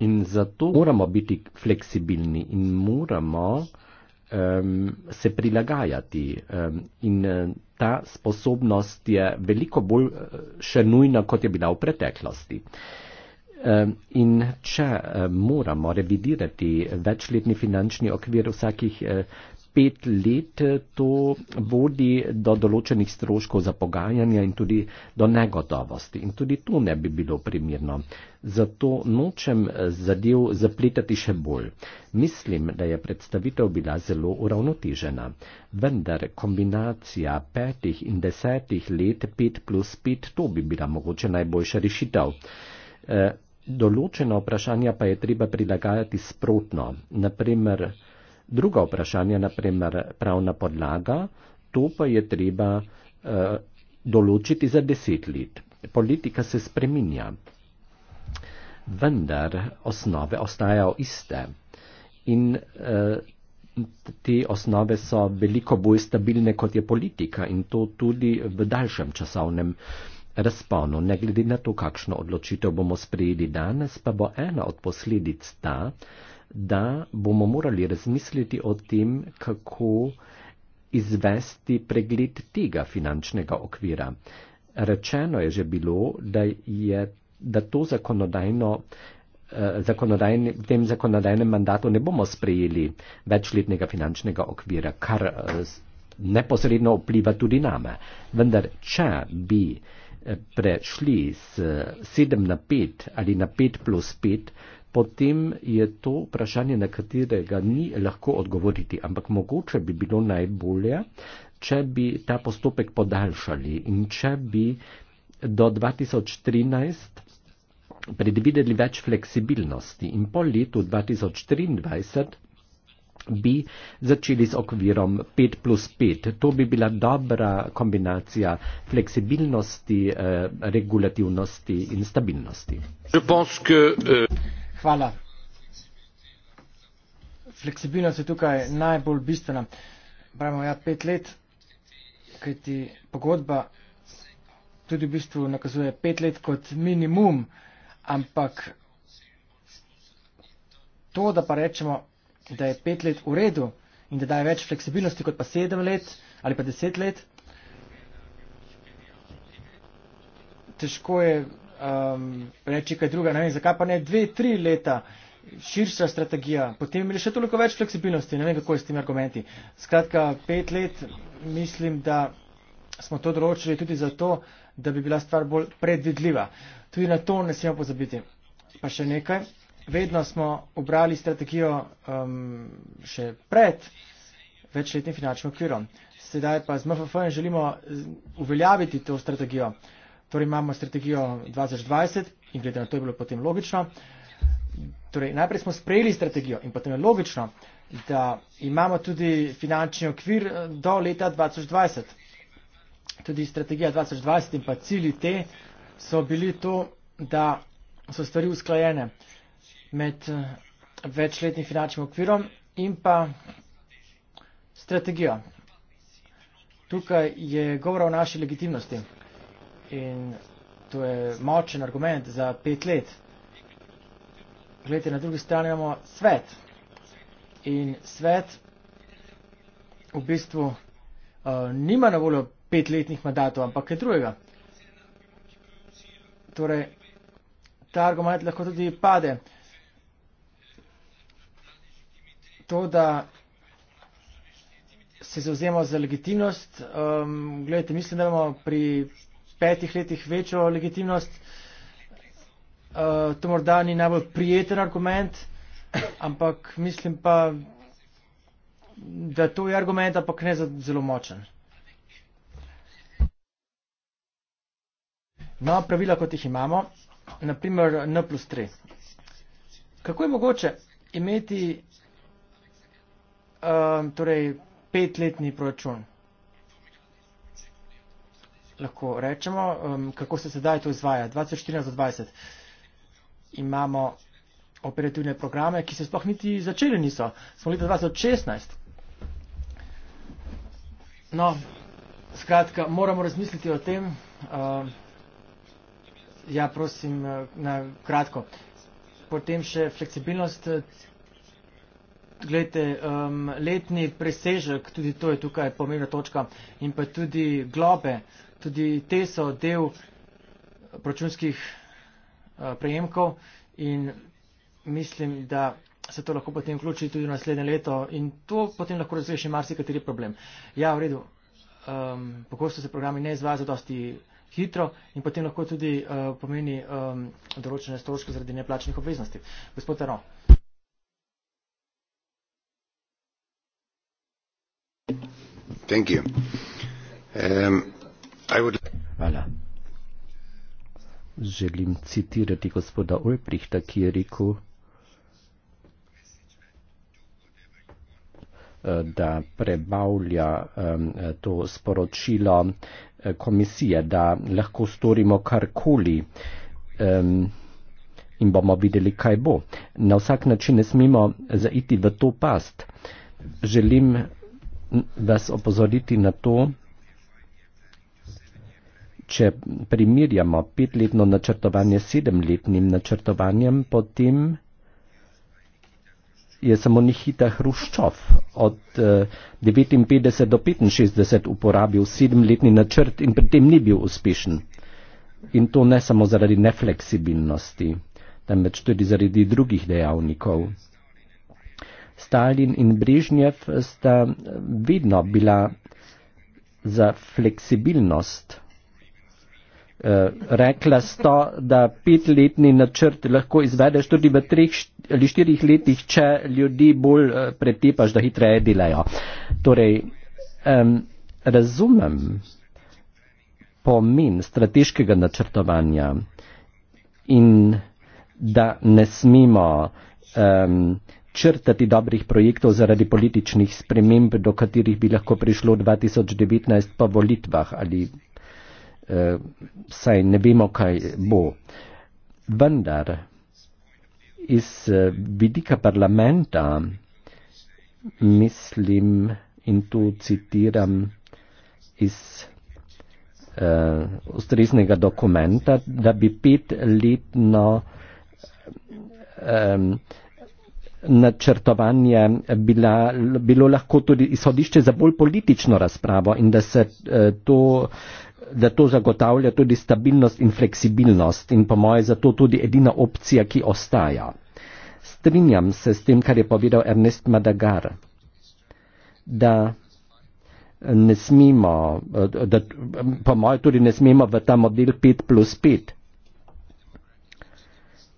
In zato moramo biti fleksibilni in moramo eh, um, se prilagajati. Um, in uh, ta sposobnost je veliko bolj uh, še nujna, kot je bila v preteklosti. Um, in če uh, moramo revidirati večletni finančni okvir vsakih pet let eh, to vodi do določenih stroškov za pogajanja in tudi do negotovosti. In tudi to ne bi bilo primirno. Zato nočem eh, zadev zapletati še bolj. Mislim, da je predstavitev bila zelo uravnotežena. Vendar kombinacija petih in desetih let, pet plus pet, to bi bila mogoče najboljša rešitev. Eh, določena vprašanja pa je treba prilagajati sprotno. Naprimer, druga vprašanja, naprimer pravna podlaga, to pa je treba uh, določiti za deset let. Politika se spreminja, vendar osnove ostajajo iste in uh, te osnove so veliko bolj stabilne, kot je politika in to tudi v daljšem časovnem. Razponu, ne glede na to, kakšno odločitev bomo sprejeli danes, pa bo ena od posledic ta, da bomo morali razmisliti o tem, kako izvesti pregled tega finančnega okvira. Rečeno je že bilo, da je da to zakonodajno, eh, zakonodajni, v tem zakonodajnem mandatu ne bomo sprejeli večletnega finančnega okvira, kar eh, neposredno vpliva tudi name. Vendar, če bi eh, prešli z 7 na 5 ali na 5 plus 5, potem je to vprašanje, na katerega ni lahko odgovoriti. Ampak mogoče bi bilo najbolje, če bi ta postopek podaljšali in če bi do 2013 predvideli več fleksibilnosti in po letu 2023 bi začeli s okvirom 5 plus 5. To bi bila dobra kombinacija fleksibilnosti, eh, regulativnosti in stabilnosti. Je pense, ki, uh... Eh, Hvala. Fleksibilnost je tukaj najbolj bistvena. Pravimo, ja, pet let, kaj ti pogodba tudi v bistvu nakazuje pet let kot minimum, ampak to, da pa rečemo, da je pet let v redu in da daje več fleksibilnosti kot pa sedem let ali pa deset let, težko je um, reči kaj druga, ne vem, zakaj pa ne dve, tri leta širša strategija, potem imeli še toliko več fleksibilnosti, ne vem, kako je s tem argumenti. Skratka, pet let mislim, da smo to določili tudi zato, da bi bila stvar bolj predvidljiva. Tudi na to ne smemo pozabiti. Pa še nekaj. Vedno smo obrali strategijo um, še pred večletnim finančnim okvirom. Sedaj pa z MFF-em želimo uveljaviti to strategijo. Uh, Torej imamo strategijo 2020 in glede na to je bilo potem logično. Torej, najprej smo sprejeli strategijo in potem je logično, da imamo tudi finančni okvir eh, do leta 2020. Tudi strategija 2020 in pa cilji te so bili to, da so stvari usklajene med eh, večletnim finančnim okvirom in pa strategijo. Tukaj je govora o naši legitimnosti in to je močen argument za pet let. Gledajte, na drugi strani imamo svet. In svet v bistvu uh, nima na voljo petletnih mandatov, ampak je drugega. Torej, ta argument lahko tudi pade. To, da se zauzemo za legitimnost, um, ehm, gledajte, mislim, da imamo pri petih letih večjo legitimnost. Uh, to morda ni najbolj prijeten argument, ampak mislim pa, da to je argument, ampak ne za zelo močen. No, pravila, kot jih imamo, naprimer N plus 3. Kako je mogoče imeti uh, torej, petletni proračun? lahko rečemo, um, kako se sedaj to izvaja. 2014-2020 imamo operativne programe, ki se sploh niti začeli niso. Smo leta 2016. No, skratka, moramo razmisliti o tem. Um, ja, prosim, uh, na kratko. Potem še fleksibilnost. Glejte, um, letni presežek, tudi to je tukaj pomembna točka. In pa tudi globe, tudi te so del proračunskih eh, prejemkov in mislim, da se to lahko potem vključi tudi v naslednje leto in to potem lahko razreši še marsikateri problem. Ja, v redu, um, pogosto se programi ne izvaja za dosti hitro in potem lahko tudi uh, pomeni um, določene stroške zaradi neplačnih obveznosti. Gospod Aron. Thank you. Um, Would... Hvala. Želim citirati gospoda Ulprichta, ki je rekel, eh, da prebavlja to sporočilo eh, komisije, da lahko storimo karkoli in bomo videli, kaj bo. Na vsak način ne smemo zaiti v to past. Želim vas opozoriti na to, Če primerjamo petletno načrtovanje s sedemletnim načrtovanjem, potem je samo Nihita Hruščov od 59 eh, do 65 uporabil sedemletni načrt in pri tem ni bil uspešen. In to ne samo zaradi nefleksibilnosti, temveč tudi zaradi drugih dejavnikov. Stalin in Brežnjev sta vedno bila za fleksibilnost. Eh, rekla sta, da petletni načrt lahko izvedeš tudi v treh ali štirih letih, če ljudi bolj eh, pretepaš, da hitreje delajo. Torej, um, razumem pomen strateškega načrtovanja in da ne smemo um, črtati dobrih projektov zaradi političnih sprememb, do katerih bi lahko prišlo 2019 po volitvah ali Eh, saj ne vemo, kaj bo. Vendar iz eh, vidika parlamenta mislim in tu citiram iz uh, ustreznega dokumenta, da bi petletno um, načrtovanje bila, bilo lahko tudi izhodišče za bolj politično razpravo in da se uh, to da to zagotavlja tudi stabilnost in fleksibilnost in po moje zato tudi edina opcija, ki ostaja. Strinjam se s tem, kar je povedal Ernest Madagar, da ne smemo, da po moje tudi ne smemo v ta model 5 plus 5.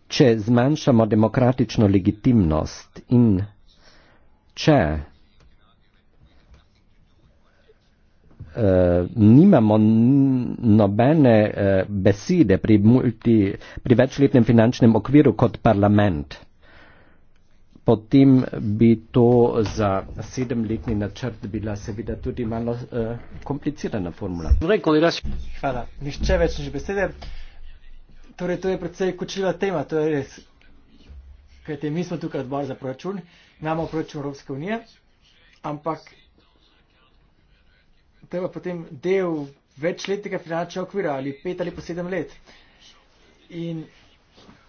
Če zmanjšamo demokratično legitimnost in če Eh, nimamo nobene eh, besede pri, multi, pri večletnem finančnem okviru kot parlament, potem bi to za sedemletni načrt bila seveda tudi malo eh, komplicirana formula. Hvala. Nihče več ni besede. Torej, to je predvsej kočljiva tema, to je res. Kajte, mi smo tukaj odbor za proračun, imamo proračun Evropske unije, ampak to je pa potem del večletnega finančnega okvira ali pet ali pa sedem let. In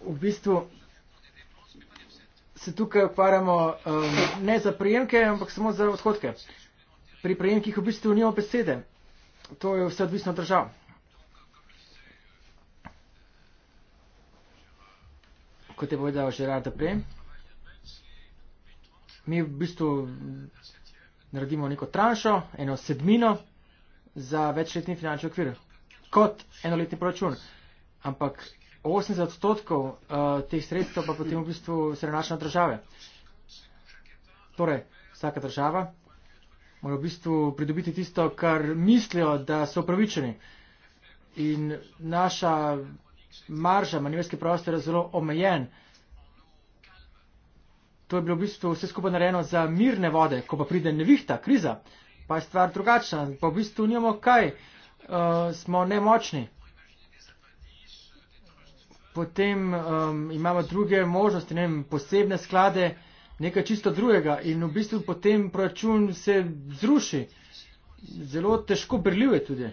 v bistvu se tukaj ukvarjamo um, ne za prijemke, ampak samo za odhodke. Pri prijemkih v bistvu nimamo besede. To je vse odvisno od držav. Kot je povedal že rada prej, mi v bistvu naredimo neko tranšo, eno sedmino za večletni finančni okvir, kot enoletni proračun. Ampak 80 odstotkov uh, teh sredstev pa potem v bistvu se nanaša na države. Torej, vsaka država mora v bistvu pridobiti tisto, kar mislijo, da so upravičeni. In naša marža, manjverski prostor je zelo omejen. To je bilo v bistvu vse skupaj narejeno za mirne vode, ko pa pride nevihta, kriza, uh, pa je stvar drugačna. Pa v bistvu nimamo kaj, uh, smo nemočni. Potem um, imamo druge možnosti, ne vem, posebne sklade, nekaj čisto drugega in v bistvu potem proračun se zruši. Zelo težko brljiv je tudi.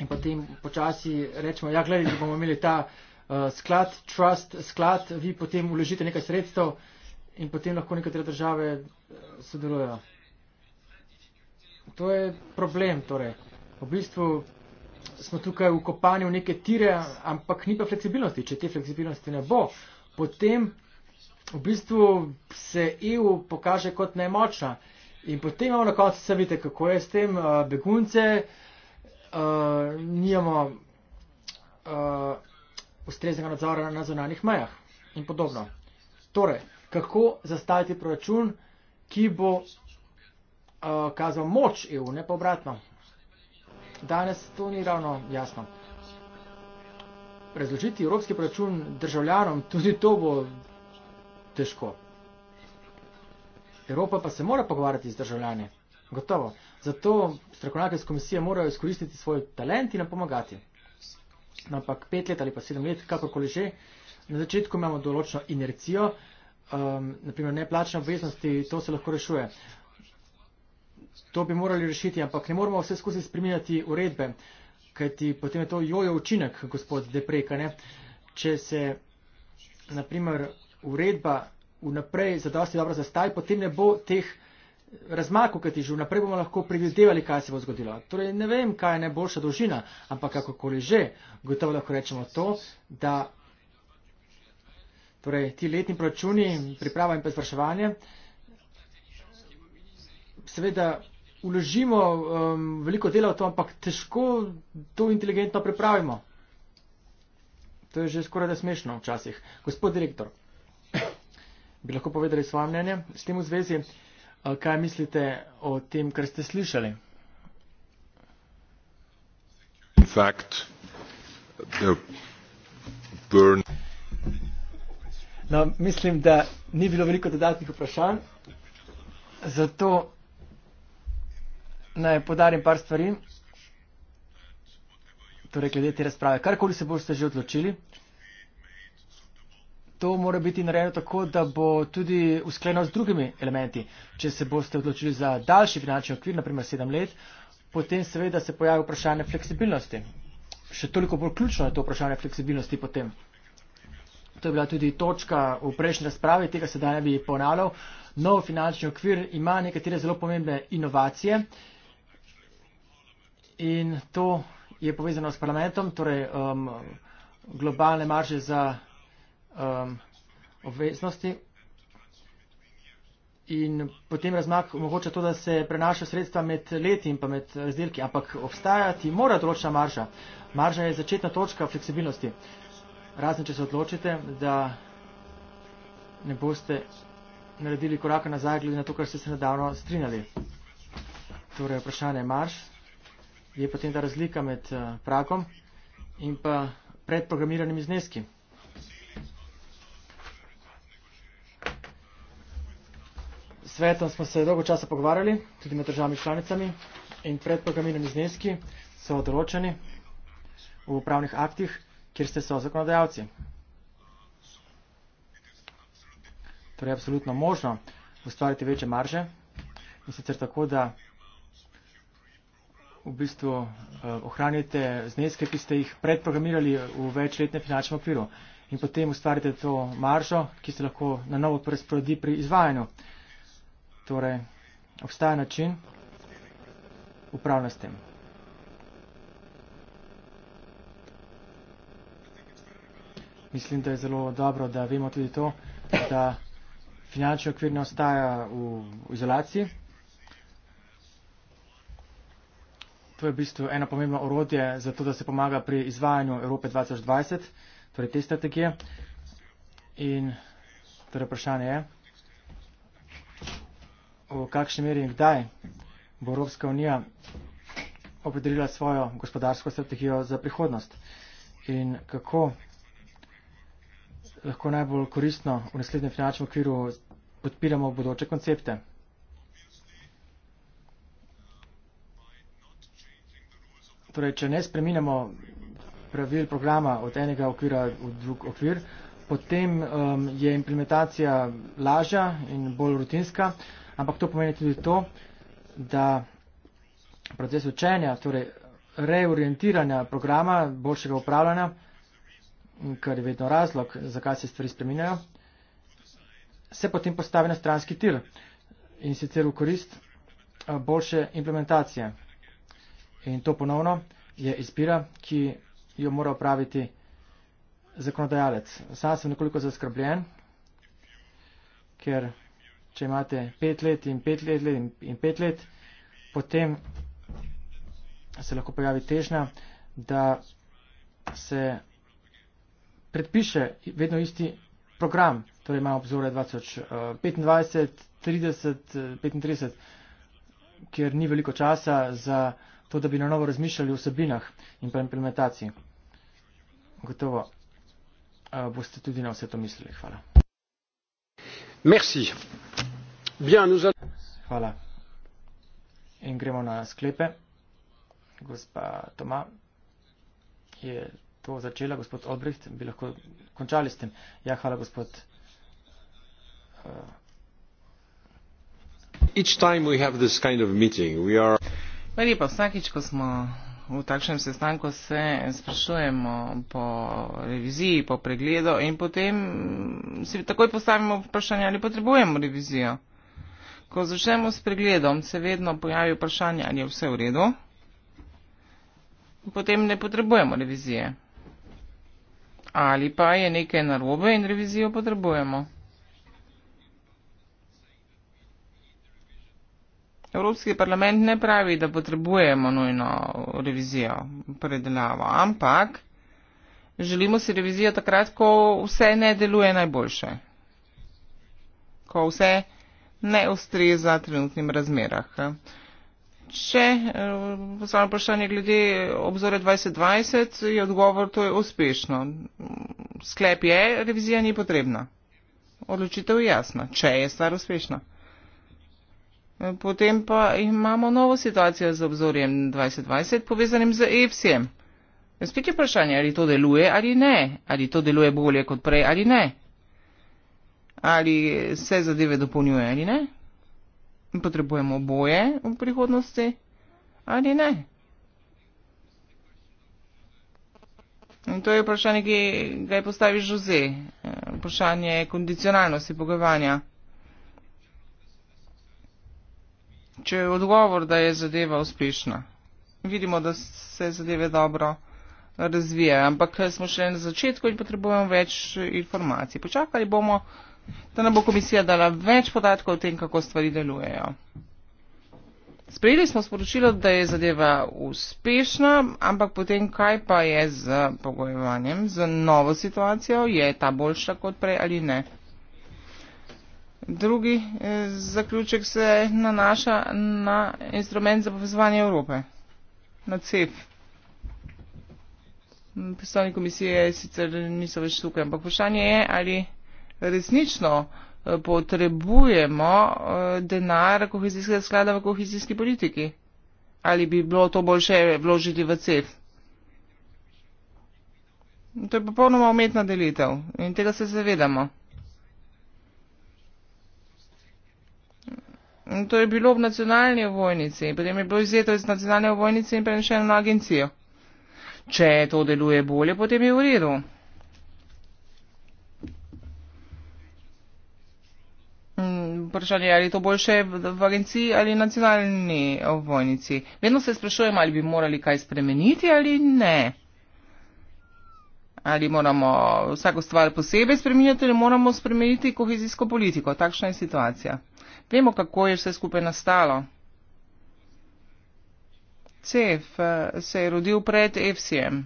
In potem počasi rečemo, ja, gledaj, da bomo imeli ta uh, sklad, trust sklad, vi potem uložite nekaj sredstev in potem lahko nekatere države eh, sodelujejo. To je problem. Torej. V bistvu smo tukaj ukopani v neke tire, ampak ni pa fleksibilnosti. Če te fleksibilnosti ne bo, potem v bistvu se EU pokaže kot nemočna. In potem imamo na koncu, se vidite, kako je s tem, uh, begunce, uh, eh, nijamo uh, eh, ustreznega nadzora na zonanih mejah in podobno. Torej, kako zastaviti proračun, ki bo Eh, kazal moč EU, ne pa obratno. Danes to ni ravno jasno. Razložiti evropski proračun državljanom, tudi to bo težko. Evropa pa se mora pogovarjati z državljani. Gotovo. Zato strokovnjaki z komisije morajo izkoristiti svoj talent in nam pomagati. No, ampak pet let ali pa sedem let, kakorkoli že, na začetku imamo določeno inercijo, um, ehm, naprimer neplačne obveznosti, to se lahko rešuje to bi morali rešiti, ampak ne moramo vse skozi spreminjati uredbe, kajti potem je to jojo učinek, gospod Depreka. Ne? Če se, naprimer, uredba vnaprej zadosti dobro zastavi, potem ne bo teh razmakov, kajti že vnaprej bomo lahko predvidevali, kaj se bo zgodilo. Torej ne vem, kaj je najboljša dolžina, ampak kakokoli že, gotovo lahko rečemo to, da torej, ti letni proračuni, priprava in pa izvrševanje, seveda uložimo um, veliko dela v to, ampak težko to inteligentno prepravimo. To je že skoraj da smešno včasih. Gospod direktor, bi lahko povedali svoje mnenje s tem v zvezi, uh, kaj mislite o tem, kar ste slišali? Fact, no, mislim, da ni bilo veliko dodatnih vprašanj, zato naj podarim par stvari, torej glede te razprave. Karkoli se boste že odločili, to mora biti narejeno tako, da bo tudi uskleno z drugimi elementi. Če se boste odločili za daljši finančni okvir, naprimer sedem let, potem seveda se pojavi vprašanje fleksibilnosti. Še toliko bolj ključno je to vprašanje fleksibilnosti potem. To je bila tudi točka v prejšnji razpravi, tega se danes bi ponavljal. Nov finančni okvir ima nekatere zelo pomembne inovacije. Uh, in to je povezano s parlamentom, torej um, globalne marže za um, obveznosti. In potem razmak omogoča to, da se prenaša sredstva med leti in pa med razdelki, ampak obstajati mora določena marža. Marža je začetna točka fleksibilnosti. Razen, če se odločite, da ne boste naredili koraka nazaj, glede na to, kar ste se nedavno strinjali. Torej, vprašanje je marš je potem ta razlika med eh, pragom in pa predprogramiranimi zneski. Svetom smo se dolgo časa pogovarjali, tudi med državami članicami in predprogramirani zneski so določeni v upravnih aktih, kjer ste so zakonodajalci. Torej je absolutno možno ustvariti večje marže in sicer tako, da v bistvu eh, ohranjate zneske, ki ste jih predprogramirali v večletnem finančnem okviru in potem ustvarite to maržo, ki se lahko na novo presprodi pri izvajanju. Torej, obstaja način upravljanja s tem. Mislim, da je zelo dobro, da vemo tudi to, da finančni okvir ne ostaja v izolaciji. To je v bistvu eno pomembno orodje za to, da se pomaga pri izvajanju Evrope 2020, torej te strategije. In torej vprašanje je, v kakšni meri in kdaj bo Evropska unija opredelila svojo gospodarsko strategijo za prihodnost in kako lahko najbolj koristno v naslednjem finančnem okviru podpiramo bodoče koncepte. torej, če ne spreminjamo pravil programa od enega okvira v drug okvir, potem um, je implementacija lažja in bolj rutinska, ampak to pomeni tudi to, da proces učenja, torej reorientiranja programa, boljšega upravljanja, kar je vedno razlog, zakaj se stvari spreminjajo, se potem postavi na stranski tir in sicer v korist uh, boljše implementacije. In to ponovno je izbira, ki jo mora praviti zakonodajalec. Sam sem nekoliko zaskrbljen, ker če imate pet let in pet let, let in pet let, potem se lahko pojavi težnja, da se predpiše vedno isti program. Torej imamo obzore 2025, 30, 35, kjer ni veliko časa za to, da bi na novo razmišljali o vsebinah in pa implementaciji. Gotovo uh, boste tudi na vse to mislili. Hvala. Merci. Bien, nous a... Hvala. In gremo na sklepe. Gospa Toma je to začela, gospod Obricht, bi lahko končali s tem. Ja, hvala, gospod. Uh... Each time we have this kind of meeting, we are... Meni pa vsakič, ko smo v takšnem sestanku, se sprašujemo po reviziji, po pregledu in potem si takoj postavimo vprašanje, ali potrebujemo revizijo. Ko začnemo s pregledom, se vedno pojavi vprašanje, ali je vse v redu. Potem ne potrebujemo revizije. Ali pa je nekaj narobe in revizijo potrebujemo. Evropski parlament ne pravi, da potrebujemo nujno revizijo, predelavo, ampak želimo si revizijo takrat, ko vse ne deluje najboljše, ko vse ne ustreza trenutnim razmerah. Če eh, postavljam vprašanje glede obzore 2020, je odgovor, to je uspešno. Sklep je, revizija ni potrebna. Odločitev je jasna, če je stvar uspešna. Potem pa imamo novo situacijo z obzorjem 2020 povezanim z EFSI-jem. Spet je vprašanje, ali to deluje ali ne, ali to deluje bolje kot prej ali ne, ali se zadeve dopolnjuje ali ne, potrebujemo boje v prihodnosti ali ne. In to je vprašanje, ki ga je postavil Jose. Vprašanje kondicionalnosti pogovanja. če je odgovor, da je zadeva uspešna. Vidimo, da se zadeve dobro razvijajo, ampak smo še na začetku in potrebujemo več informacij. Počakali bomo, da nam bo komisija dala več podatkov o tem, kako stvari delujejo. Sprejeli smo sporočilo, da je zadeva uspešna, ampak potem kaj pa je z pogojevanjem, z novo situacijo, je ta boljša kot prej ali ne. Drugi e, zaključek se nanaša na instrument za povezovanje Evrope, na CEF. Predstavni komisije sicer niso več tukaj, ampak vprašanje je, ali resnično eh, potrebujemo eh, denar kohezijskega sklada v kohezijski politiki. Ali bi bilo to boljše vložiti v CEF? To je popolnoma umetna delitev in tega se zavedamo. Mm, to je bilo v nacionalni ovojnici, potem je bilo izjeto iz nacionalne ovojnice in prenešeno na agencijo. Če to deluje bolje, potem je v redu. Mm, vprašanje je, ali je to boljše v agenciji ali nacionalni ovojnici. Vedno se sprašujemo, ali bi morali kaj spremeniti ali ne. Ali moramo vsako stvar posebej spremenjati ali moramo spremeniti kohezijsko politiko. Takšna je situacija. Vemo, kako je vse skupaj nastalo. Cef eh, se je rodil pred Efsijem.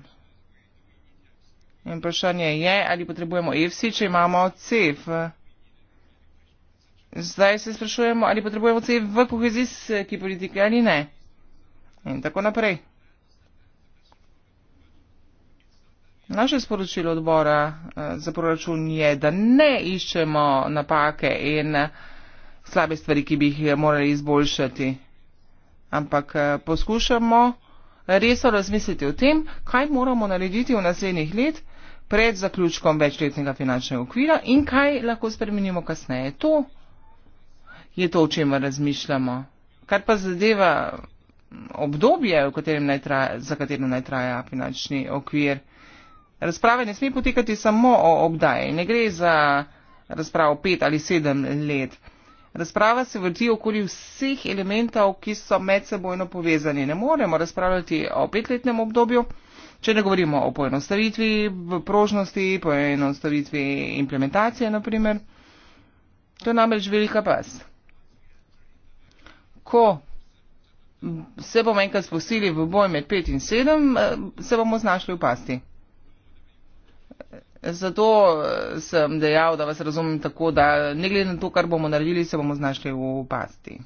In vprašanje je, ali potrebujemo Efsi, če imamo Cef. Zdaj se sprašujemo, ali potrebujemo Cef v kohezijski politiki ali ne. In tako naprej. Naše sporočilo odbora eh, za proračun je, da ne iščemo napake in slabe stvari, ki bi jih eh, morali izboljšati. Ampak eh, poskušamo resno razmisliti o tem, kaj moramo narediti v naslednjih let pred zaključkom večletnega finančnega okvira in kaj lahko spremenimo kasneje. To je to, o čem razmišljamo. Kar pa zadeva mm, obdobje, traja, za katero naj traja finančni okvir. Razprave ne sme potekati samo o obdaji. Ne gre za razpravo pet ali sedem let. Razprava se vrti okoli vseh elementov, ki so medsebojno povezani. Ne moremo razpravljati o petletnem obdobju, če ne govorimo o poenostavitvi v prožnosti, poenostavitvi implementacije, naprimer. To je namreč velika pas. Ko se bomo enkrat spustili v boj med pet in sedem, eh, se bomo znašli v pasti. Zato eh, sem dejal, da vas razumem tako, da ne glede na to, kar bomo naredili, se bomo znašli v pasti.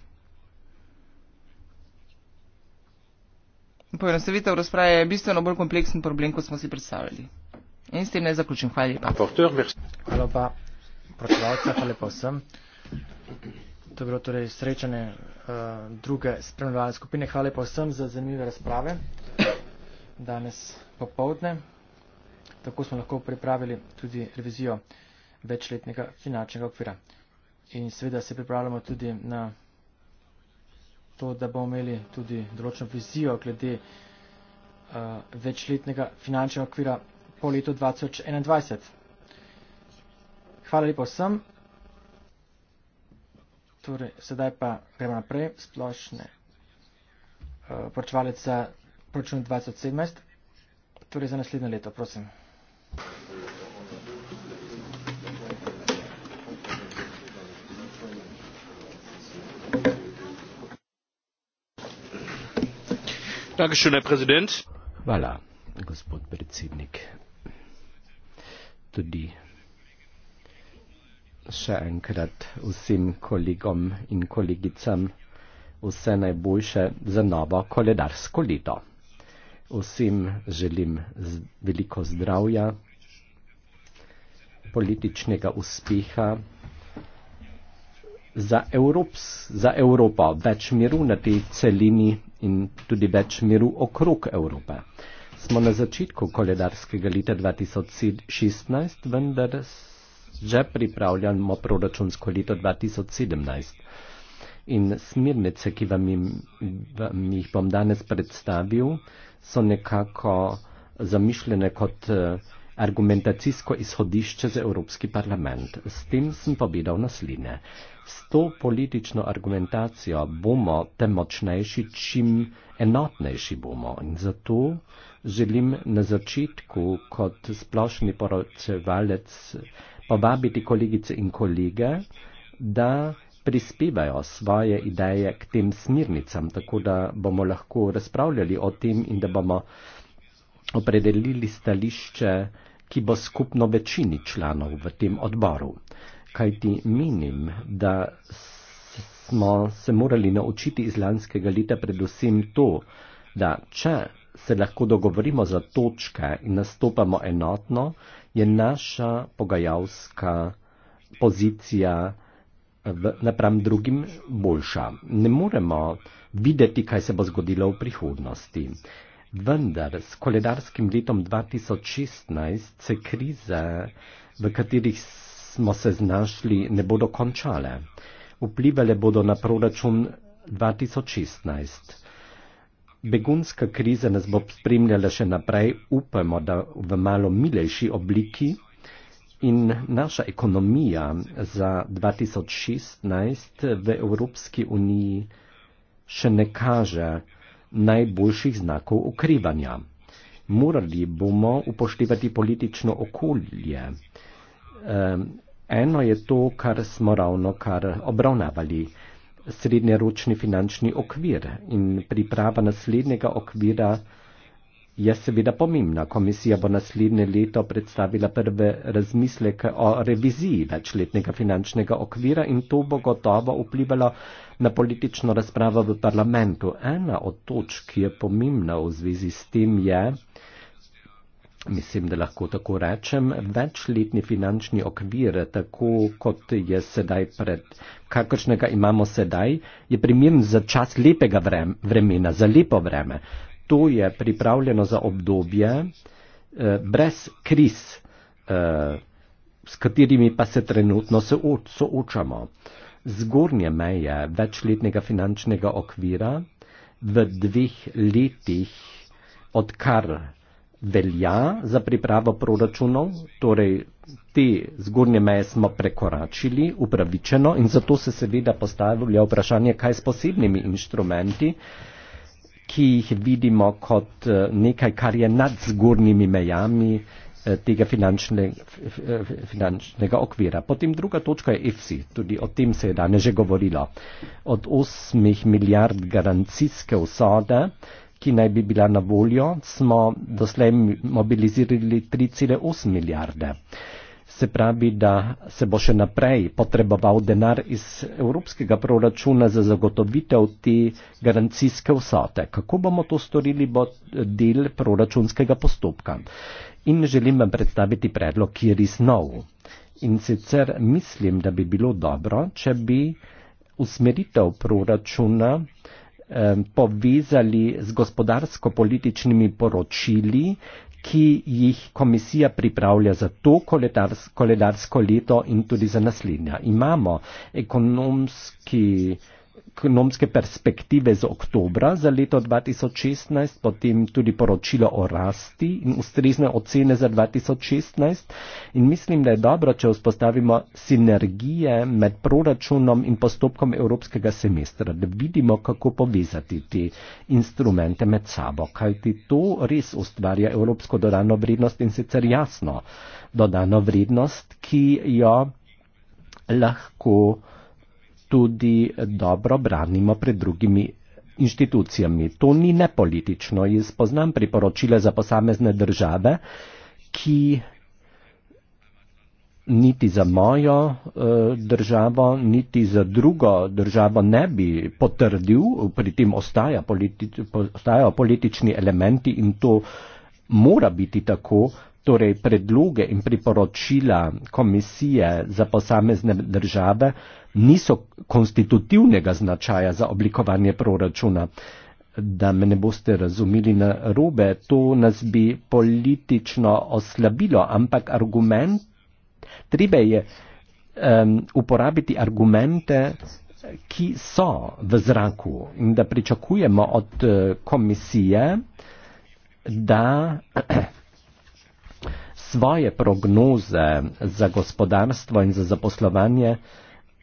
Poenostavitev razprave je bistveno bolj kompleksen problem, kot smo si predstavljali. In s tem ne zaključim. Hvala lepa. Hvala pa, predsedovca, hvala lepa vsem. To je bilo torej srečanje uh, druge spremljalne skupine. Hvala lepa vsem za zanimive razprave danes popovdne. Tako smo lahko pripravili tudi revizijo večletnega finančnega okvira. In seveda se pripravljamo tudi na to, da bomo imeli tudi določeno vizijo glede uh, večletnega finančnega okvira po letu 2021. Hvala lepo vsem. Torej, sedaj pa gremo naprej. Splošne uh, poročevalec za proračun 2017. Torej za naslednje leto, prosim. Dankeschön, Herr Präsident. Voilà, gospod predsednik. Tudi še enkrat vsem kolegom in kolegicam vse najboljše za novo koledarsko leto vsem želim veliko zdravja, političnega uspeha, za, Evrops, za Evropo več miru na tej celini in tudi več miru okrog Evrope. Smo na začetku koledarskega leta 2016, vendar že pripravljamo proračunsko leto 2017 in smirnice, ki vam, im, vam jih bom danes predstavil, so nekako zamišljene kot eh, argumentacijsko izhodišče za Evropski parlament. S tem sem povedal naslednje. S to politično argumentacijo bomo tem močnejši, čim enotnejši bomo. In zato želim na začetku kot splošni poročevalec eh, povabiti kolegice in kolege, da prispevajo svoje ideje k tem smirnicam, tako da bomo lahko razpravljali o tem in da bomo opredelili stališče, ki bo skupno večini članov v tem odboru. Kaj ti menim, da smo se morali naučiti iz lanskega leta predvsem to, da če se lahko dogovorimo za točke in nastopamo enotno, je naša pogajalska pozicija napram drugim boljša. Ne moremo videti, kaj se bo zgodilo v prihodnosti. Vendar s koledarskim letom 2016 se krize, v katerih smo se znašli, ne bodo končale. Vplivale bodo na proračun 2016. Begunska kriza nas bo spremljala še naprej, upamo, da v malo milejši obliki In naša ekonomija za 2016 v Evropski uniji še ne kaže najboljših znakov okrivanja. Morali bomo upoštevati politično okolje. Ehm, eno je to, kar smo ravno kar obravnavali, srednjeročni finančni okvir in priprava naslednjega okvira je seveda pomembna. Komisija bo naslednje leto predstavila prve razmisleke o reviziji večletnega finančnega okvira in to bo gotovo vplivalo na politično razpravo v parlamentu. Ena od točk, ki je pomembna v zvezi s tem, je, mislim, da lahko tako rečem, večletni finančni okvir, tako kot je sedaj pred, kakršnega imamo sedaj, je primern za čas lepega vremena, za lepo vreme to je pripravljeno za obdobje eh, brez kriz, eh, s katerimi pa se trenutno soočamo. Zgornje meje večletnega finančnega okvira v dveh letih, odkar velja za pripravo proračunov, torej te zgornje meje smo prekoračili upravičeno in zato se seveda postavlja vprašanje, kaj s posebnimi inštrumenti. Eh, ki jih vidimo kot eh, nekaj, kar je nad zgornjimi mejami eh, tega finančne, eh, finančnega okvira. Potem druga točka je EFSI, tudi o tem se je danes že govorilo. Od 8 milijard garancijske vsode, ki naj bi bila na voljo, smo doslej mobilizirali 3,8 milijarde se pravi, da se bo še naprej potreboval denar iz evropskega proračuna za zagotovitev te garancijske vsote. Kako bomo to storili, bo del proračunskega postopka. In želim vam predstaviti predlog, ki je res nov. In sicer mislim, da bi bilo dobro, če bi usmeritev proračuna eh, povezali z gospodarsko-političnimi poročili, ki jih komisija pripravlja za to koledars, koledarsko leto in tudi za naslednja. Imamo ekonomski ekonomske perspektive z oktobra za leto 2016, potem tudi poročilo o rasti in ustrezne ocene za 2016. In mislim, da je dobro, če vzpostavimo sinergije med proračunom in postopkom evropskega semestra, da vidimo, kako povezati te instrumente med sabo, kajti to res ustvarja evropsko dodano vrednost in sicer jasno dodano vrednost, ki jo lahko tudi dobro branimo pred drugimi inštitucijami. To ni nepolitično. Jaz poznam priporočila za posamezne države, ki niti za mojo uh, državo, niti za drugo državo ne bi potrdil, pri tem ostaja politi, postajajo politični elementi in to mora biti tako, torej predloge in priporočila komisije za posamezne države niso konstitutivnega značaja za oblikovanje proračuna. Da me ne boste razumeli na robe, to nas bi politično oslabilo, ampak argument, treba je um, uporabiti argumente, ki so v zraku in da pričakujemo od eh, komisije, da svoje prognoze za gospodarstvo in za zaposlovanje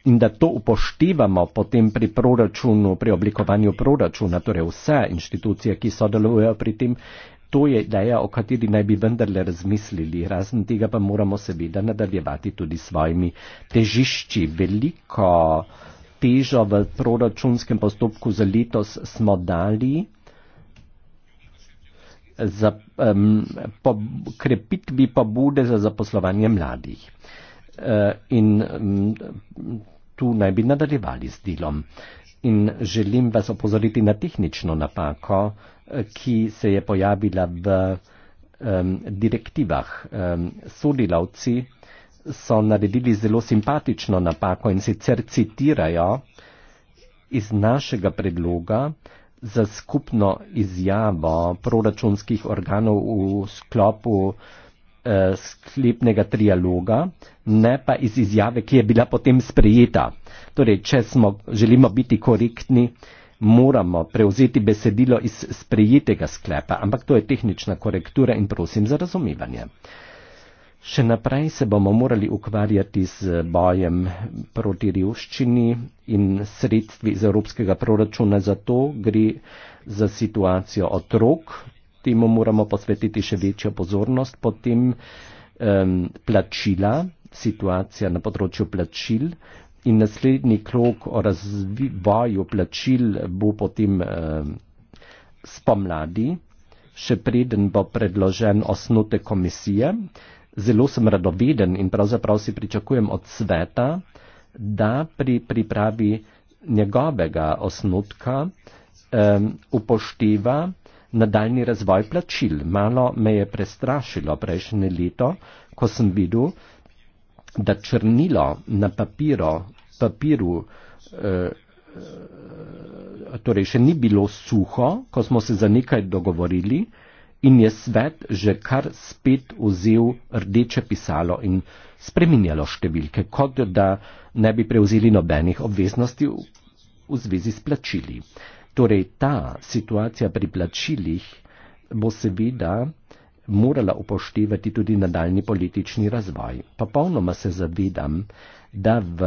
in da to upoštevamo potem pri proračunu, pri oblikovanju proračuna, torej vse inštitucije, ki sodelujejo pri tem, to je ideja, o kateri naj bi vendarle razmislili. Razen tega pa moramo seveda nadaljevati tudi svojimi težišči. Veliko težo v proračunskem postopku za letos smo dali za um, po, krepitvi pobude za zaposlovanje mladih. Uh, in um, tu naj bi nadaljevali z delom. In želim vas opozoriti na tehnično napako, eh, ki se je pojavila v um, direktivah. Um, sodelavci so naredili zelo simpatično napako in sicer citirajo iz našega predloga, za skupno izjavo proračunskih organov v sklopu eh, sklepnega trialoga, ne pa iz izjave, ki je bila potem sprejeta. Torej, če smo, želimo biti korektni, moramo prevzeti besedilo iz sprejetega sklepa, ampak to je tehnična korektura in prosim za razumevanje. Eh, Še naprej se bomo morali ukvarjati z bojem proti revščini in sredstvi iz evropskega proračuna. Zato gre za situacijo otrok, temu moramo posvetiti še večjo pozornost, potem um, plačila, situacija na področju plačil in naslednji krok o razvoju plačil bo potem um, spomladi, še preden bo predložen osnote komisije zelo sem radoveden in pravzaprav si pričakujem od sveta, da pri pripravi njegovega osnutka um, upošteva nadaljni razvoj plačil. Malo me je prestrašilo prejšnje leto, ko sem videl, da črnilo na papiro, papiru uh, torej še ni bilo suho, ko smo se za nekaj dogovorili, in je svet že kar spet vzel rdeče pisalo in spreminjalo številke, kot da ne bi prevzeli nobenih obveznosti v zvezi s plačili. Torej ta situacija pri plačilih bo seveda morala upoštevati tudi nadaljni politični razvoj. Popolnoma se zavedam, da v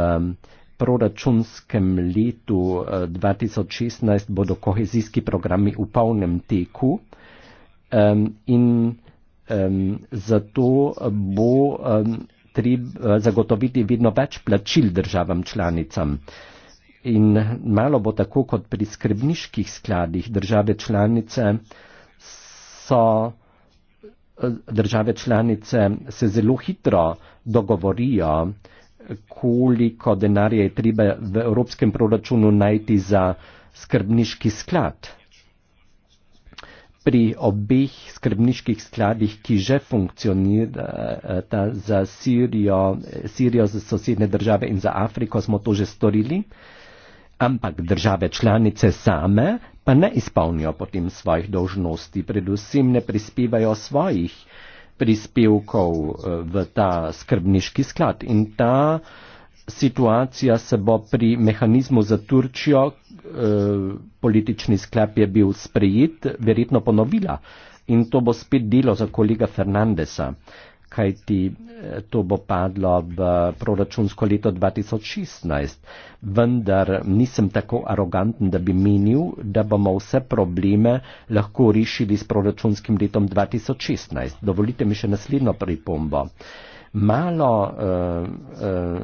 proračunskem letu 2016 eh, bodo kohezijski programi v polnem teku, um, in um, zato bo um, treba zagotoviti vedno več plačil državam članicam. In malo bo tako kot pri skrbniških skladih države članice so. Države članice se zelo hitro dogovorijo, koliko denarja je treba v evropskem proračunu najti za skrbniški sklad pri obeh skrbniških skladih, ki že funkcionirata eh, za Sirijo, Sirijo za sosednje države in za Afriko, smo to že storili, ampak države članice same pa ne izpolnijo potem svojih dolžnosti, predvsem ne prispevajo svojih prispevkov eh, v ta skrbniški sklad. In ta uh, situacija se bo pri mehanizmu za Turčijo, eh, politični sklep je bil sprejet, verjetno ponovila. In to bo spet delo za kolega Fernandesa, kajti eh, to bo padlo v proračunsko leto 2016. Vendar nisem tako aroganten, da bi menil, da bomo vse probleme lahko rešili s proračunskim letom 2016. Dovolite mi še naslednjo pripombo malo uh, uh,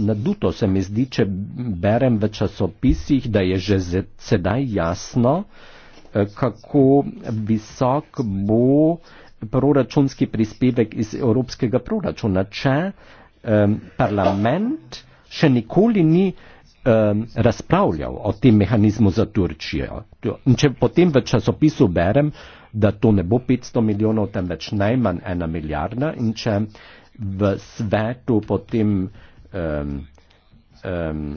naduto se mi zdi, če berem v časopisih, da je že sedaj jasno, eh, kako visok bo proračunski prispevek iz evropskega proračuna, če um, parlament še nikoli ni um, razpravljal o tem mehanizmu za Turčijo. In če potem v časopisu berem, uh, da to ne bo 500 milijonov, temveč najmanj ena milijarda in če v svetu potem um, um,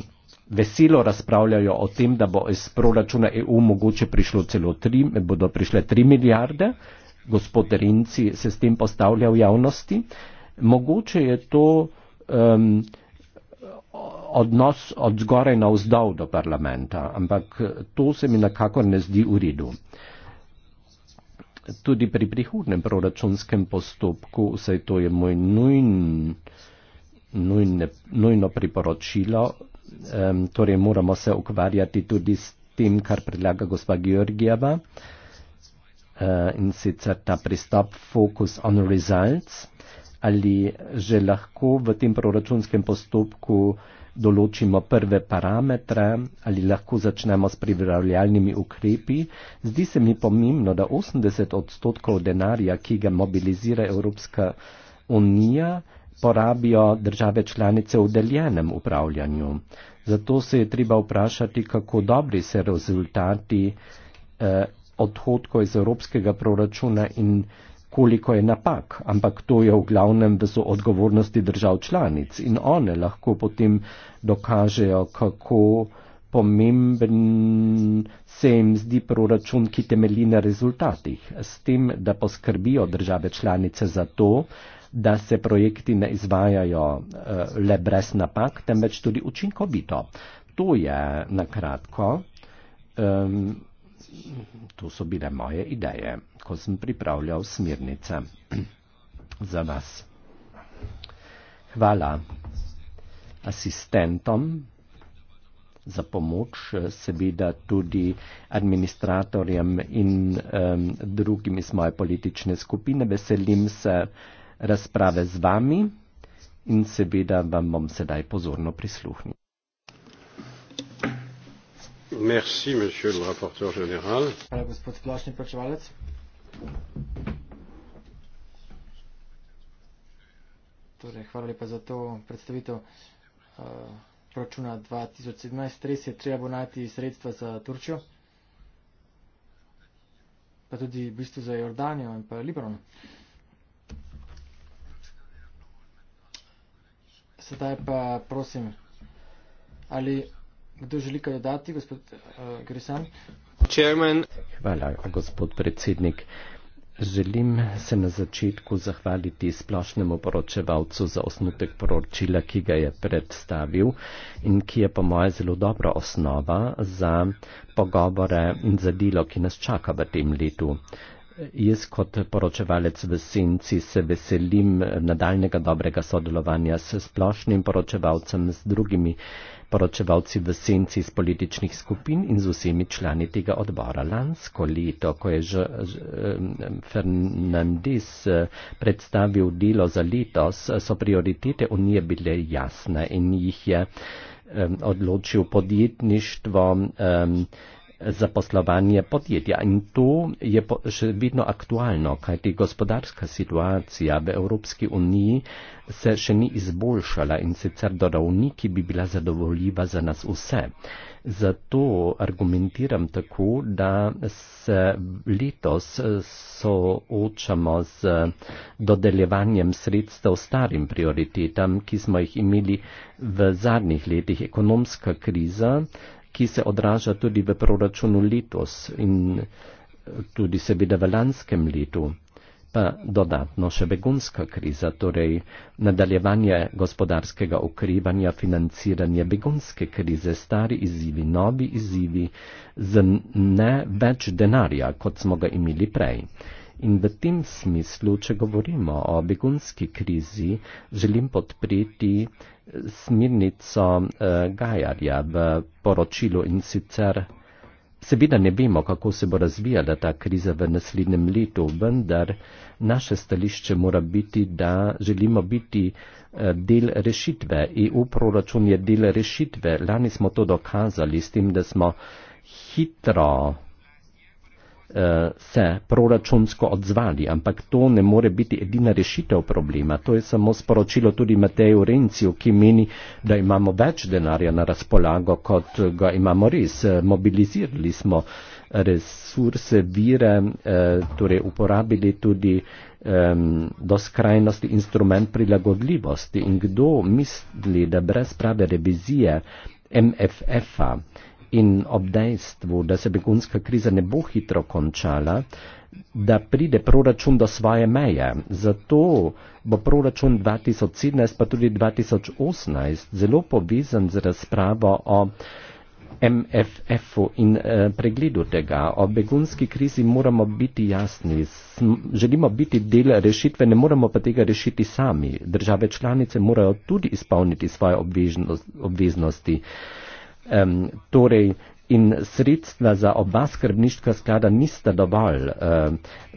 veselo razpravljajo o tem, da bo iz proračuna EU mogoče prišlo celo tri, bodo prišle tri milijarde, gospod Rinci se s tem postavlja v javnosti, mogoče je to um, odnos od zgoraj na vzdolj do parlamenta, ampak to se mi nekako ne zdi v redu. Uh, tudi pri prihodnem proračunskem postopku, vsaj to je moj nujn, nujne, nujno priporočilo, um, torej moramo se ukvarjati tudi s tem, kar predlaga gospa Georgijeva uh, in sicer ta pristop Focus on Results, ali že lahko v tem proračunskem postopku uh, določimo prve parametre ali lahko začnemo s pripravljalnimi ukrepi, zdi se mi pomembno, da 80 odstotkov denarja, ki ga mobilizira Evropska unija, porabijo države članice v deljenem upravljanju. Zato se je treba vprašati, kako dobri se rezultati eh, odhodkov iz evropskega proračuna in eh, koliko je napak, ampak to je v glavnem v soodgovornosti držav članic in one lahko potem dokažejo, kako pomemben se jim zdi proračun, ki temelji na rezultatih, s tem, da poskrbijo države članice za to, da se projekti ne izvajajo eh, le brez napak, temveč tudi učinkovito. To je na kratko. Um, tu so bile moje ideje, ko sem pripravljal smirnice za vas. Hvala asistentom za pomoč, seveda tudi administratorjem in um, drugim iz moje politične skupine. Veselim se razprave z vami in seveda vam bom sedaj pozorno prisluhnil. Merci, monsieur le rapporteur général. Torej, hvala lepa za to predstavitev. Uh, proračuna 2017, res je treba bonati sredstva za Turčjo, pa tudi v bistvu za Jordanijo in pa Libanon. Sedaj pa prosim, ali Kdo želi kaj dodati, gospod uh, eh, Grisan? Chairman. Hvala, gospod predsednik. Želim se na začetku zahvaliti splošnemu poročevalcu za osnutek poročila, ki ga je predstavil in ki je po moje zelo dobra osnova za pogovore in za delo, ki nas čaka v tem letu. Jaz kot poročevalec v Senci se veselim nadaljnega dobrega sodelovanja s splošnim poročevalcem, z drugimi poročevalci v Senci iz političnih skupin in z vsemi člani tega odbora. Lansko leto, ko je že Fernandez eh, predstavil delo za letos, eh, so prioritete unije bile jasne in jih je odločil podjetništvo. Um, zaposlovanje podjetja. In to je še vedno aktualno, kajti gospodarska situacija v Evropski uniji se še ni izboljšala in sicer do ravni, ki bi bila zadovoljiva za nas vse. Zato argumentiram tako, da se letos soočamo z dodeljevanjem sredstev starim prioritetam, ki smo jih imeli v zadnjih letih. Ekonomska kriza ki se odraža tudi v proračunu letos in eh, tudi seveda v lanskem letu. Pa dodatno še begunska kriza, torej nadaljevanje gospodarskega okrevanja, financiranje begunske krize, stari izzivi, novi izzivi, z ne več denarja, kot smo ga imeli prej. In v tem smislu, če govorimo o begunski krizi, želim podpreti smirnico eh, Gajarja v poročilu in sicer. Seveda ne vemo, kako se bo razvijala ta kriza v naslednjem letu, vendar naše stališče mora biti, da želimo biti eh, del rešitve. EU proračun je del rešitve. Lani smo to dokazali s tem, da smo hitro Eh, se proračunsko odzvali, ampak to ne more biti edina rešitev problema. To je samo sporočilo tudi Mateju Renciju, ki meni, da imamo več denarja na razpolago, kot ga imamo res. Eh, mobilizirali smo resurse, vire, eh, torej uporabili tudi do skrajnosti instrument prilagodljivosti. In kdo misli, da brez prave revizije MFF-a, in ob dejstvu, da se begunska kriza ne bo hitro končala, da pride proračun do svoje meje. Zato bo proračun 2017 pa tudi 2018 zelo povezan z razpravo o MFF-u in eh, pregledu tega. O begunski krizi moramo biti jasni. Želimo biti del rešitve, ne moramo pa tega rešiti sami. Države članice morajo tudi izpolniti svoje obveznosti. obveznosti. Um, torej in sredstva za oba skrbniška sklada nista dovolj, uh,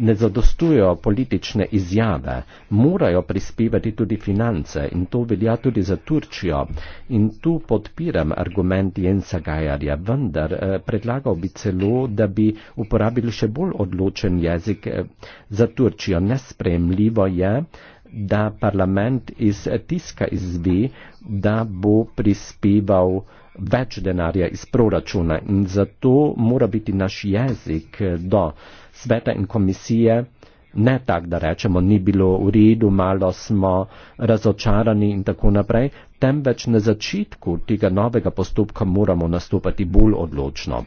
ne zadostujejo politične izjave, morajo prispevati tudi finance in to velja tudi za Turčijo. In tu podpiram argument Jensa Gajarja, vendar uh, predlagal bi celo, da bi uporabili še bolj odločen jezik e, za Turčijo. Nespremljivo je, da parlament iz tiska izve, da bo prispeval več denarja iz proračuna in zato mora biti naš jezik eh, do sveta in komisije ne tak, da rečemo, ni bilo v redu, malo smo razočarani in tako naprej, temveč na začetku tega novega postopka moramo nastopati bolj odločno.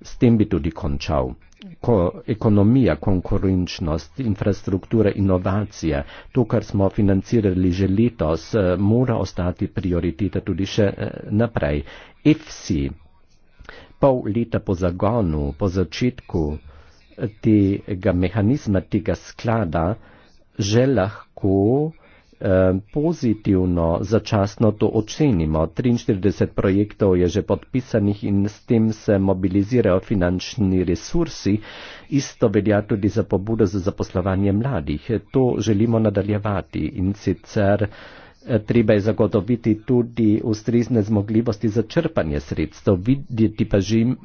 S tem bi tudi končal ko, ekonomija, konkurenčnost, infrastruktura, inovacija, to, kar smo financirali že letos, eh, mora ostati prioriteta tudi še eh, naprej. EFSI, pol leta po zagonu, po začetku eh, tega mehanizma, tega sklada, že lahko Ehm, pozitivno začasno to ocenimo. 43 projektov je že podpisanih in s tem se mobilizirajo finančni resursi. Isto velja tudi za pobudo za zaposlovanje mladih. To želimo nadaljevati in sicer treba je zagotoviti tudi ustrezne zmogljivosti za črpanje sredstev. Videti pa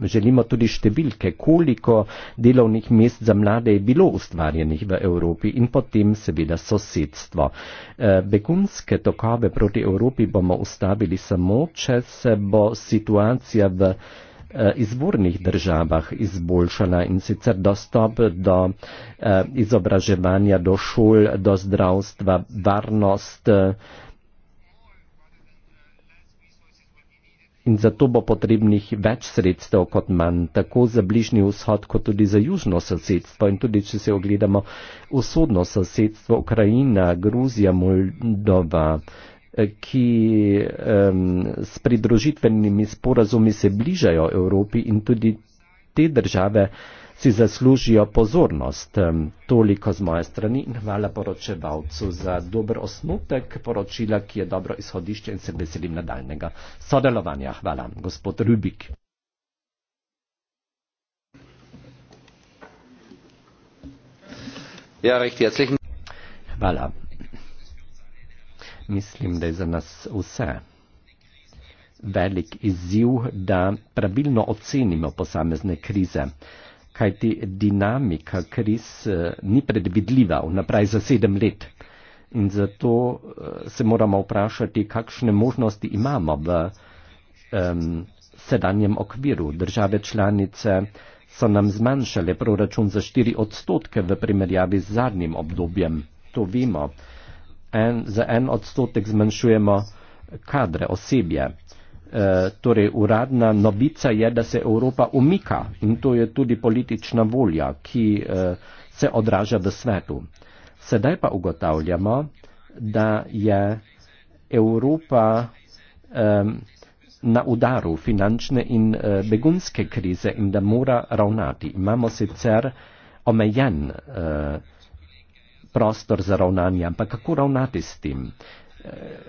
želimo tudi številke, koliko delovnih mest za mlade je bilo ustvarjenih v Evropi in potem seveda sosedstvo. E, begunske tokove proti Evropi bomo ustavili samo, če se bo situacija v e, izvornih državah izboljšala in sicer dostop do e, izobraževanja, do šol, do zdravstva, varnost, in zato bo potrebnih več sredstev kot manj, tako za bližnji vzhod, kot tudi za južno sosedstvo. In tudi, če se ogledamo usodno sosedstvo, Ukrajina, Gruzija, Moldova, eh, ki um, s pridružitvenimi sporazumi se bližajo Evropi in tudi te države si zaslužijo pozornost. Toliko z moje strani in hvala poročevalcu za dober osnutek poročila, ki je dobro izhodišče in se veselim nadaljnega sodelovanja. Hvala, gospod Rubik. Ja, rekti, jaclih... Hvala. Mislim, da je za nas vse velik izziv, da pravilno ocenimo posamezne krize kajti dinamika kriz eh, ni predvidljiva vnaprej za sedem let. In zato eh, se moramo vprašati, kakšne možnosti imamo v um, sedanjem okviru. Države članice so nam zmanjšale proračun za 4 odstotke v primerjavi z zadnjim obdobjem. To vemo. En, za en odstotek zmanjšujemo kadre, osebje. Eh, torej uradna novica je, da se Evropa umika in to je tudi politična volja, ki eh, se odraža v svetu. Sedaj pa ugotavljamo, da je Evropa na udaru finančne in eh, begunske krize in da mora ravnati. Imamo sicer omejen prostor za ravnanje, ampak kako ravnati s tem?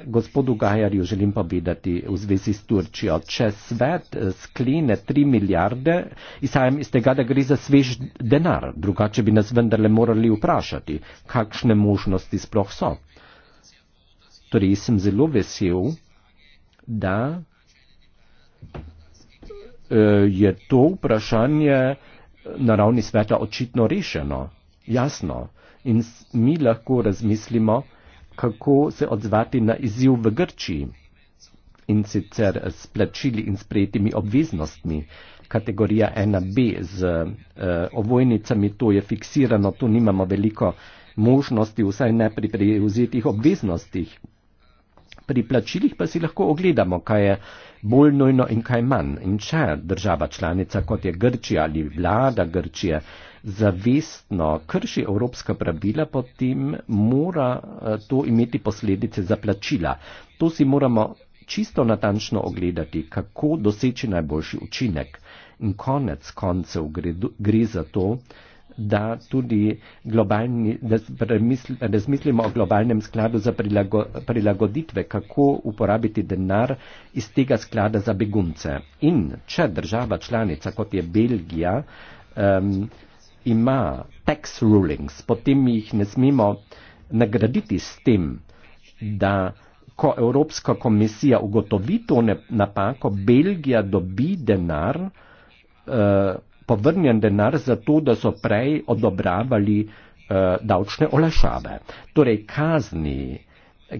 Gospodu Gajarju želim povedati v zvezi s Turčijo. Če svet eh, sklene 3 milijarde, izhajam iz tega, da gre za svež denar. Drugače bi nas vendarle morali vprašati, kakšne možnosti sploh so. Torej, sem zelo vesel, da eh, je to vprašanje eh, na ravni sveta očitno rešeno. Jasno. In mi lahko razmislimo, kako se odzvati na izziv v Grčiji in sicer s plačili in sprejetimi obveznostmi. Kategorija 1B z uh, ovojnicami, to je fiksirano, tu nimamo veliko možnosti, vsaj ne pri prevzetih obveznostih. Pri plačilih pa si lahko ogledamo, kaj je bolj nujno in kaj manj. In če država članica, kot je Grčija ali vlada Grčije, uh, zavestno krši evropska pravila, potem mora eh, to imeti posledice za plačila. To si moramo čisto natančno ogledati, kako doseči najboljši učinek. In konec koncev gre, gre za to, da tudi globalni, da premisli, razmislimo o globalnem skladu za prilago, prilagoditve, kako uporabiti denar iz tega sklada za begunce. In če država članica, kot je Belgija, um, ima tax rulings, potem jih ne smemo nagraditi s tem, da ko Evropska komisija ugotovi to napako, Belgija dobi denar, eh, povrnjen denar za to, da so prej odobravali eh, davčne olašave. Torej kazni,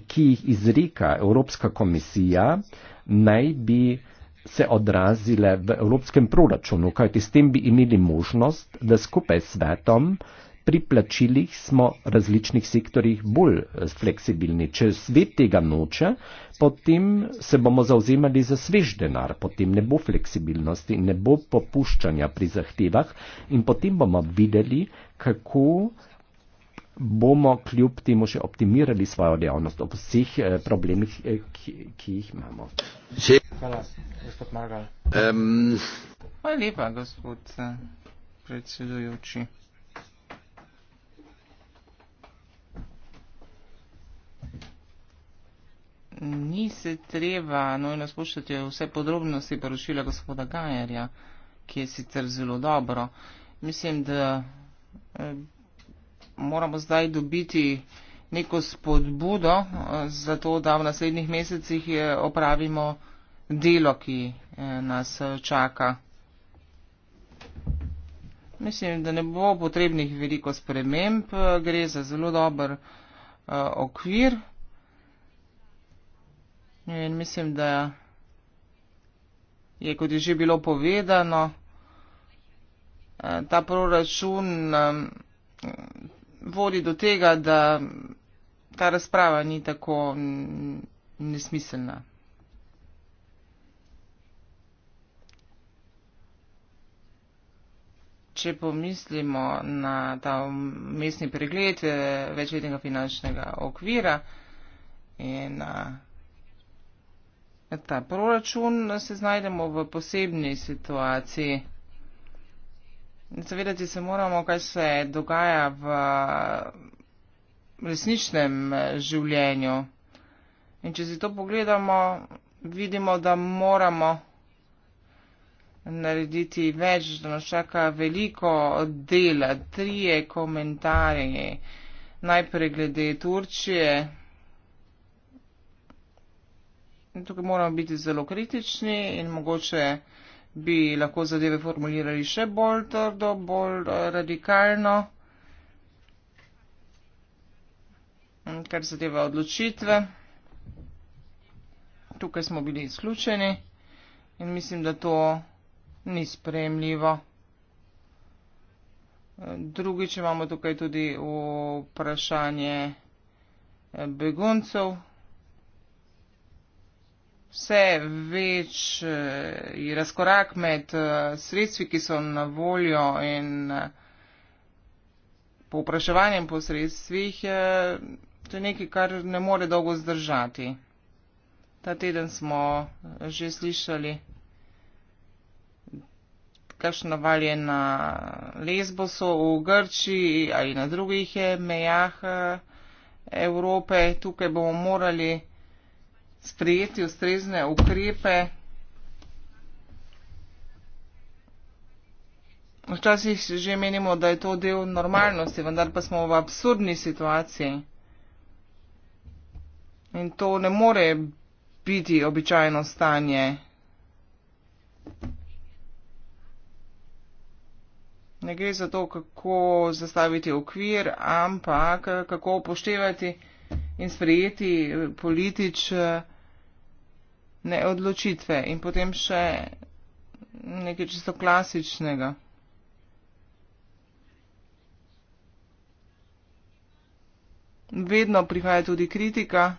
ki jih izrika Evropska komisija, naj bi se odrazile v evropskem proračunu, kajti s tem bi imeli možnost, da skupaj s svetom pri plačilih smo različnih sektorjih bolj eh, fleksibilni. Če svet tega noče, potem se bomo zauzemali za svež denar, potem ne bo fleksibilnosti, ne bo popuščanja pri zahtevah in potem bomo videli, kako bomo kljub temu še optimirali svojo dejavnost ob vseh eh, problemih, eh, ki, ki jih imamo. Še. Hvala, gospod Margal. Um. Hvala lepa, gospod eh, predsedujoči. Ni se treba nojno spuščati vse podrobnosti poročila gospoda Gajerja, ki je sicer zelo dobro. Mislim, da moramo zdaj dobiti neko spodbudo, eh, zato da v naslednjih mesecih eh, opravimo delo, ki eh, nas čaka. Mislim, da ne bo potrebnih veliko sprememb, gre za zelo dober okvir. In mislim, da je, kot je že bilo povedano, ta proračun vodi do tega, da ta razprava ni tako nesmiselna. Če pomislimo na ta mestni pregled eh, večletnega finančnega okvira in eh, ta proračun, se znajdemo v posebni situaciji. Zavedati se moramo, kaj se dogaja v resničnem eh, življenju. In če si to pogledamo, vidimo, da moramo narediti več, da nas čaka veliko dela. Trije komentarji. Najprej glede Turčije. In tukaj moramo biti zelo kritični in mogoče bi lahko zadeve formulirali še bolj trdo, bolj eh, radikalno, mm, kar zadeva odločitve. Tukaj smo bili izključeni in mislim, da to ni sprejemljivo. Drugič imamo tukaj tudi vprašanje eh, beguncev vse večji razkorak med eh, sredstvi, ki so na voljo in eh, povpraševanjem po sredstvih, eh, to je nekaj, kar ne more dolgo zdržati. Ta teden smo že slišali, kakšen val je na Lesbosu v Grčiji ali na drugih mejah Evrope. Tukaj bomo morali sprejeti ustrezne ukrepe. Včasih že menimo, da je to del normalnosti, vendar pa smo v absurdni situaciji. In to ne more biti običajno stanje. Ne gre za to, kako zastaviti okvir, ampak kako upoštevati in sprejeti politične ne odločitve in potem še nekaj čisto klasičnega. Vedno prihaja tudi kritika,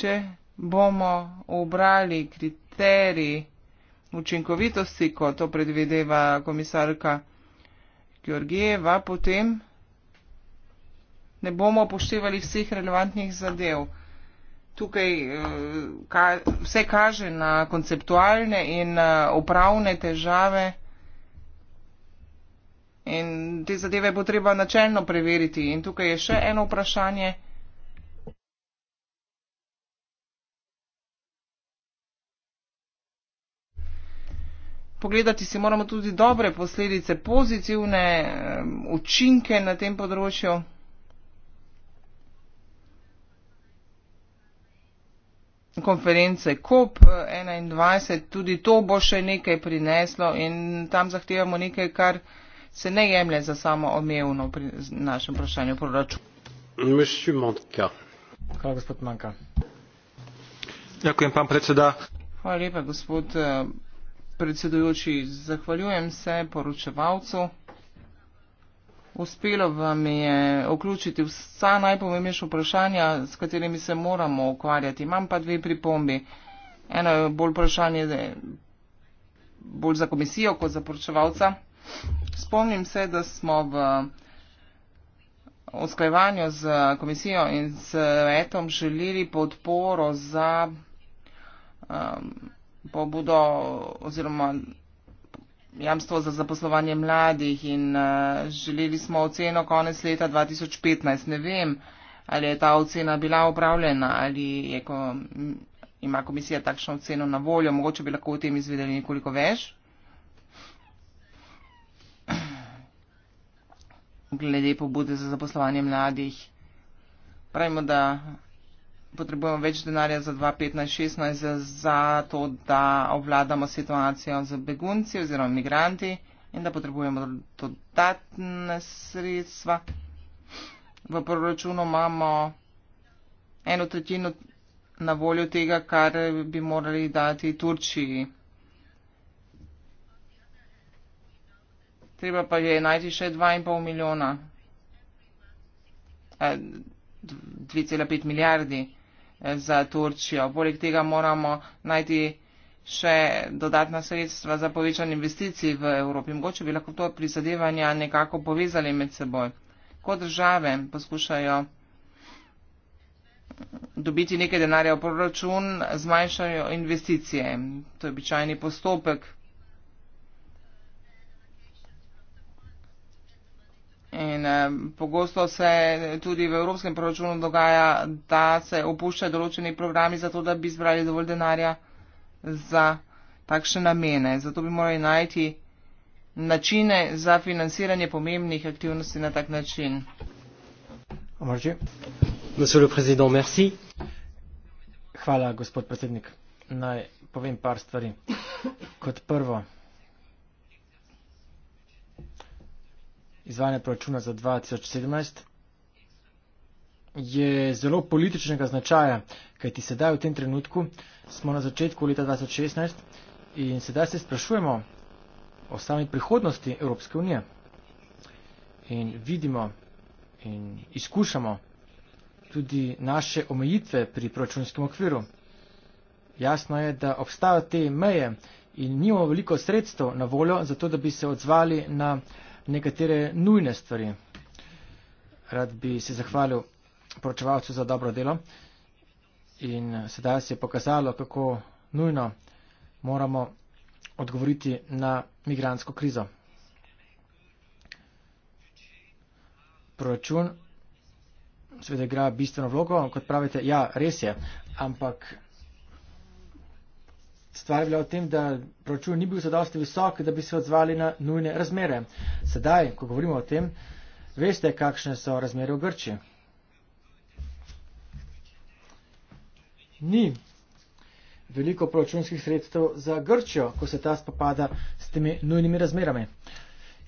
če bomo obrali kriterij učinkovitosti, kot to predvideva komisarka Georgieva, potem ne bomo upoštevali vseh relevantnih zadev tukaj eh, ka, vse kaže na konceptualne in eh, upravne težave. In te zadeve bo treba načelno preveriti. In tukaj je še eno vprašanje. Pogledati si moramo tudi dobre posledice, pozitivne eh, učinke na tem področju. konference COP21, tudi to bo še nekaj prineslo in tam zahtevamo nekaj, kar se ne jemlje za samo omejeno pri našem vprašanju proračun. Hvala, gospod Manka. Jakujem, Hvala lepa, gospod eh, predsedujoči. Zahvaljujem se poročevalcu uspelo vam je vključiti vsa najpomembnejša vprašanja, s katerimi se moramo ukvarjati. Imam pa dve pripombi. Eno je bolj vprašanje eh, bolj za komisijo kot za poročevalca. Spomnim se, da smo v usklajevanju z komisijo in s etom želeli podporo za um, pobudo oziroma jamstvo za zaposlovanje mladih in uh, želeli smo oceno konec leta 2015. Ne vem, ali je ta ocena bila upravljena ali je, ko, ima komisija takšno oceno na voljo. Mogoče bi lahko o tem izvedeli nekoliko več. Glede pobude za zaposlovanje mladih. Pravimo, da potrebujemo več denarja za 2015-16 za to, da obvladamo situacijo z begunci oziroma migranti in da potrebujemo dodatne sredstva. V proračunu imamo eno tretjino na voljo tega, kar bi morali dati Turčiji. Treba pa je najti še 2,5 milijona, 2,5 eh, milijardi za Turčijo. Poleg tega moramo najti še dodatna sredstva za povečanje investicij v Evropi. Mogoče bi lahko to prizadevanja nekako povezali med seboj. Ko države poskušajo dobiti nekaj denarja v proračun, zmanjšajo investicije. To je običajni postopek. In eh, pogosto se tudi v evropskem proračunu dogaja, da se opuščajo določeni programi zato, da bi zbrali dovolj denarja za takšne namene. Zato bi morali najti načine za financiranje pomembnih aktivnosti na tak način. Hvala, gospod predsednik. Naj povem par stvari. Kot prvo, izvajanja proračuna za 2017 je zelo političnega značaja, kajti sedaj v tem trenutku smo na začetku leta 2016 in sedaj se sprašujemo o sami prihodnosti Evropske unije. In vidimo in izkušamo tudi naše omejitve pri proračunskem okviru. Jasno je, da obstajajo te meje in nimamo veliko sredstev na voljo, zato da bi se odzvali na nekatere nujne stvari. Rad bi se zahvalil poročevalcu za dobro delo in sedaj se je pokazalo, kako nujno moramo odgovoriti na migransko krizo. Proračun seveda igra bistveno vlogo, kot pravite, ja, res je, ampak stvar bila v tem, da proračun ni bil zadosti visok, da bi se odzvali na nujne razmere. Sedaj, ko govorimo o tem, veste, kakšne so razmere v Grči. Ni veliko proračunskih sredstev za Grčjo, ko se ta spopada s temi nujnimi razmerami.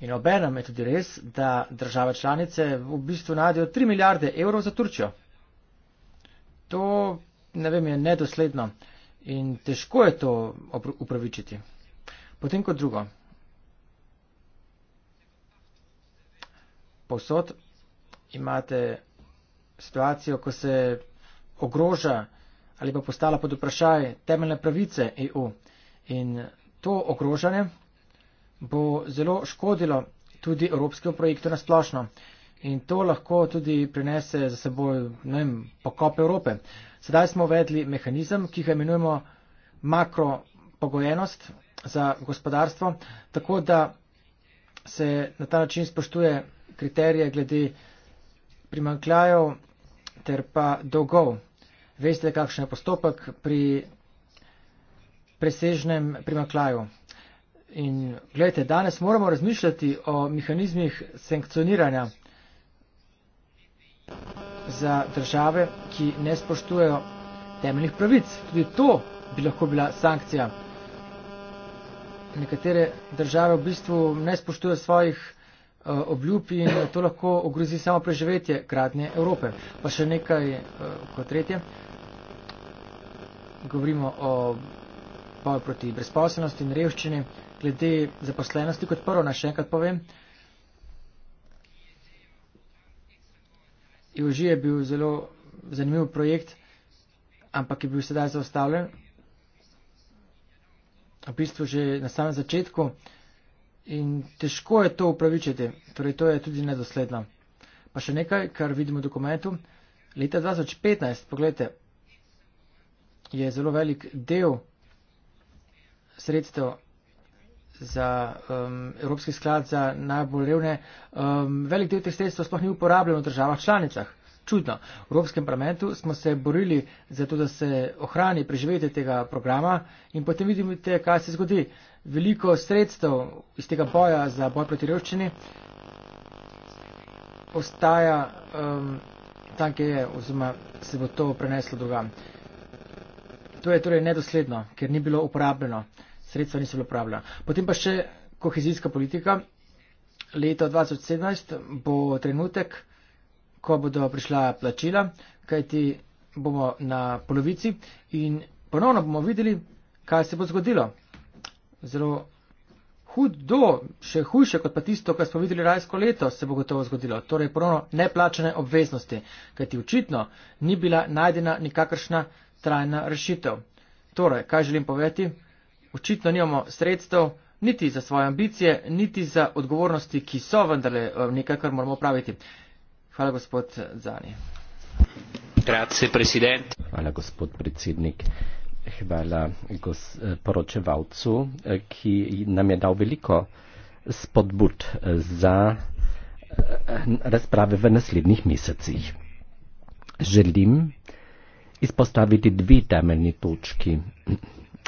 In obenem je tudi res, da države članice v bistvu najdejo 3 milijarde evrov za Turčjo. To, ne vem, je nedosledno. In težko je to upravičiti. Potem kot drugo. Posod imate situacijo, ko se ogroža ali pa postala pod vprašaj temeljne pravice EU. In to ogrožanje bo zelo škodilo tudi evropskemu projektu nasplošno in to lahko tudi prinese za seboj vem, pokop Evrope. Sedaj smo uvedli mehanizem, ki ga imenujemo makropogojenost za gospodarstvo, tako da se na ta način spoštuje kriterije glede primankljajev ter pa dolgov. Veste, kakšen je postopek pri presežnem primankljaju. In gledajte, danes moramo razmišljati o mehanizmih sankcioniranja za države, ki ne spoštujejo temeljnih pravic. Tudi to bi lahko bila sankcija. Nekatere države v bistvu ne spoštujejo svojih eh, obljub in to lahko ogrozi samo preživetje gradnje Evrope. Pa še nekaj eh, kot tretje. Govorimo o boju proti brezposelnosti in revščini. Glede zaposlenosti, kot prvo naj še enkrat povem, Joži je bil zelo zanimiv projekt, ampak je bil sedaj zaustavljen. V bistvu že na samem začetku in težko je to upravičiti, torej to je tudi nedosledno. Pa še nekaj, kar vidimo v dokumentu. Leta 2015, pogledajte, je zelo velik del sredstev za um, Evropski sklad za najbolj revne, um, velik del teh sredstev sploh ni uporabljen v državah članicah. Čudno. V Evropskem parlamentu smo se borili za to, da se ohrani preživetje tega programa in potem vidite, kaj se zgodi. Veliko sredstev iz tega boja za boj proti revščini ostaja um, tam, kjer je, oziroma se bo to preneslo drugam. To je torej nedosledno, ker ni bilo uporabljeno sredstva niso bila upravljena. Potem pa še kohezijska politika. Leto 2017 bo trenutek, ko bodo prišla plačila, kajti bomo na polovici in ponovno bomo videli, kaj se bo zgodilo. Zelo hudo, še hujše kot pa tisto, kar smo videli rajsko leto, se bo gotovo zgodilo. Torej ponovno neplačene obveznosti, kajti očitno ni bila najdena nikakršna trajna rešitev. Torej, kaj želim povedati? očitno nimamo sredstev, niti za svoje ambicije, niti za odgovornosti, ki so vendarle eh, nekaj, kar moramo praviti. Hvala, gospod eh, Zani. Hvala, gospod predsednik. Hvala eh, poročevalcu, ki nam je dal veliko spodbud za razprave v naslednjih mesecih. Želim izpostaviti dve temeljni točki,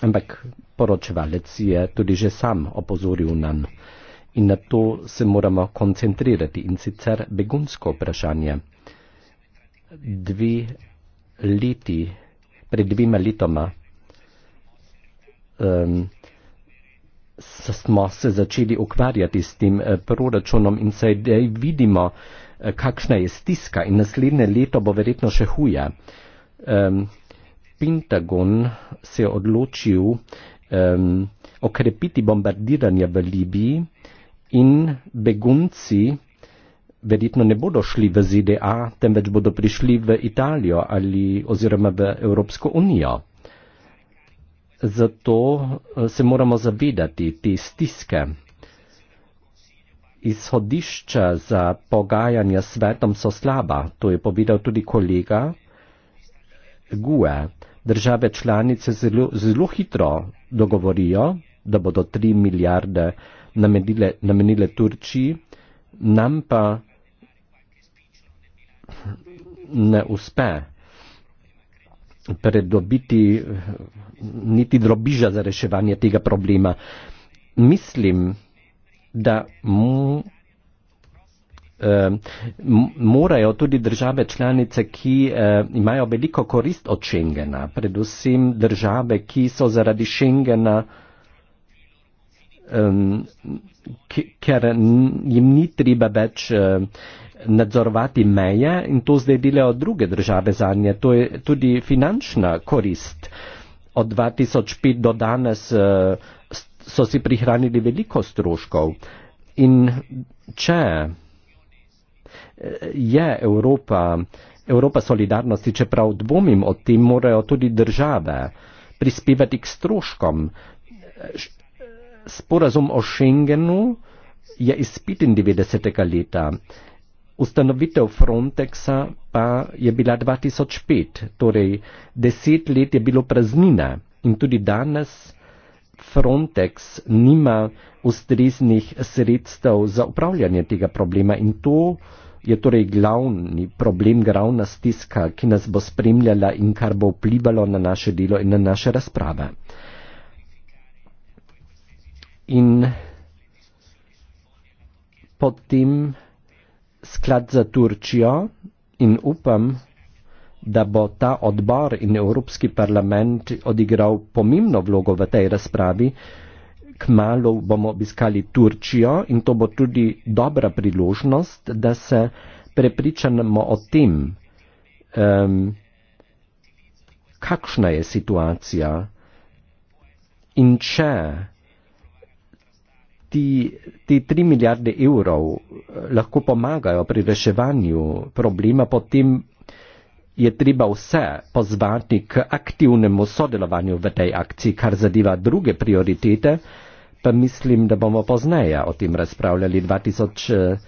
ampak poročevalec je tudi že sam opozoril nam. In na to se moramo koncentrirati in sicer begunsko vprašanje. Dve leti, pred dvima letoma um, smo se začeli ukvarjati s tem eh, proračunom in se vidimo, eh, kakšna je stiska in naslednje leto bo verjetno še huje. Um, Pentagon se je odločil, um, okrepiti bombardiranje v Libiji in begunci verjetno ne bodo šli v ZDA, temveč bodo prišli v Italijo ali oziroma v Evropsko unijo. Zato eh, se moramo zavedati te stiske. Izhodišča za pogajanja s svetom so slaba, to je povedal tudi kolega Gue države članice zelo, zelo hitro dogovorijo, da bodo 3 milijarde namenile, namenile Turčiji, nam pa ne uspe predobiti niti drobiža za reševanje tega problema. Mislim, da Ehm, morajo tudi države članice, ki eh, imajo veliko korist od Schengena, predvsem države, ki so zaradi Schengena, ehm, ker jim ni treba več eh, nadzorovati meje in to zdaj delajo druge države zanje. To je tudi finančna korist. Od 2005 do danes eh, so si prihranili veliko stroškov. In če je Evropa, Evropa solidarnosti, čeprav dvomim o tem, morajo tudi države prispevati k stroškom. Sporazum o Schengenu je iz 95. leta, ustanovitev Frontexa pa je bila 2005, torej deset let je bilo praznina in tudi danes Frontex nima ustreznih sredstev za upravljanje tega problema in to je torej glavni problem, glavna stiska, ki nas bo spremljala in kar bo vplivalo na naše delo in na naše razprave. In potem sklad za Turčijo in upam, da bo ta odbor in Evropski parlament odigral pomembno vlogo v tej razpravi, kmalo bomo obiskali Turčijo in to bo tudi dobra priložnost, da se prepričamo o tem, um, kakšna je situacija in če ti, ti 3 milijarde evrov eh, lahko pomagajo pri reševanju problema, potem je treba vse pozvati k aktivnemu sodelovanju v tej akciji, kar zadeva druge prioritete pa mislim, da bomo pozneje o tem razpravljali. 2016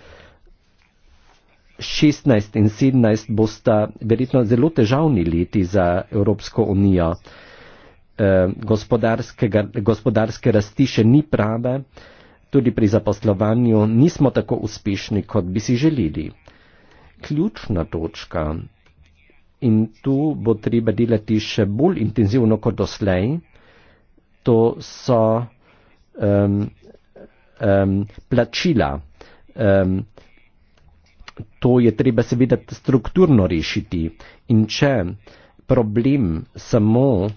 in 2017 bosta verjetno zelo težavni leti za Evropsko unijo. Eh, gospodarske rasti še ni prave, tudi pri zaposlovanju nismo tako uspešni, kot bi si želeli. Ključna točka in tu bo treba delati še bolj intenzivno kot doslej, to so um, um, plačila. Um, to je treba seveda strukturno rešiti in če problem samo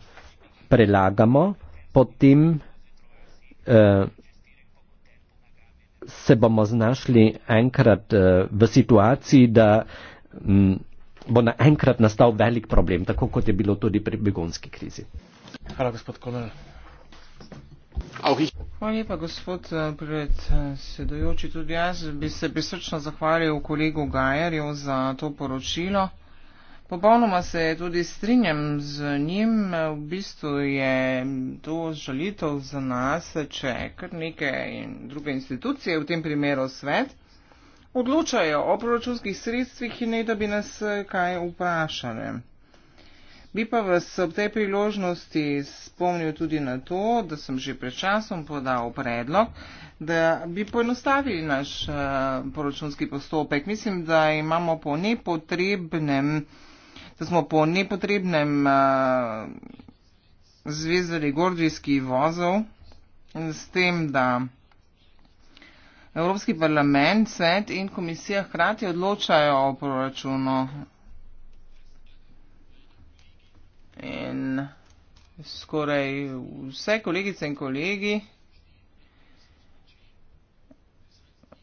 prelagamo, potem uh, se bomo znašli enkrat uh, v situaciji, da um, bo naenkrat nastal velik problem, tako kot je bilo tudi pri begonski krizi. Hvala, gospod Kolar. Hvala lepa, gospod eh, predsedujoči. Tudi jaz bi se prisrčno zahvalil kolegu Gajerju za to poročilo. Popolnoma se tudi strinjam z njim. V bistvu je to žalitev za nas, če kar neke in druge institucije, v tem primeru svet, odločajo o proračunskih sredstvih in ne da bi nas eh, kaj vprašali. Bi pa vas ob tej priložnosti spomnil tudi na to, da sem že pred časom podal predlog, da bi poenostavili naš uh, eh, poročunski postopek. Mislim, da imamo po nepotrebnem, da smo po nepotrebnem uh, zvezali gordijski vozov s tem, da Evropski parlament, svet in komisija hkrati odločajo o proračunu in skoraj vse kolegice in kolegi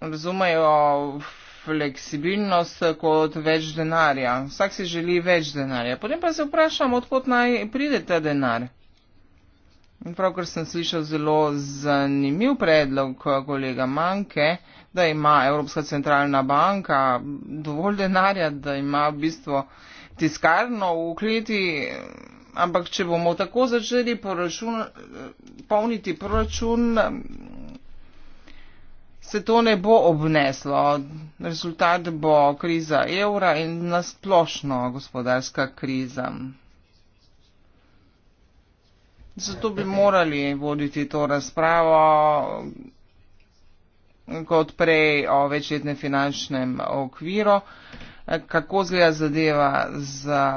razumejo fleksibilnost kot več denarja. Vsak si želi več denarja. Potem pa se vprašam, odkot naj pride ta denar. In pravkar sem slišal zelo zanimiv predlog kolega Manke, da ima Evropska centralna banka dovolj denarja, da ima v bistvu tiskarno v kleti, ampak če bomo tako začeli poračun, polniti proračun, se to ne bo obneslo. Rezultat bo kriza evra in nasplošno gospodarska kriza. Zato bi morali voditi to razpravo kot prej o večletnem finančnem okviru kako zgleda zadeva za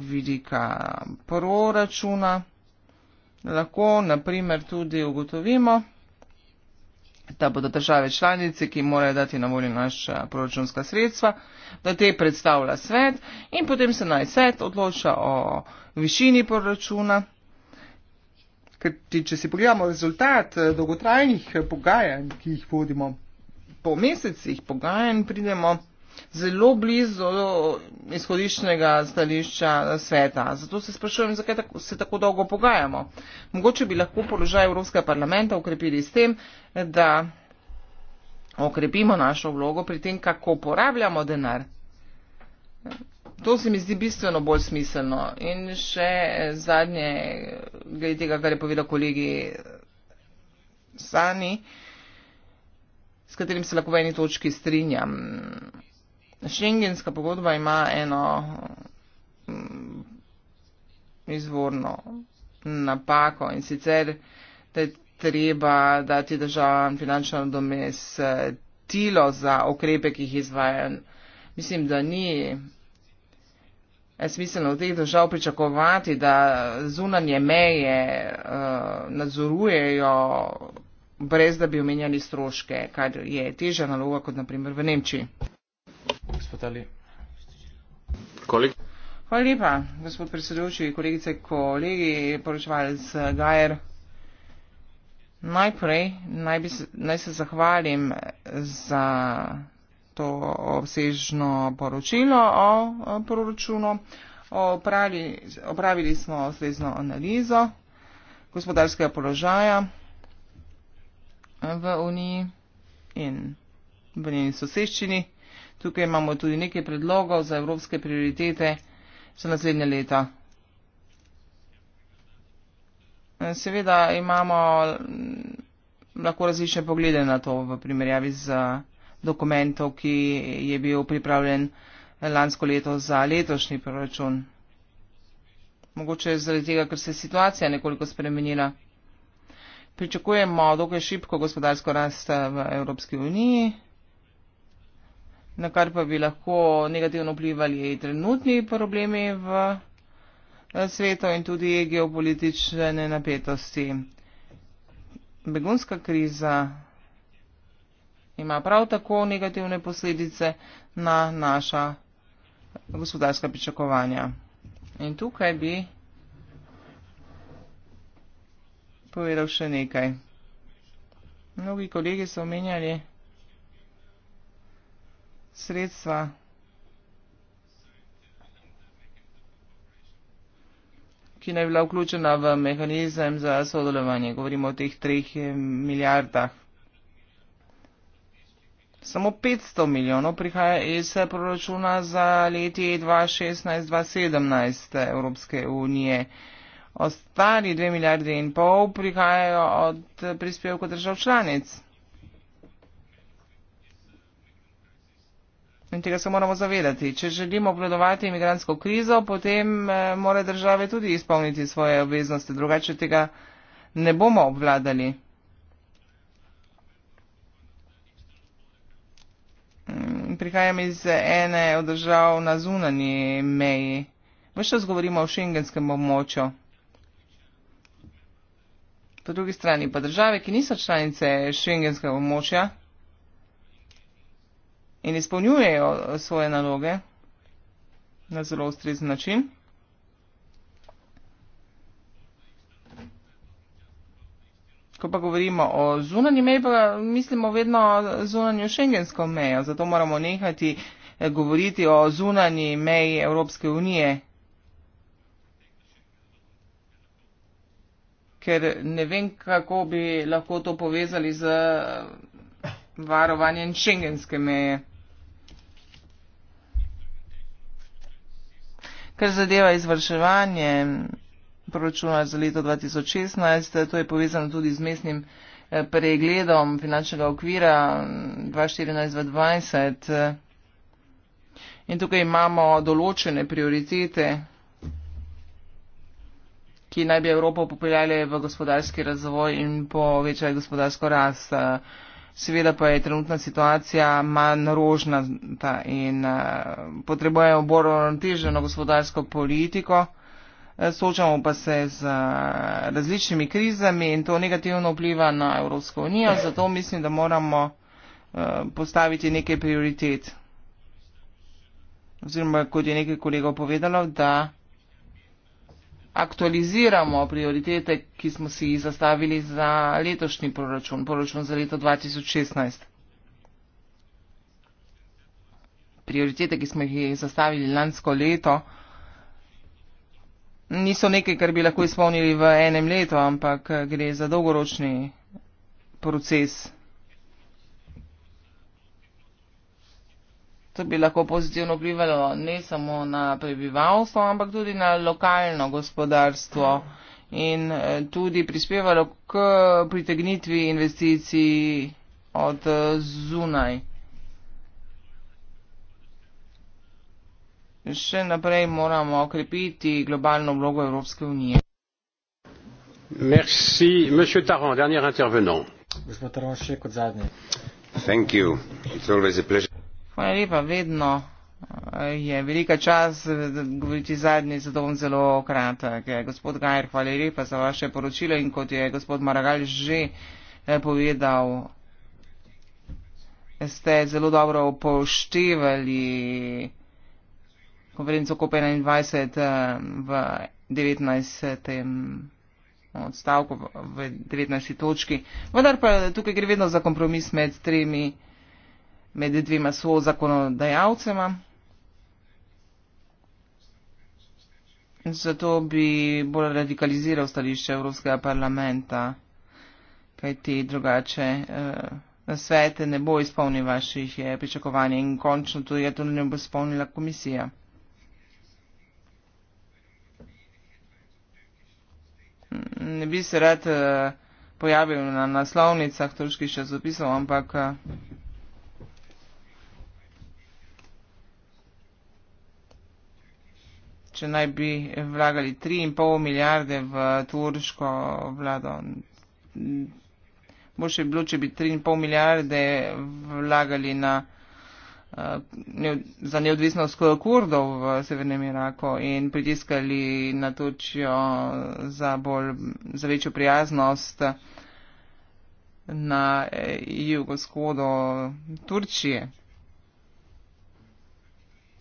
vidika proračuna. Lahko naprimer tudi ugotovimo, da bodo države članice, ki morajo dati na voljo naša proračunska sredstva, da te predstavlja svet in potem se naj svet odloča o višini proračuna. Ker če si pogledamo rezultat eh, dolgotrajnih pogajanj, ki jih vodimo po mesecih pogajanj, pridemo zelo blizu izhodiščnega stališča sveta. Zato se sprašujem, zakaj se tako dolgo pogajamo. Mogoče bi lahko položaj Evropskega parlamenta ukrepili s tem, da okrepimo našo vlogo pri tem, kako porabljamo denar. To se mi zdi bistveno bolj smiselno. In še zadnje, glede tega, kar je povedal kolegi Sani, s katerim se lahko v eni točki strinjam. Schengenska pogodba ima eno mm, izvorno napako in sicer da je treba dati državam finančno domestilo za okrepe, ki jih izvajajo. Mislim, da ni eh, smiselno od teh držav pričakovati, da zunanje meje uh, nadzorujejo brez da bi omenjali stroške, kar je težja naloga kot naprimer v Nemčiji gospod Ali. Kolik? Hvala lepa, gospod predsedujoči, kolegice, kolegi, poročevalec Gajer. Najprej naj, bi, naj se zahvalim za to obsežno poročilo o, o proračunu. Opravili, opravili smo slezno analizo gospodarskega položaja v Uniji in v njeni soseščini. Tukaj imamo tudi nekaj predlogov za evropske prioritete za naslednje leta. Seveda imamo mm, lahko različne poglede na to v primerjavi z eh, dokumentom, ki je bil pripravljen eh, lansko leto za letošnji proračun. Mogoče zaradi tega, ker se je situacija nekoliko spremenila. Pričakujemo dokaj šibko gospodarsko rast eh, v Evropski uniji, na kar pa bi lahko negativno vplivali trenutni problemi v eh, svetu in tudi geopolitične napetosti. Begunska kriza ima prav tako negativne posledice na naša gospodarska pričakovanja. In tukaj bi povedal še nekaj. Mnogi kolegi so omenjali, sredstva. ki naj bila vključena v mehanizem za sodelovanje. Govorimo o teh treh eh, milijardah. Samo 500 milijonov prihaja iz eh, proračuna za leti 2016-2017 Evropske unije. Ostali dve milijarde in pol prihajajo od eh, prispevkov držav članic. In tega se moramo zavedati. Če želimo obvladovati imigransko krizo, potem eh, mora države tudi izpolniti svoje obveznosti, drugače tega ne bomo obvladali. Mm, prihajam iz ene od držav na zunanji meji. Veš čas govorimo o šengenskem območju. Po drugi strani pa države, ki niso članice šengenskega območja in izpolnjujejo svoje naloge na zelo ustrezen način. Ko pa govorimo o zunanji meji, pa mislimo vedno zunanjo šengensko mejo, zato moramo nehati eh, govoriti o zunanji meji Evropske unije, ker ne vem, kako bi lahko to povezali z eh, varovanjem šengenske meje. Kar zadeva izvrševanje proračuna za leto 2016, to je povezano tudi z mestnim eh, pregledom finančnega okvira 2014-2020. Mm, eh. In tukaj imamo določene prioritete, ki naj bi Evropo popeljali v gospodarski razvoj in povečali gospodarsko rast. Eh. Seveda pa je trenutna situacija manj narožna in eh, potrebujejo bolj uravnoteženo gospodarsko politiko. Eh, Sočamo pa se z eh, različnimi krizami in to negativno vpliva na Evropsko unijo, zato mislim, da moramo postaviti nekaj prioritet. Oziroma, kot je nekaj kolegov povedalo, da aktualiziramo prioritete, ki smo si jih zastavili za letošnji proračun, proračun za leto 2016. Prioritete, ki smo jih zastavili lansko leto, niso nekaj, kar bi lahko izpolnili v enem letu, ampak gre za dolgoročni proces. To bi lahko pozitivno vplivalo ne samo na prebivalstvo, ampak tudi na lokalno gospodarstvo in eh, tudi prispevalo k pritegnitvi investicij od eh, zunaj. Še naprej moramo okrepiti globalno vlogo Evropske unije. Merci, monsieur Taron, dernier intervenant. Gospod Taron, še kot zadnji. Thank you. It's always a pleasure. Hvala lepa, vedno eh, je velika čas eh, govoriti zadnji, zato bom zelo kratek. Eh, gospod Gajer, hvala lepa za vaše poročilo in kot je gospod Maragalj že povedal, ste zelo dobro upoštevali konferenco COP21 v 19 odstavku v 19. točki. Vendar pa tukaj gre vedno za kompromis med tremi med dvema sozakonodajalcema. Zato bi bolj radikaliziral stališče Evropskega parlamenta, kaj ti drugače na eh, svete ne bo izpolnil vaših eh, pričakovanj in končno tudi je to ne bo izpolnila komisija. Ne bi se rad eh, pojavil na naslovnicah turških časopisov, ampak. Eh, če naj bi vlagali 3,5 milijarde v turško vlado. Boljše bi bilo, če bi 3,5 milijarde vlagali na, eh, za neodvisnost kurdov v Severnem Iraku in pritiskali na Turčijo za, bolj, za večjo prijaznost na eh, jugovzhodu Turčije.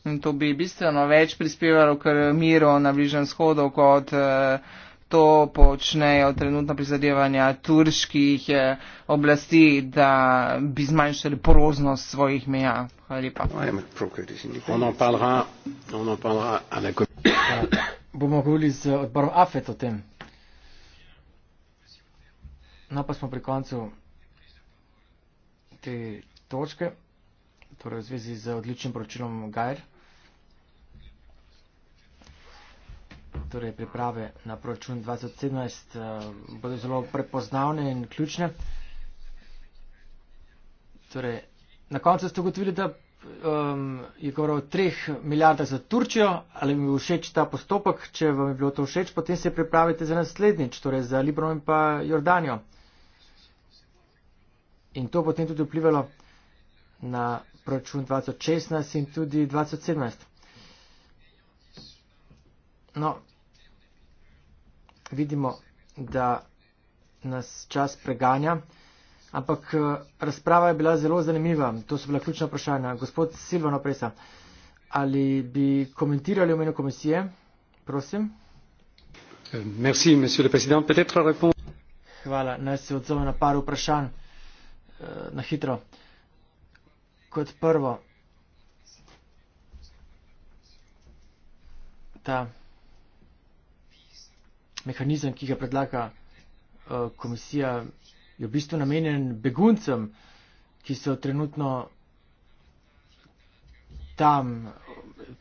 In to bi bistveno več prispevalo k miru na Bližnem shodu, kot eh, to počnejo trenutno prizadevanja turških eh, oblasti, da bi zmanjšali poroznost svojih meja. Hvala lepa. Bomo govorili z odborom AFET o tem. No pa smo pri koncu te točke, torej v zvezi z odličnim poročilom Gajer. torej priprave na proračun 2017 eh, bodo zelo prepoznavne in ključne. Torej, na koncu ste ugotovili, da um, je govoril o 3 milijardah za Turčijo, ali mi bi všeč ta postopek, če vam je bilo to všeč, potem se pripravite za naslednjič, torej za Libro in pa Jordanijo. In to potem tudi vplivalo na proračun 2016 in tudi 2017. No, vidimo, da nas čas preganja. Ampak eh, razprava je bila zelo zanimiva. To so bila ključna vprašanja. Gospod Silvano Presa, ali bi komentirali v imenu komisije? Prosim. Eh, merci, Hvala, naj se odzove na par vprašanj eh, na hitro. Kot prvo, ta mehanizem, ki ga predlaga uh, komisija, je v bistvu namenjen beguncem, ki so trenutno tam.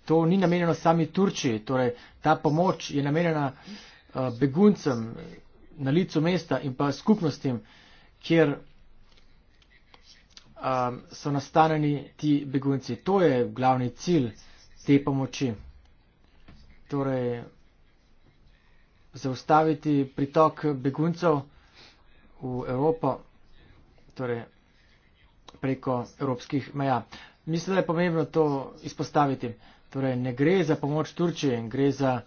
To ni namenjeno sami Turčiji, torej ta pomoč je namenjena uh, beguncem na licu mesta in pa skupnostim, kjer um, so nastaneni ti begunci. To je glavni cilj te pomoči. Torej, zaustaviti pritok beguncev v Evropo, torej preko evropskih meja. Mislim, da je pomembno to izpostaviti. Torej, ne gre za pomoč Turčiji, gre za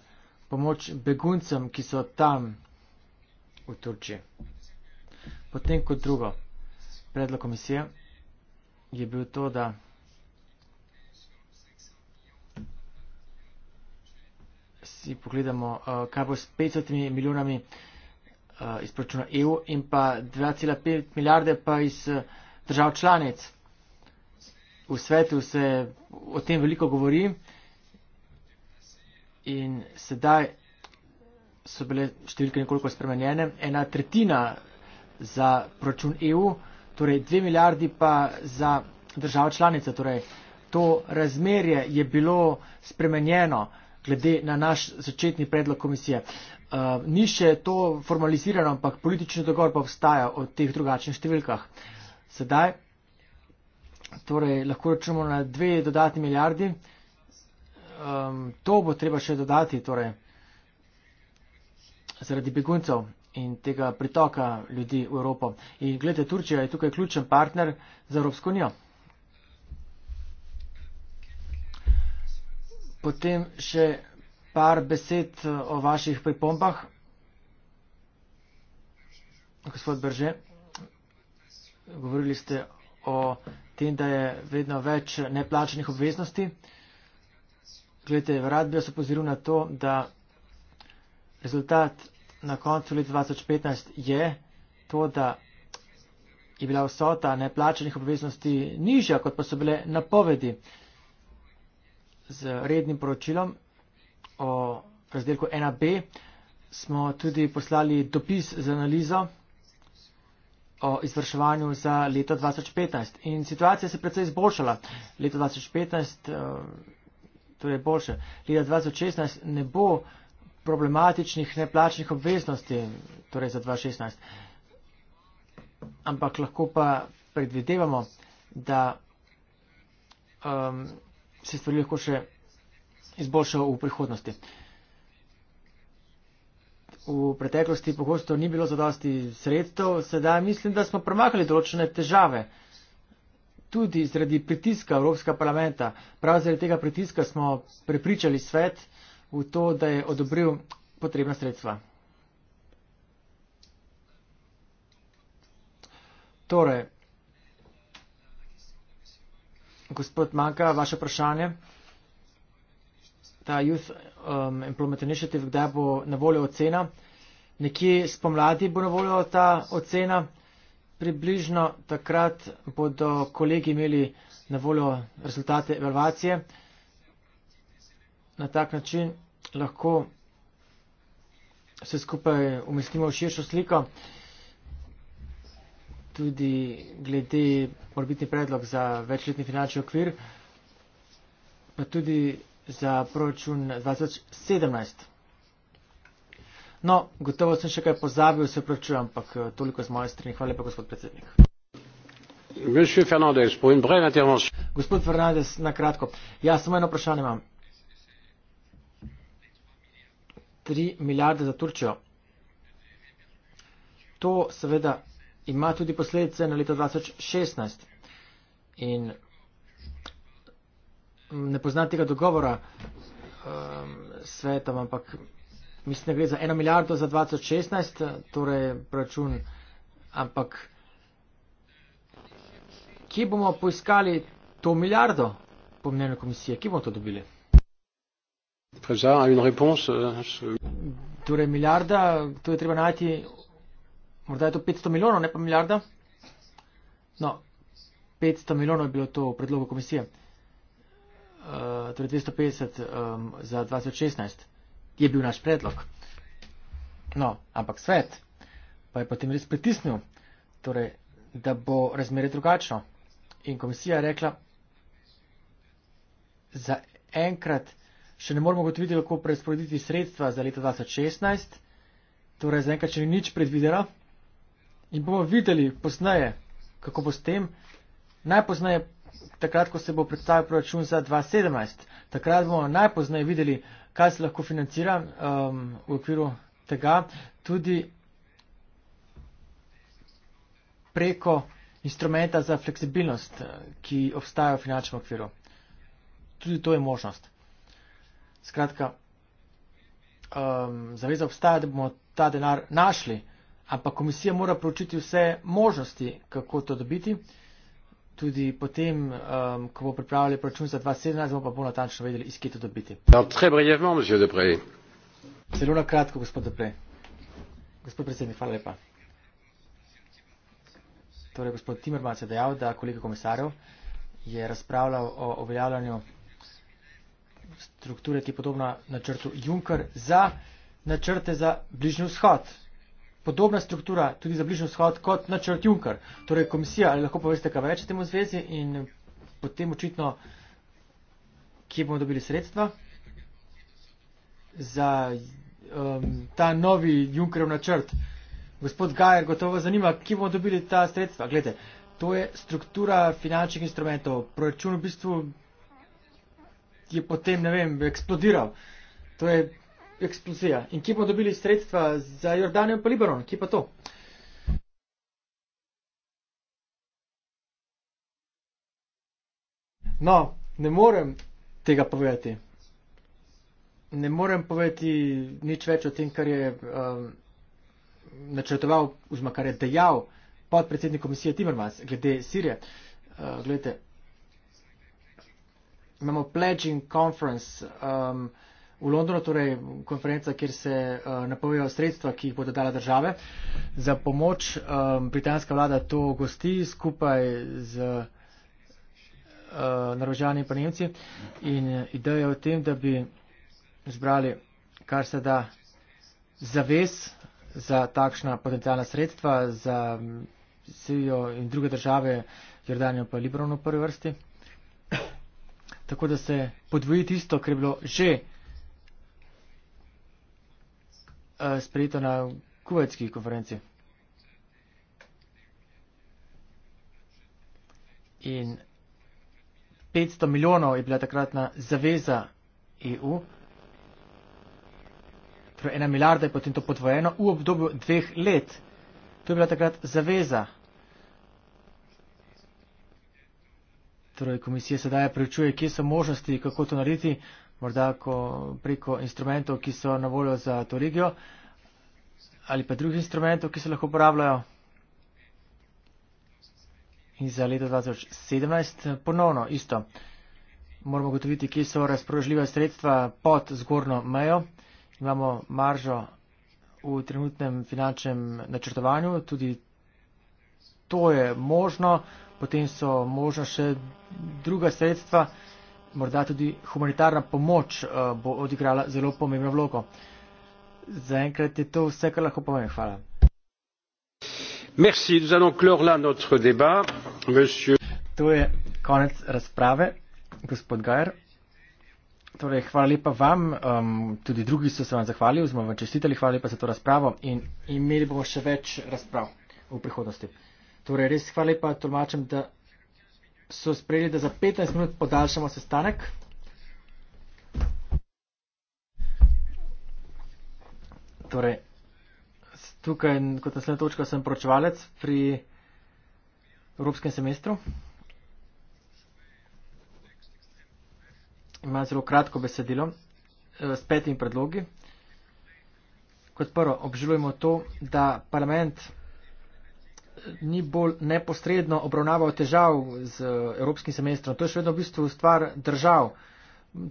pomoč beguncem, ki so tam v Turčiji. Potem kot drugo, predlog komisije je bil to, da. si pogledamo, uh, kaj bo s 500 milijonami uh, iz proračuna EU in pa 2,5 milijarde pa iz uh, držav članic. V svetu se o tem veliko govori in sedaj so bile številke nekoliko spremenjene. Ena tretjina za proračun EU, torej 2 milijardi pa za držav članice. Torej, to razmerje je bilo spremenjeno glede na naš začetni predlog komisije. Uh, ni še to formalizirano, ampak politični dogovor pa obstaja o teh drugačnih številkah. Sedaj torej, lahko računamo na dve dodatni milijardi. Um, to bo treba še dodati torej, zaradi beguncev in tega pritoka ljudi v Evropo. In gledajte, Turčija je tukaj ključen partner za Evropsko unijo. Potem še par besed eh, o vaših pripombah. Gospod Brže, govorili ste o tem, da je vedno več neplačenih obveznosti. Glede, rad bi vas opozoril na to, da rezultat na koncu leta 2015 je to, da je bila vsota neplačenih obveznosti nižja, kot pa so bile napovedi z rednim poročilom o razdelku 1b smo tudi poslali dopis z analizo o izvrševanju za leto 2015. In situacija se je precej izboljšala. Leto 2015, eh, torej boljše, leto 2016 ne bo problematičnih neplačnih obveznosti, torej za 2016. Ampak lahko pa predvidevamo, da um, se stvari lahko še izboljšajo v prihodnosti. V preteklosti pogosto ni bilo zadosti sredstev, sedaj mislim, da smo premakali določene težave. Tudi zaradi pritiska Evropskega parlamenta, prav zaradi tega pritiska smo prepričali svet v to, da je odobril potrebna sredstva. Torej, Gospod Manka, vaše vprašanje. Ta Youth um, Employment Initiative, kdaj bo na voljo ocena? Nekje spomladi bo na voljo ta ocena. Približno takrat bodo kolegi imeli na voljo rezultate evalvacije. Na tak način lahko se skupaj umestimo v širšo sliko. Uh, tudi glede morbitni predlog za večletni finančni okvir, pa tudi za proračun 2017. No, gotovo sem še kaj pozabil, se pravčujem, ampak eh, toliko z moje strani. Hvala lepa, gospod predsednik. Fernandez, gospod Fernandez, na kratko. Ja, samo eno vprašanje imam. 3 milijarde za Turčijo. To seveda ima tudi posledice na leto 2016. In ne poznam tega dogovora um, sveta, ampak mislim, da gre za eno milijardo za 2016, torej račun, ampak kje bomo poiskali to milijardo, po mnenju komisije, kje bomo to dobili? Euh, torej, milijarda, tu je treba najti Morda je to 500 milijonov, ne pa milijarda. No, 500 milijonov je bilo to v predlogu komisije. Uh, torej 250 um, za 2016 je bil naš predlog. No, ampak svet pa je potem res pritisnil, torej, da bo razmere drugačno. In komisija je rekla, za enkrat še ne moramo gotoviti, kako presporediti sredstva za leto 2016, torej za enkrat še ni nič predvidela. In bomo videli posneje, kako bo s tem. Najpozneje, takrat, ko se bo predstavil proračun za 2017, takrat bomo najpozneje videli, kaj se lahko financira um, v okviru tega, tudi preko instrumenta za fleksibilnost, ki obstaja v finančnem okviru. Tudi to je možnost. Skratka, um, zaveza obstaja, da bomo ta denar našli ampak komisija mora pročiti vse možnosti, kako to dobiti. Tudi potem, um, ko bo pripravljali proračun za 2017, bomo pa bolj natančno vedeli, iz kje to dobiti. Zelo na kratko, gospod Deprej. Gospod predsednik, hvala lepa. Torej, gospod Timmermans je dejal, da kolega komisarjev je razpravljal o uveljavljanju strukture, ki je podobna načrtu Juncker, za načrte za bližnji vzhod podobna struktura tudi za bližnji vzhod kot načrt Junker. Torej, komisija, ali lahko poveste, kaj več temu zvezi in potem očitno, kje bomo dobili sredstva za um, ta novi Junkerov načrt. Gospod Gajer, gotovo vas zanima, kje bomo dobili ta sredstva. Glede, to je struktura finančnih instrumentov. Proračun v bistvu je potem, ne vem, eksplodiral. To je eksplozija. In ki bomo dobili sredstva za Jordanijo in pa Libanon, ki pa to? No, ne morem tega povedati. Ne morem povedati nič več o tem, kar je um, načrtoval, oziroma kar je dejal podpredsednik komisije Timmermans glede Sirije. Uh, glede, imamo pledging conference. Um, v Londonu, torej konferenca, kjer se uh, napovejo sredstva, ki jih bodo dala države za pomoč. Um, britanska vlada to gosti skupaj z uh, eh, naročani in pa Nemci in ideja je v tem, da bi zbrali kar se da zaves za takšna potencijalna sredstva za mm, Sirijo in druge države, Jordanijo pa Libron v prvi vrsti. Tako da se podvoji tisto, kar je bilo že Eh, sprejeto na kuvajtski konferenci. In 500 milijonov je bila takratna zaveza EU, torej ena milijarda je potem to podvojeno v obdobju dveh let. To je bila takrat zaveza. Torej, komisija sedaj prečuje, kje so možnosti, kako to narediti morda ko, preko instrumentov, ki so na voljo za to regijo ali pa drugih instrumentov, ki se lahko uporabljajo. In za leto 2017 ponovno isto. Moramo gotoviti, kje so razpoložljiva sredstva pod zgornjo mejo. Imamo maržo v trenutnem finančnem načrtovanju, tudi to je možno. Potem so možno še druga sredstva morda tudi humanitarna pomoč eh, bo odigrala zelo pomembno vlogo. Zaenkrat je to vse, kar lahko povem. Hvala. Merci, nous allons clore là notre débat, monsieur. To je konec razprave, gospod Gajer. Torej, hvala lepa vam, um, tudi drugi so se vam zahvalili, smo vam čestitali, hvala lepa za to razpravo in imeli bomo še več razprav v prihodnosti. Torej, res hvala lepa tolmačem, da so sprejeli, da za 15 minut podaljšamo sestanek. Torej, tukaj kot naslednja točka sem pročevalec pri Evropskem semestru. Imam zelo kratko besedilo eh, s petimi predlogi. Kot prvo, obžalujemo to, da parlament ni bolj neposredno obravnaval težav z evropskim semestrom. To je še vedno v bistvu stvar držav.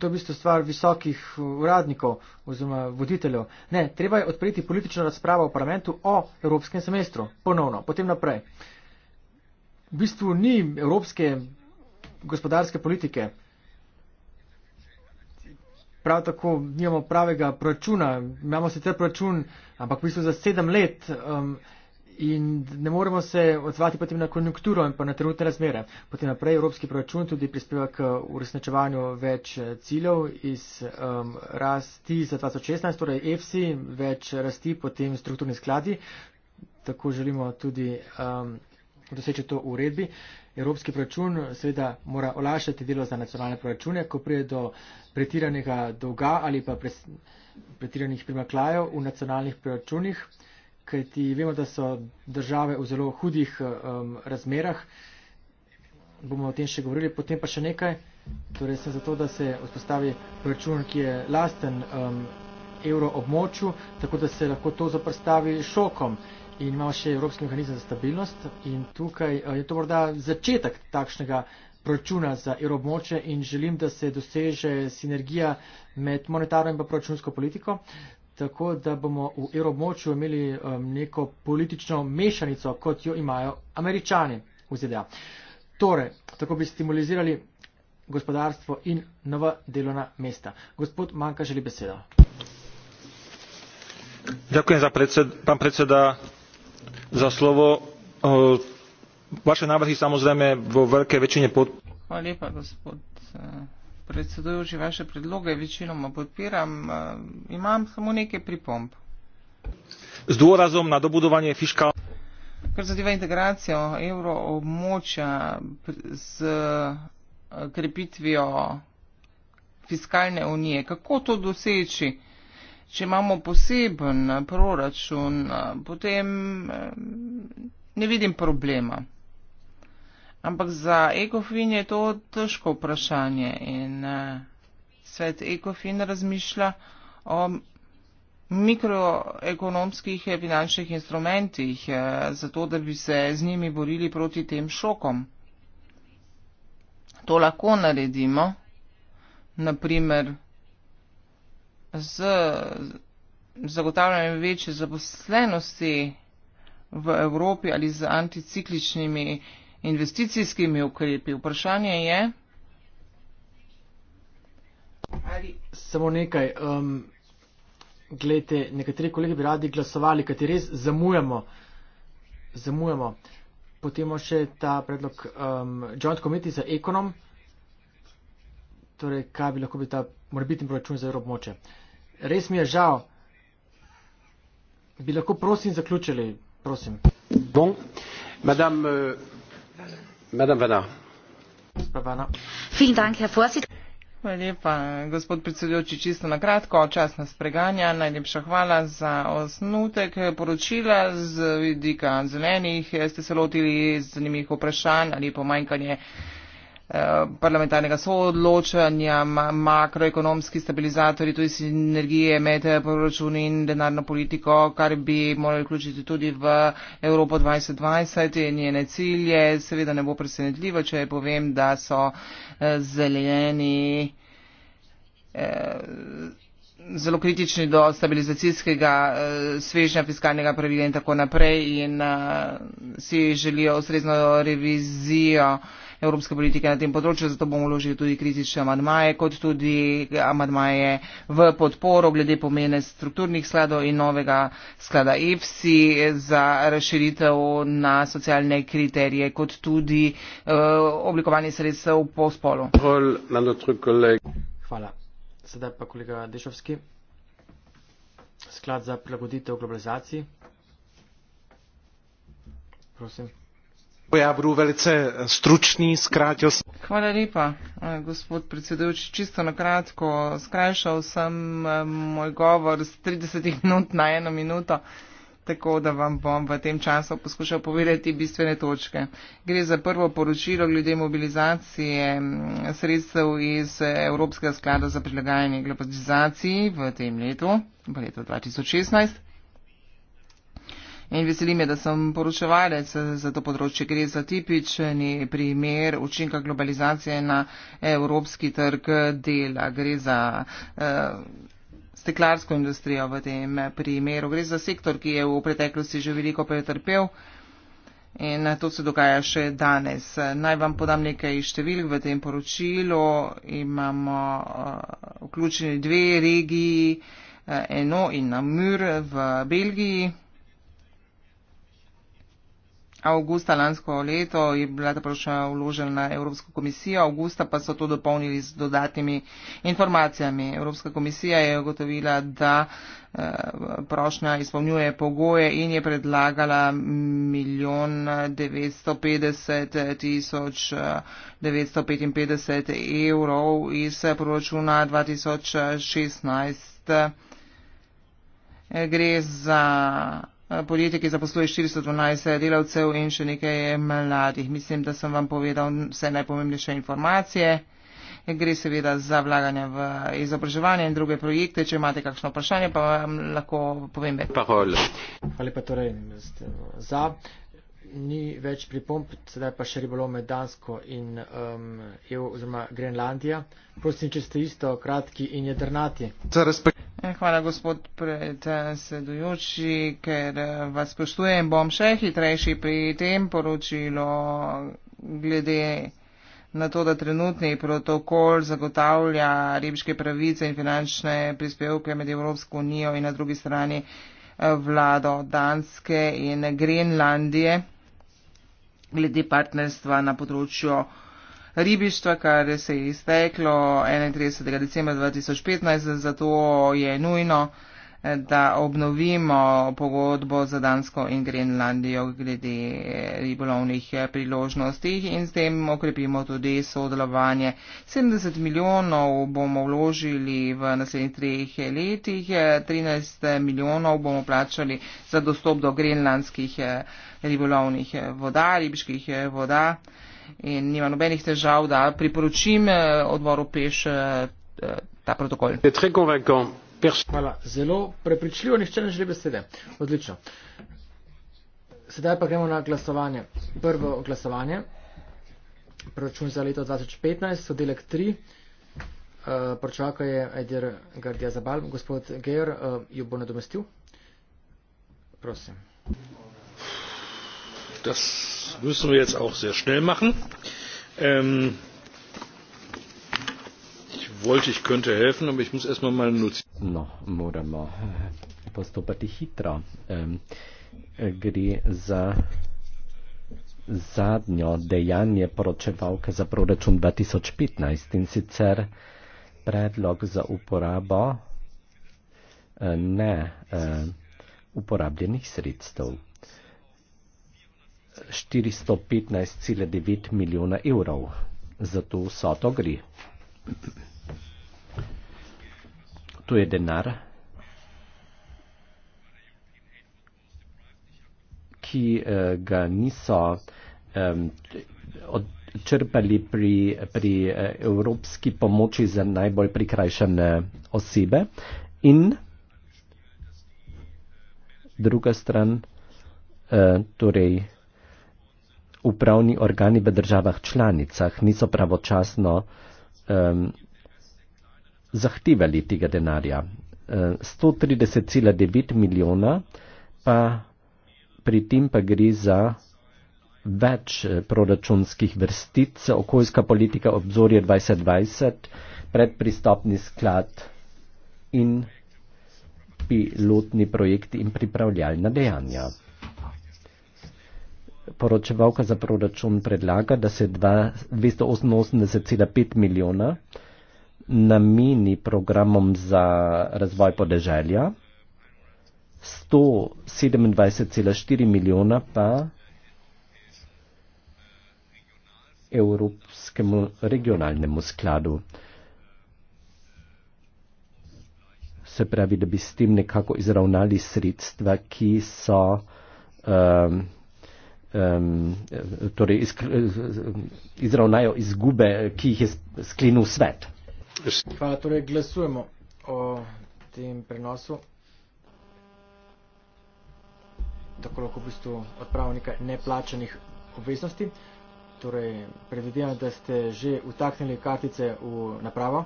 To je v bistvu stvar visokih uradnikov oziroma voditeljev. Ne, treba je odpreti politično razpravo v parlamentu o evropskem semestru. Ponovno, potem naprej. V bistvu ni evropske gospodarske politike. Prav tako nimamo pravega proračuna. Imamo sicer proračun, ampak v bistvu za sedem let. Um, in ne moremo se odzvati potem na konjunkturo in pa na trenutne razmere. Potem naprej Evropski proračun tudi prispeva k uresničevanju več eh, ciljev iz um, rasti za 2016, torej EFSI, več rasti potem strukturni skladi. Tako želimo tudi um, doseči to v uredbi. Evropski proračun seveda mora olašati delo za nacionalne proračune, ko prije do pretiranega dolga ali pa pretiranih primaklajev v nacionalnih proračunih kajti vemo, da so države v zelo hudih um, razmerah. Bomo o tem še govorili. Potem pa še nekaj. Torej sem zato, da se vzpostavi proračun, ki je lasten um, evro območju, tako da se lahko to zaprstavi šokom. In imamo še Evropski mehanizem za stabilnost in tukaj uh, je to morda začetek takšnega proračuna za evroobmoče in želim, da se doseže sinergija med monetarno in proračunsko politiko tako da bomo v evromočju imeli um, neko politično mešanico, kot jo imajo američani v ZDA. Torej, tako bi stimulizirali gospodarstvo in nova delovna mesta. Gospod Manka želi besedo. Ďakujem za predsed, pán predseda za slovo. Vaše návrhy samozrejme vo veľkej väčšine pod... Hvala lepa, gospod uh predsedujoči, vaše predloge večinoma podpiram. Eh, imam samo nekaj pripomb. Z dôrazom na dobudovanie fiškal. Kar zadeva integracijo euroobmočja z eh, krepitvijo fiskalne unije, kako to doseči? Če imamo poseben eh, proračun, potem ne vidim problema. Ampak za ekofin je to težko vprašanje in uh, svet ekofin razmišlja o mikroekonomskih eh, finančnih instrumentih, uh, zato da bi se z njimi borili proti tem šokom. To lahko naredimo, naprimer, z zagotavljanjem večje zaposlenosti v Evropi ali z anticikličnimi instrumenti investicijskimi ukrepi. Vprašanje je. Ali... Samo nekaj. Um, glede, nekateri kolegi bi radi glasovali, kajti res zamujamo. zamujamo. Potem še ta predlog um, Joint Committee za ekonom. Torej, kaj bi lahko bil ta morbitni proračun za Evropmoče. Res mi je žal. Bi lahko prosim zaključili, prosim. Bon. Madame, uh gospod predsedujoči čisto na kratko čas nas preganja najlepša hvala za osnutek poročila z vidika zelenih ste se lotili zanimivih vprašanj ali pomanjkanje Eh, parlamentarnega soodločanja, makroekonomski stabilizatorji, tudi sinergije med eh, proračuni in denarno politiko, kar bi morali vključiti tudi v Evropo 2020 in njene cilje. Seveda ne bo presenetljivo, če povem, da so eh, zeleni zelo kritični do stabilizacijskega svežnja fiskalnega pravila in tako naprej in si želijo ustrezno revizijo evropske politike na tem področju, zato bomo vložili tudi kritične amadmaje, kot tudi amadmaje v podporo glede pomene strukturnih skladov in novega sklada EFSI za razširitev na socialne kriterije, kot tudi uh, oblikovanje sredstev po spolu. Hvala. Sedaj pa kolega Dešovski. Sklad za prilagoditev globalizaciji. Prosim. Ja, velice stručni, skratil sem. Hvala lepa, eh, gospod predsedujoči. Čisto na kratko, skrajšal sem eh, moj govor z 30 minut na eno minuto, tako da vam bom v tem času poskušal povedati bistvene točke. Gre za prvo poročilo glede mobilizacije mm, sredstev iz Evropskega sklada za prilagajanje globalizaciji v tem letu, v letu 2016. In veseli me, da sem poročevalec za to področje. Gre za tipični primer učinka globalizacije na evropski trg dela. Gre za uh, steklarsko industrijo v tem primeru. Gre za sektor, ki je v preteklosti že veliko pretrpel. In to se dogaja še danes. Naj vam podam nekaj številk v tem poročilu. Imamo uh, vključeni dve regiji, uh, eno in namur v Belgiji. Augusta lansko leto je bila ta prošnja vložena na Evropsko komisijo, augusta pa so to dopolnili z dodatnimi informacijami. Evropska komisija je ugotovila, da eh, prošnja izpolnjuje pogoje in je predlagala 1 950 955 evrov iz proračuna 2016. Eh, gre za Eh, podjetje, ki zaposluje 412 eh, delavcev in še nekaj eh, mladih. Mislim, da sem vam povedal vse najpomembnejše informacije. Gre seveda za vlaganje v izobraževanje in druge projekte. Če imate kakšno vprašanje, pa vam lahko povem več. Hvala lepa torej, ste za ni več pripomp, sedaj pa še ribolov med Dansko in um, EU oziroma Grenlandija. Prosim, če ste isto kratki in jedrnati. Eh, hvala, gospod predsedujoči, ker eh, vas spoštujem. Bom še hitrejši pri tem poročilo glede na to, da trenutni protokol zagotavlja ribiške pravice in finančne prispevke med Evropsko unijo in na drugi strani eh, vlado Danske in Grenlandije glede partnerstva na področju ribištva, kar se je izteklo 31. decembra 2015, zato je nujno, da obnovimo pogodbo za Dansko in Grenlandijo glede ribolovnih priložnosti in s tem okrepimo tudi sodelovanje. 70 milijonov bomo vložili v naslednjih treh letih, 13 milijonov bomo plačali za dostop do grenlandskih ribolovnih eh, voda, ribiških eh, voda in nima nobenih težav, da priporočim eh, odboru peš ta protokol. Hvala. Zelo prepričljivo, nišče ne želi besede. Odlično. Sedaj pa gremo na glasovanje. Prvo glasovanje. Proračun za leto 2015, sodelek 3. Uh, Pročaka je Edir Gardia Zabal. Gospod Geir uh, jo bo nadomestil. Prosim das müssen wir jetzt auch sehr schnell machen. Ähm, ich wollte ich könnte helfen aber ich muss erst mal meine notizen. No, eh, eh, zadnjo dejanje poročevalke za proračun 2015 in sicer predlog za uporabo eh, ne uporabljenih sredstev, 415,9 milijona evrov. Zato vso to gre. To je denar, ki eh, ga niso črpali pri, pri eh, evropski pomoči za najbolj prikrajšane osebe. In druga stran, eh, torej upravni organi v državah članicah niso pravočasno um, zahtevali tega denarja. Uh, e, 130,9 milijona pa pri tem pa gre za več e, proračunskih vrstic, okoljska politika obzorje 2020, predpristopni sklad in pilotni projekti in pripravljalna dejanja poročevalka za proračun predlaga, da se 288,5 milijona nameni programom za razvoj podeželja, 127,4 milijona pa Evropskemu regionalnemu skladu. Se pravi, da bi s tem nekako izravnali sredstva, ki so um, um, torej izravnajo izgube, ki jih je sklenil svet. Hvala, torej glasujemo o tem prenosu. Tako lahko v bistvu odpravimo nekaj neplačanih obveznosti. Torej, predvidevam, da ste že utaknili kartice v napravo.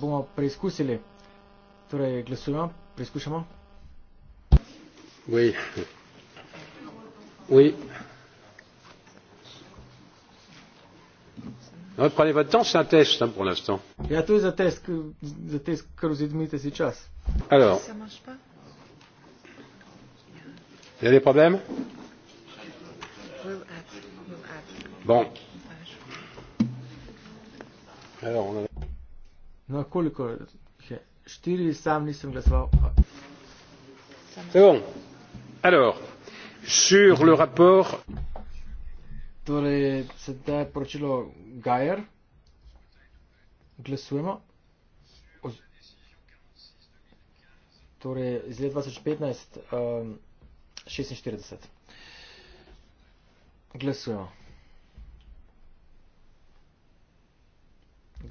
Bomo preizkusili, torej glasujemo, preizkušamo. Oui. Oui. No, prenez votre temps, c'est un test hein, pour l'instant. Il y a tous un test que vous êtes que vous êtes mis à cette chasse. Alors. Ça marche pas. Il y a des problèmes. Bon. Alors on a. Non, quoi le quoi. Je tire les samedis sur le C'est bon. Alors sur le rapport. Torej, sedaj je poročilo Gajer. Glasujemo. Oz torej, iz leta 2015, um, 46. Glasujemo.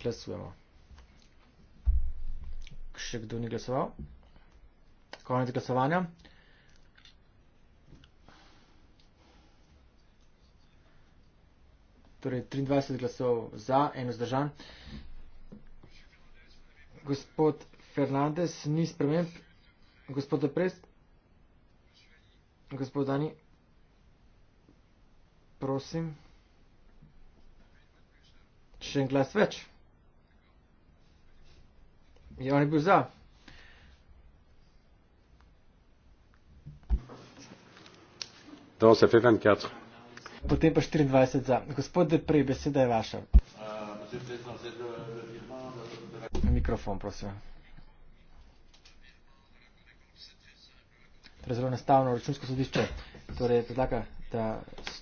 Glasujemo. Še kdo ni glasoval? Konec glasovanja. torej 23 glasov za, eno zdržan. Gospod Fernandez, ni sprememb. Gospod Deprest. Gospod Dani. Prosim. Še en glas več. Je on je bil za. Dans ça fait 24 potem pa 24 za. Gospod Depre, beseda je vaša. Mikrofon, prosim. Torej, zelo nastavno računsko sodišče. Torej, predlaga, da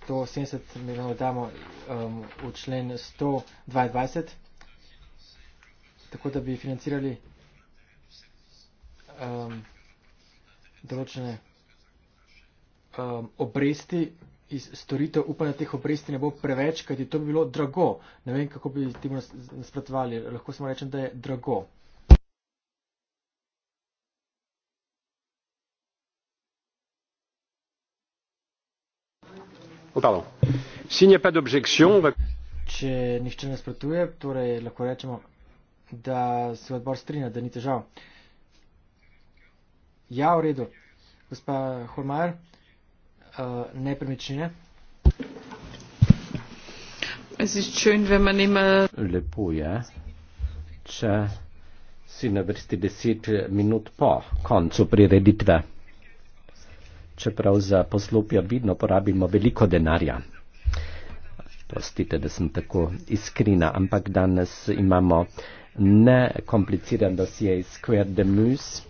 170 milijonov damo um, v člen 122, tako da bi financirali um, določene um, obresti iz storitev, upam, da teh obresti ne bo preveč, kajti to bi bilo drago. Ne vem, kako bi temu nasprotovali. Lahko samo rečem, da je drago. Oh, Če nišče ne sprotuje, torej lahko rečemo, da se odbor strinja, da ni težav. Ja, v redu. Gospa Holmajer äh, nepremičnine. Es ist schön, wenn man immer Lepo je, če si na vrsti deset minut po koncu prireditve. Čeprav za poslopja vidno porabimo veliko denarja. Prostite, da sem tako iskrena, ampak danes imamo nekompliciran dosje iz Square de Muse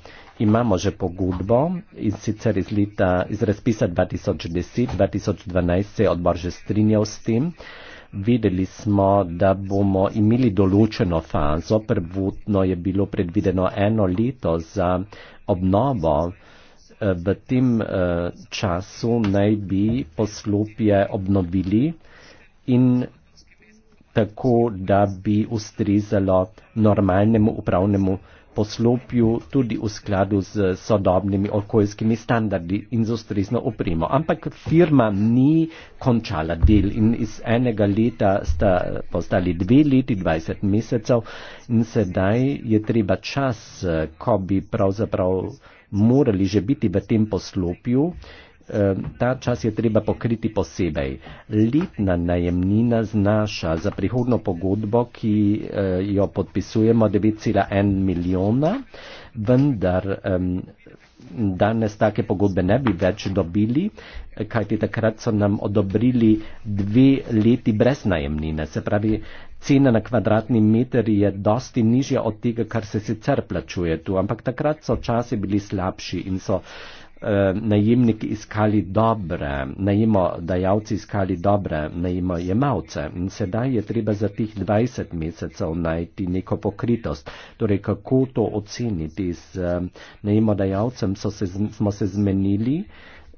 imamo že pogudbo in sicer iz, leta, iz razpisa 2010-2012 se je odbor že strinjal s tem. Videli smo, da bomo imeli določeno fazo, prvotno je bilo predvideno eno leto za obnovo. Eh, v tem eh, času naj bi poslopje obnovili in tako, da bi ustrezalo normalnemu upravnemu poslopju tudi v skladu z sodobnimi okoljskimi standardi in z ustrezno opremo. Ampak firma ni končala del in iz enega leta sta postali dve leti, 20 mesecev in sedaj je treba čas, ko bi pravzaprav morali že biti v tem poslopju, ta čas je treba pokriti posebej. Letna najemnina znaša za prihodno pogodbo, ki eh, jo podpisujemo, 9,1 milijona, vendar danes take pogodbe ne bi več dobili, kajti takrat so nam odobrili dve leti brez najemnine. Se pravi, cena na kvadratni meter je dosti nižja od tega, kar se sicer plačuje tu, ampak takrat so časi bili slabši in so Eh, najemniki iskali dobre, najemodajalci iskali dobre najemojemalce. Sedaj je treba za tih 20 mesecev najti neko pokritost. Torej, kako to oceniti? Z eh, najemodajalcem so se, smo se zmenili.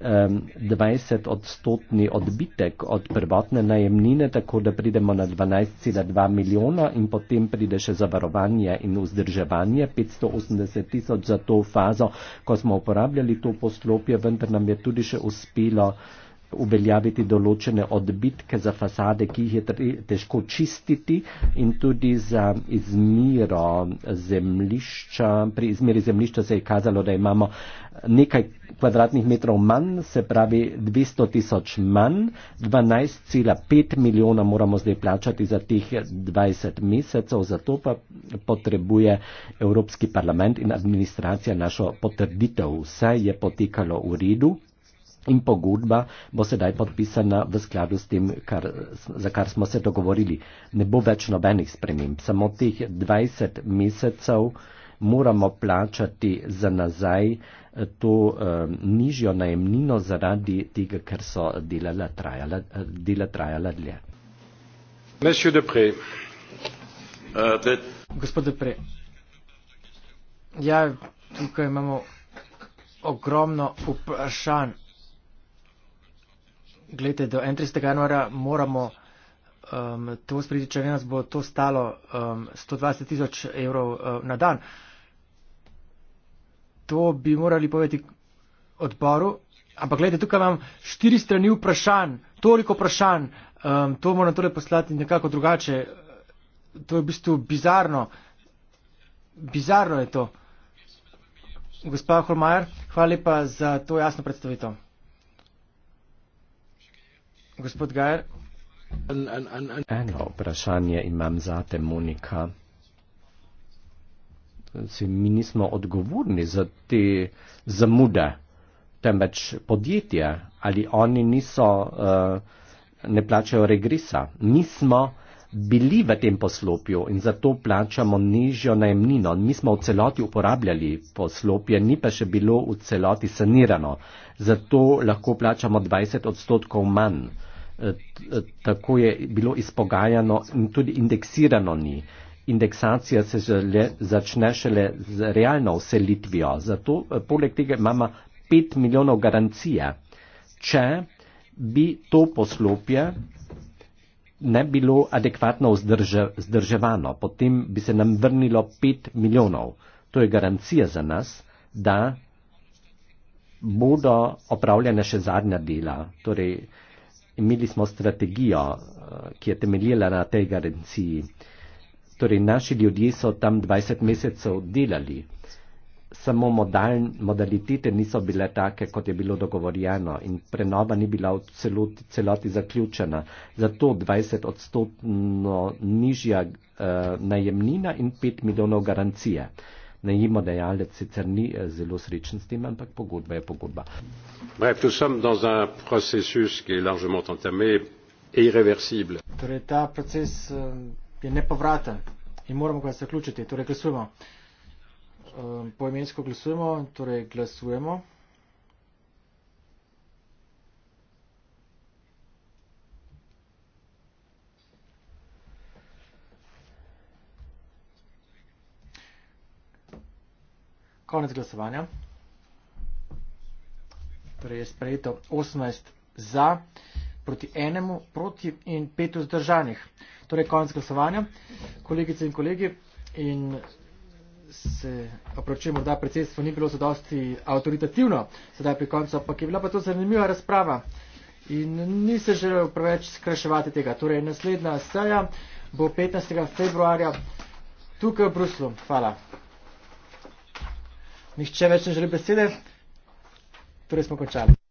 20 odstotni odbitek od prvotne najemnine, tako da pridemo na 12,2 milijona in potem pride še zavarovanje in vzdrževanje 580 tisoč za to fazo, ko smo uporabljali to poslopje, vendar nam je tudi še uspelo uh, uveljaviti določene odbitke za fasade, ki jih je težko čistiti in tudi za izmiro zemlišča. Pri izmiri zemlišča se je kazalo, da imamo nekaj kvadratnih metrov manj, se pravi 200 tisoč manj, 12,5 milijona moramo zdaj plačati za teh 20 mesecev, zato pa potrebuje Evropski parlament in administracija našo potrditev. Vse je potekalo v redu. In pogodba bo sedaj podpisana v skladu s tem, kar, za kar smo se dogovorili. Ne bo več nobenih sprememb. Samo teh 20 mesecev moramo plačati za nazaj to eh, nižjo najemnino zaradi tega, ker so delala trajala, dela trajala dlje. Euh, Gospod Depre. Uh, de... Gospod Depre. Ja, tukaj imamo ogromno vprašanj. Glede, do 31. januara moramo um, to sprejeti, če nas bo to stalo um, 120 tisoč evrov uh, na dan. To bi morali povedati odboru. Ampak gledajte, tukaj imam štiri strani vprašanj, toliko vprašanj, um, to moram torej poslati nekako drugače. To je v bistvu bizarno. Bizarno je to. Gospa Holmajer, hvala lepa za to jasno predstavitev. Gospod Gajer. Eno vprašanje imam za te, Monika. Se, mi nismo odgovorni za te zamude, temveč podjetje ali oni niso, uh, ne plačajo regresa. Mi smo bili v tem poslopju in zato plačamo nižjo najemnino. Mi smo v celoti uporabljali poslopje, ni pa še bilo v celoti sanirano. Zato lahko plačamo 20 odstotkov manj. E, e, tako je bilo izpogajano in tudi indeksirano ni. Indeksacija se žele, začne šele z realno uselitvijo. Zato e, poleg tega imamo 5 milijonov garancije. Če bi to poslopje ne bilo adekvatno vzdrževano, potem bi se nam vrnilo 5 milijonov. To je garancija za nas, da bodo opravljene še zadnja dela. Torej, imeli smo strategijo, eh, ki je temeljila na tej garanciji. Torej, naši ljudje so tam 20 mesecev delali. Uh, samo modal, modalitete niso bile take, kot je bilo dogovorjeno in prenova ni bila v celoti, celoti zaključena. Zato 20 odstotno nižja eh, najemnina in 5 milijonov garancije. Najemodajalec sicer ni eh, zelo srečen s tem, ampak pogodba je pogodba. Bref, Torej, ta proces eh, je nepovraten in moramo ga zaključiti. Torej, glasujemo. Um, poimensko glasujemo, torej glasujemo. Konec glasovanja. Torej je sprejeto 18 za, proti enemu, proti in pet vzdržanih. Torej konec glasovanja. Kolegice in kolegi in se oproče morda predsedstvo ni bilo zadosti avtoritativno, sedaj pri koncu, ampak je bila pa to zanimiva razprava in ni se želel preveč skraševati tega. Torej, naslednja seja bo 15. februarja tukaj v Bruslu. Hvala. Nihče več ne želi besede, torej smo končali.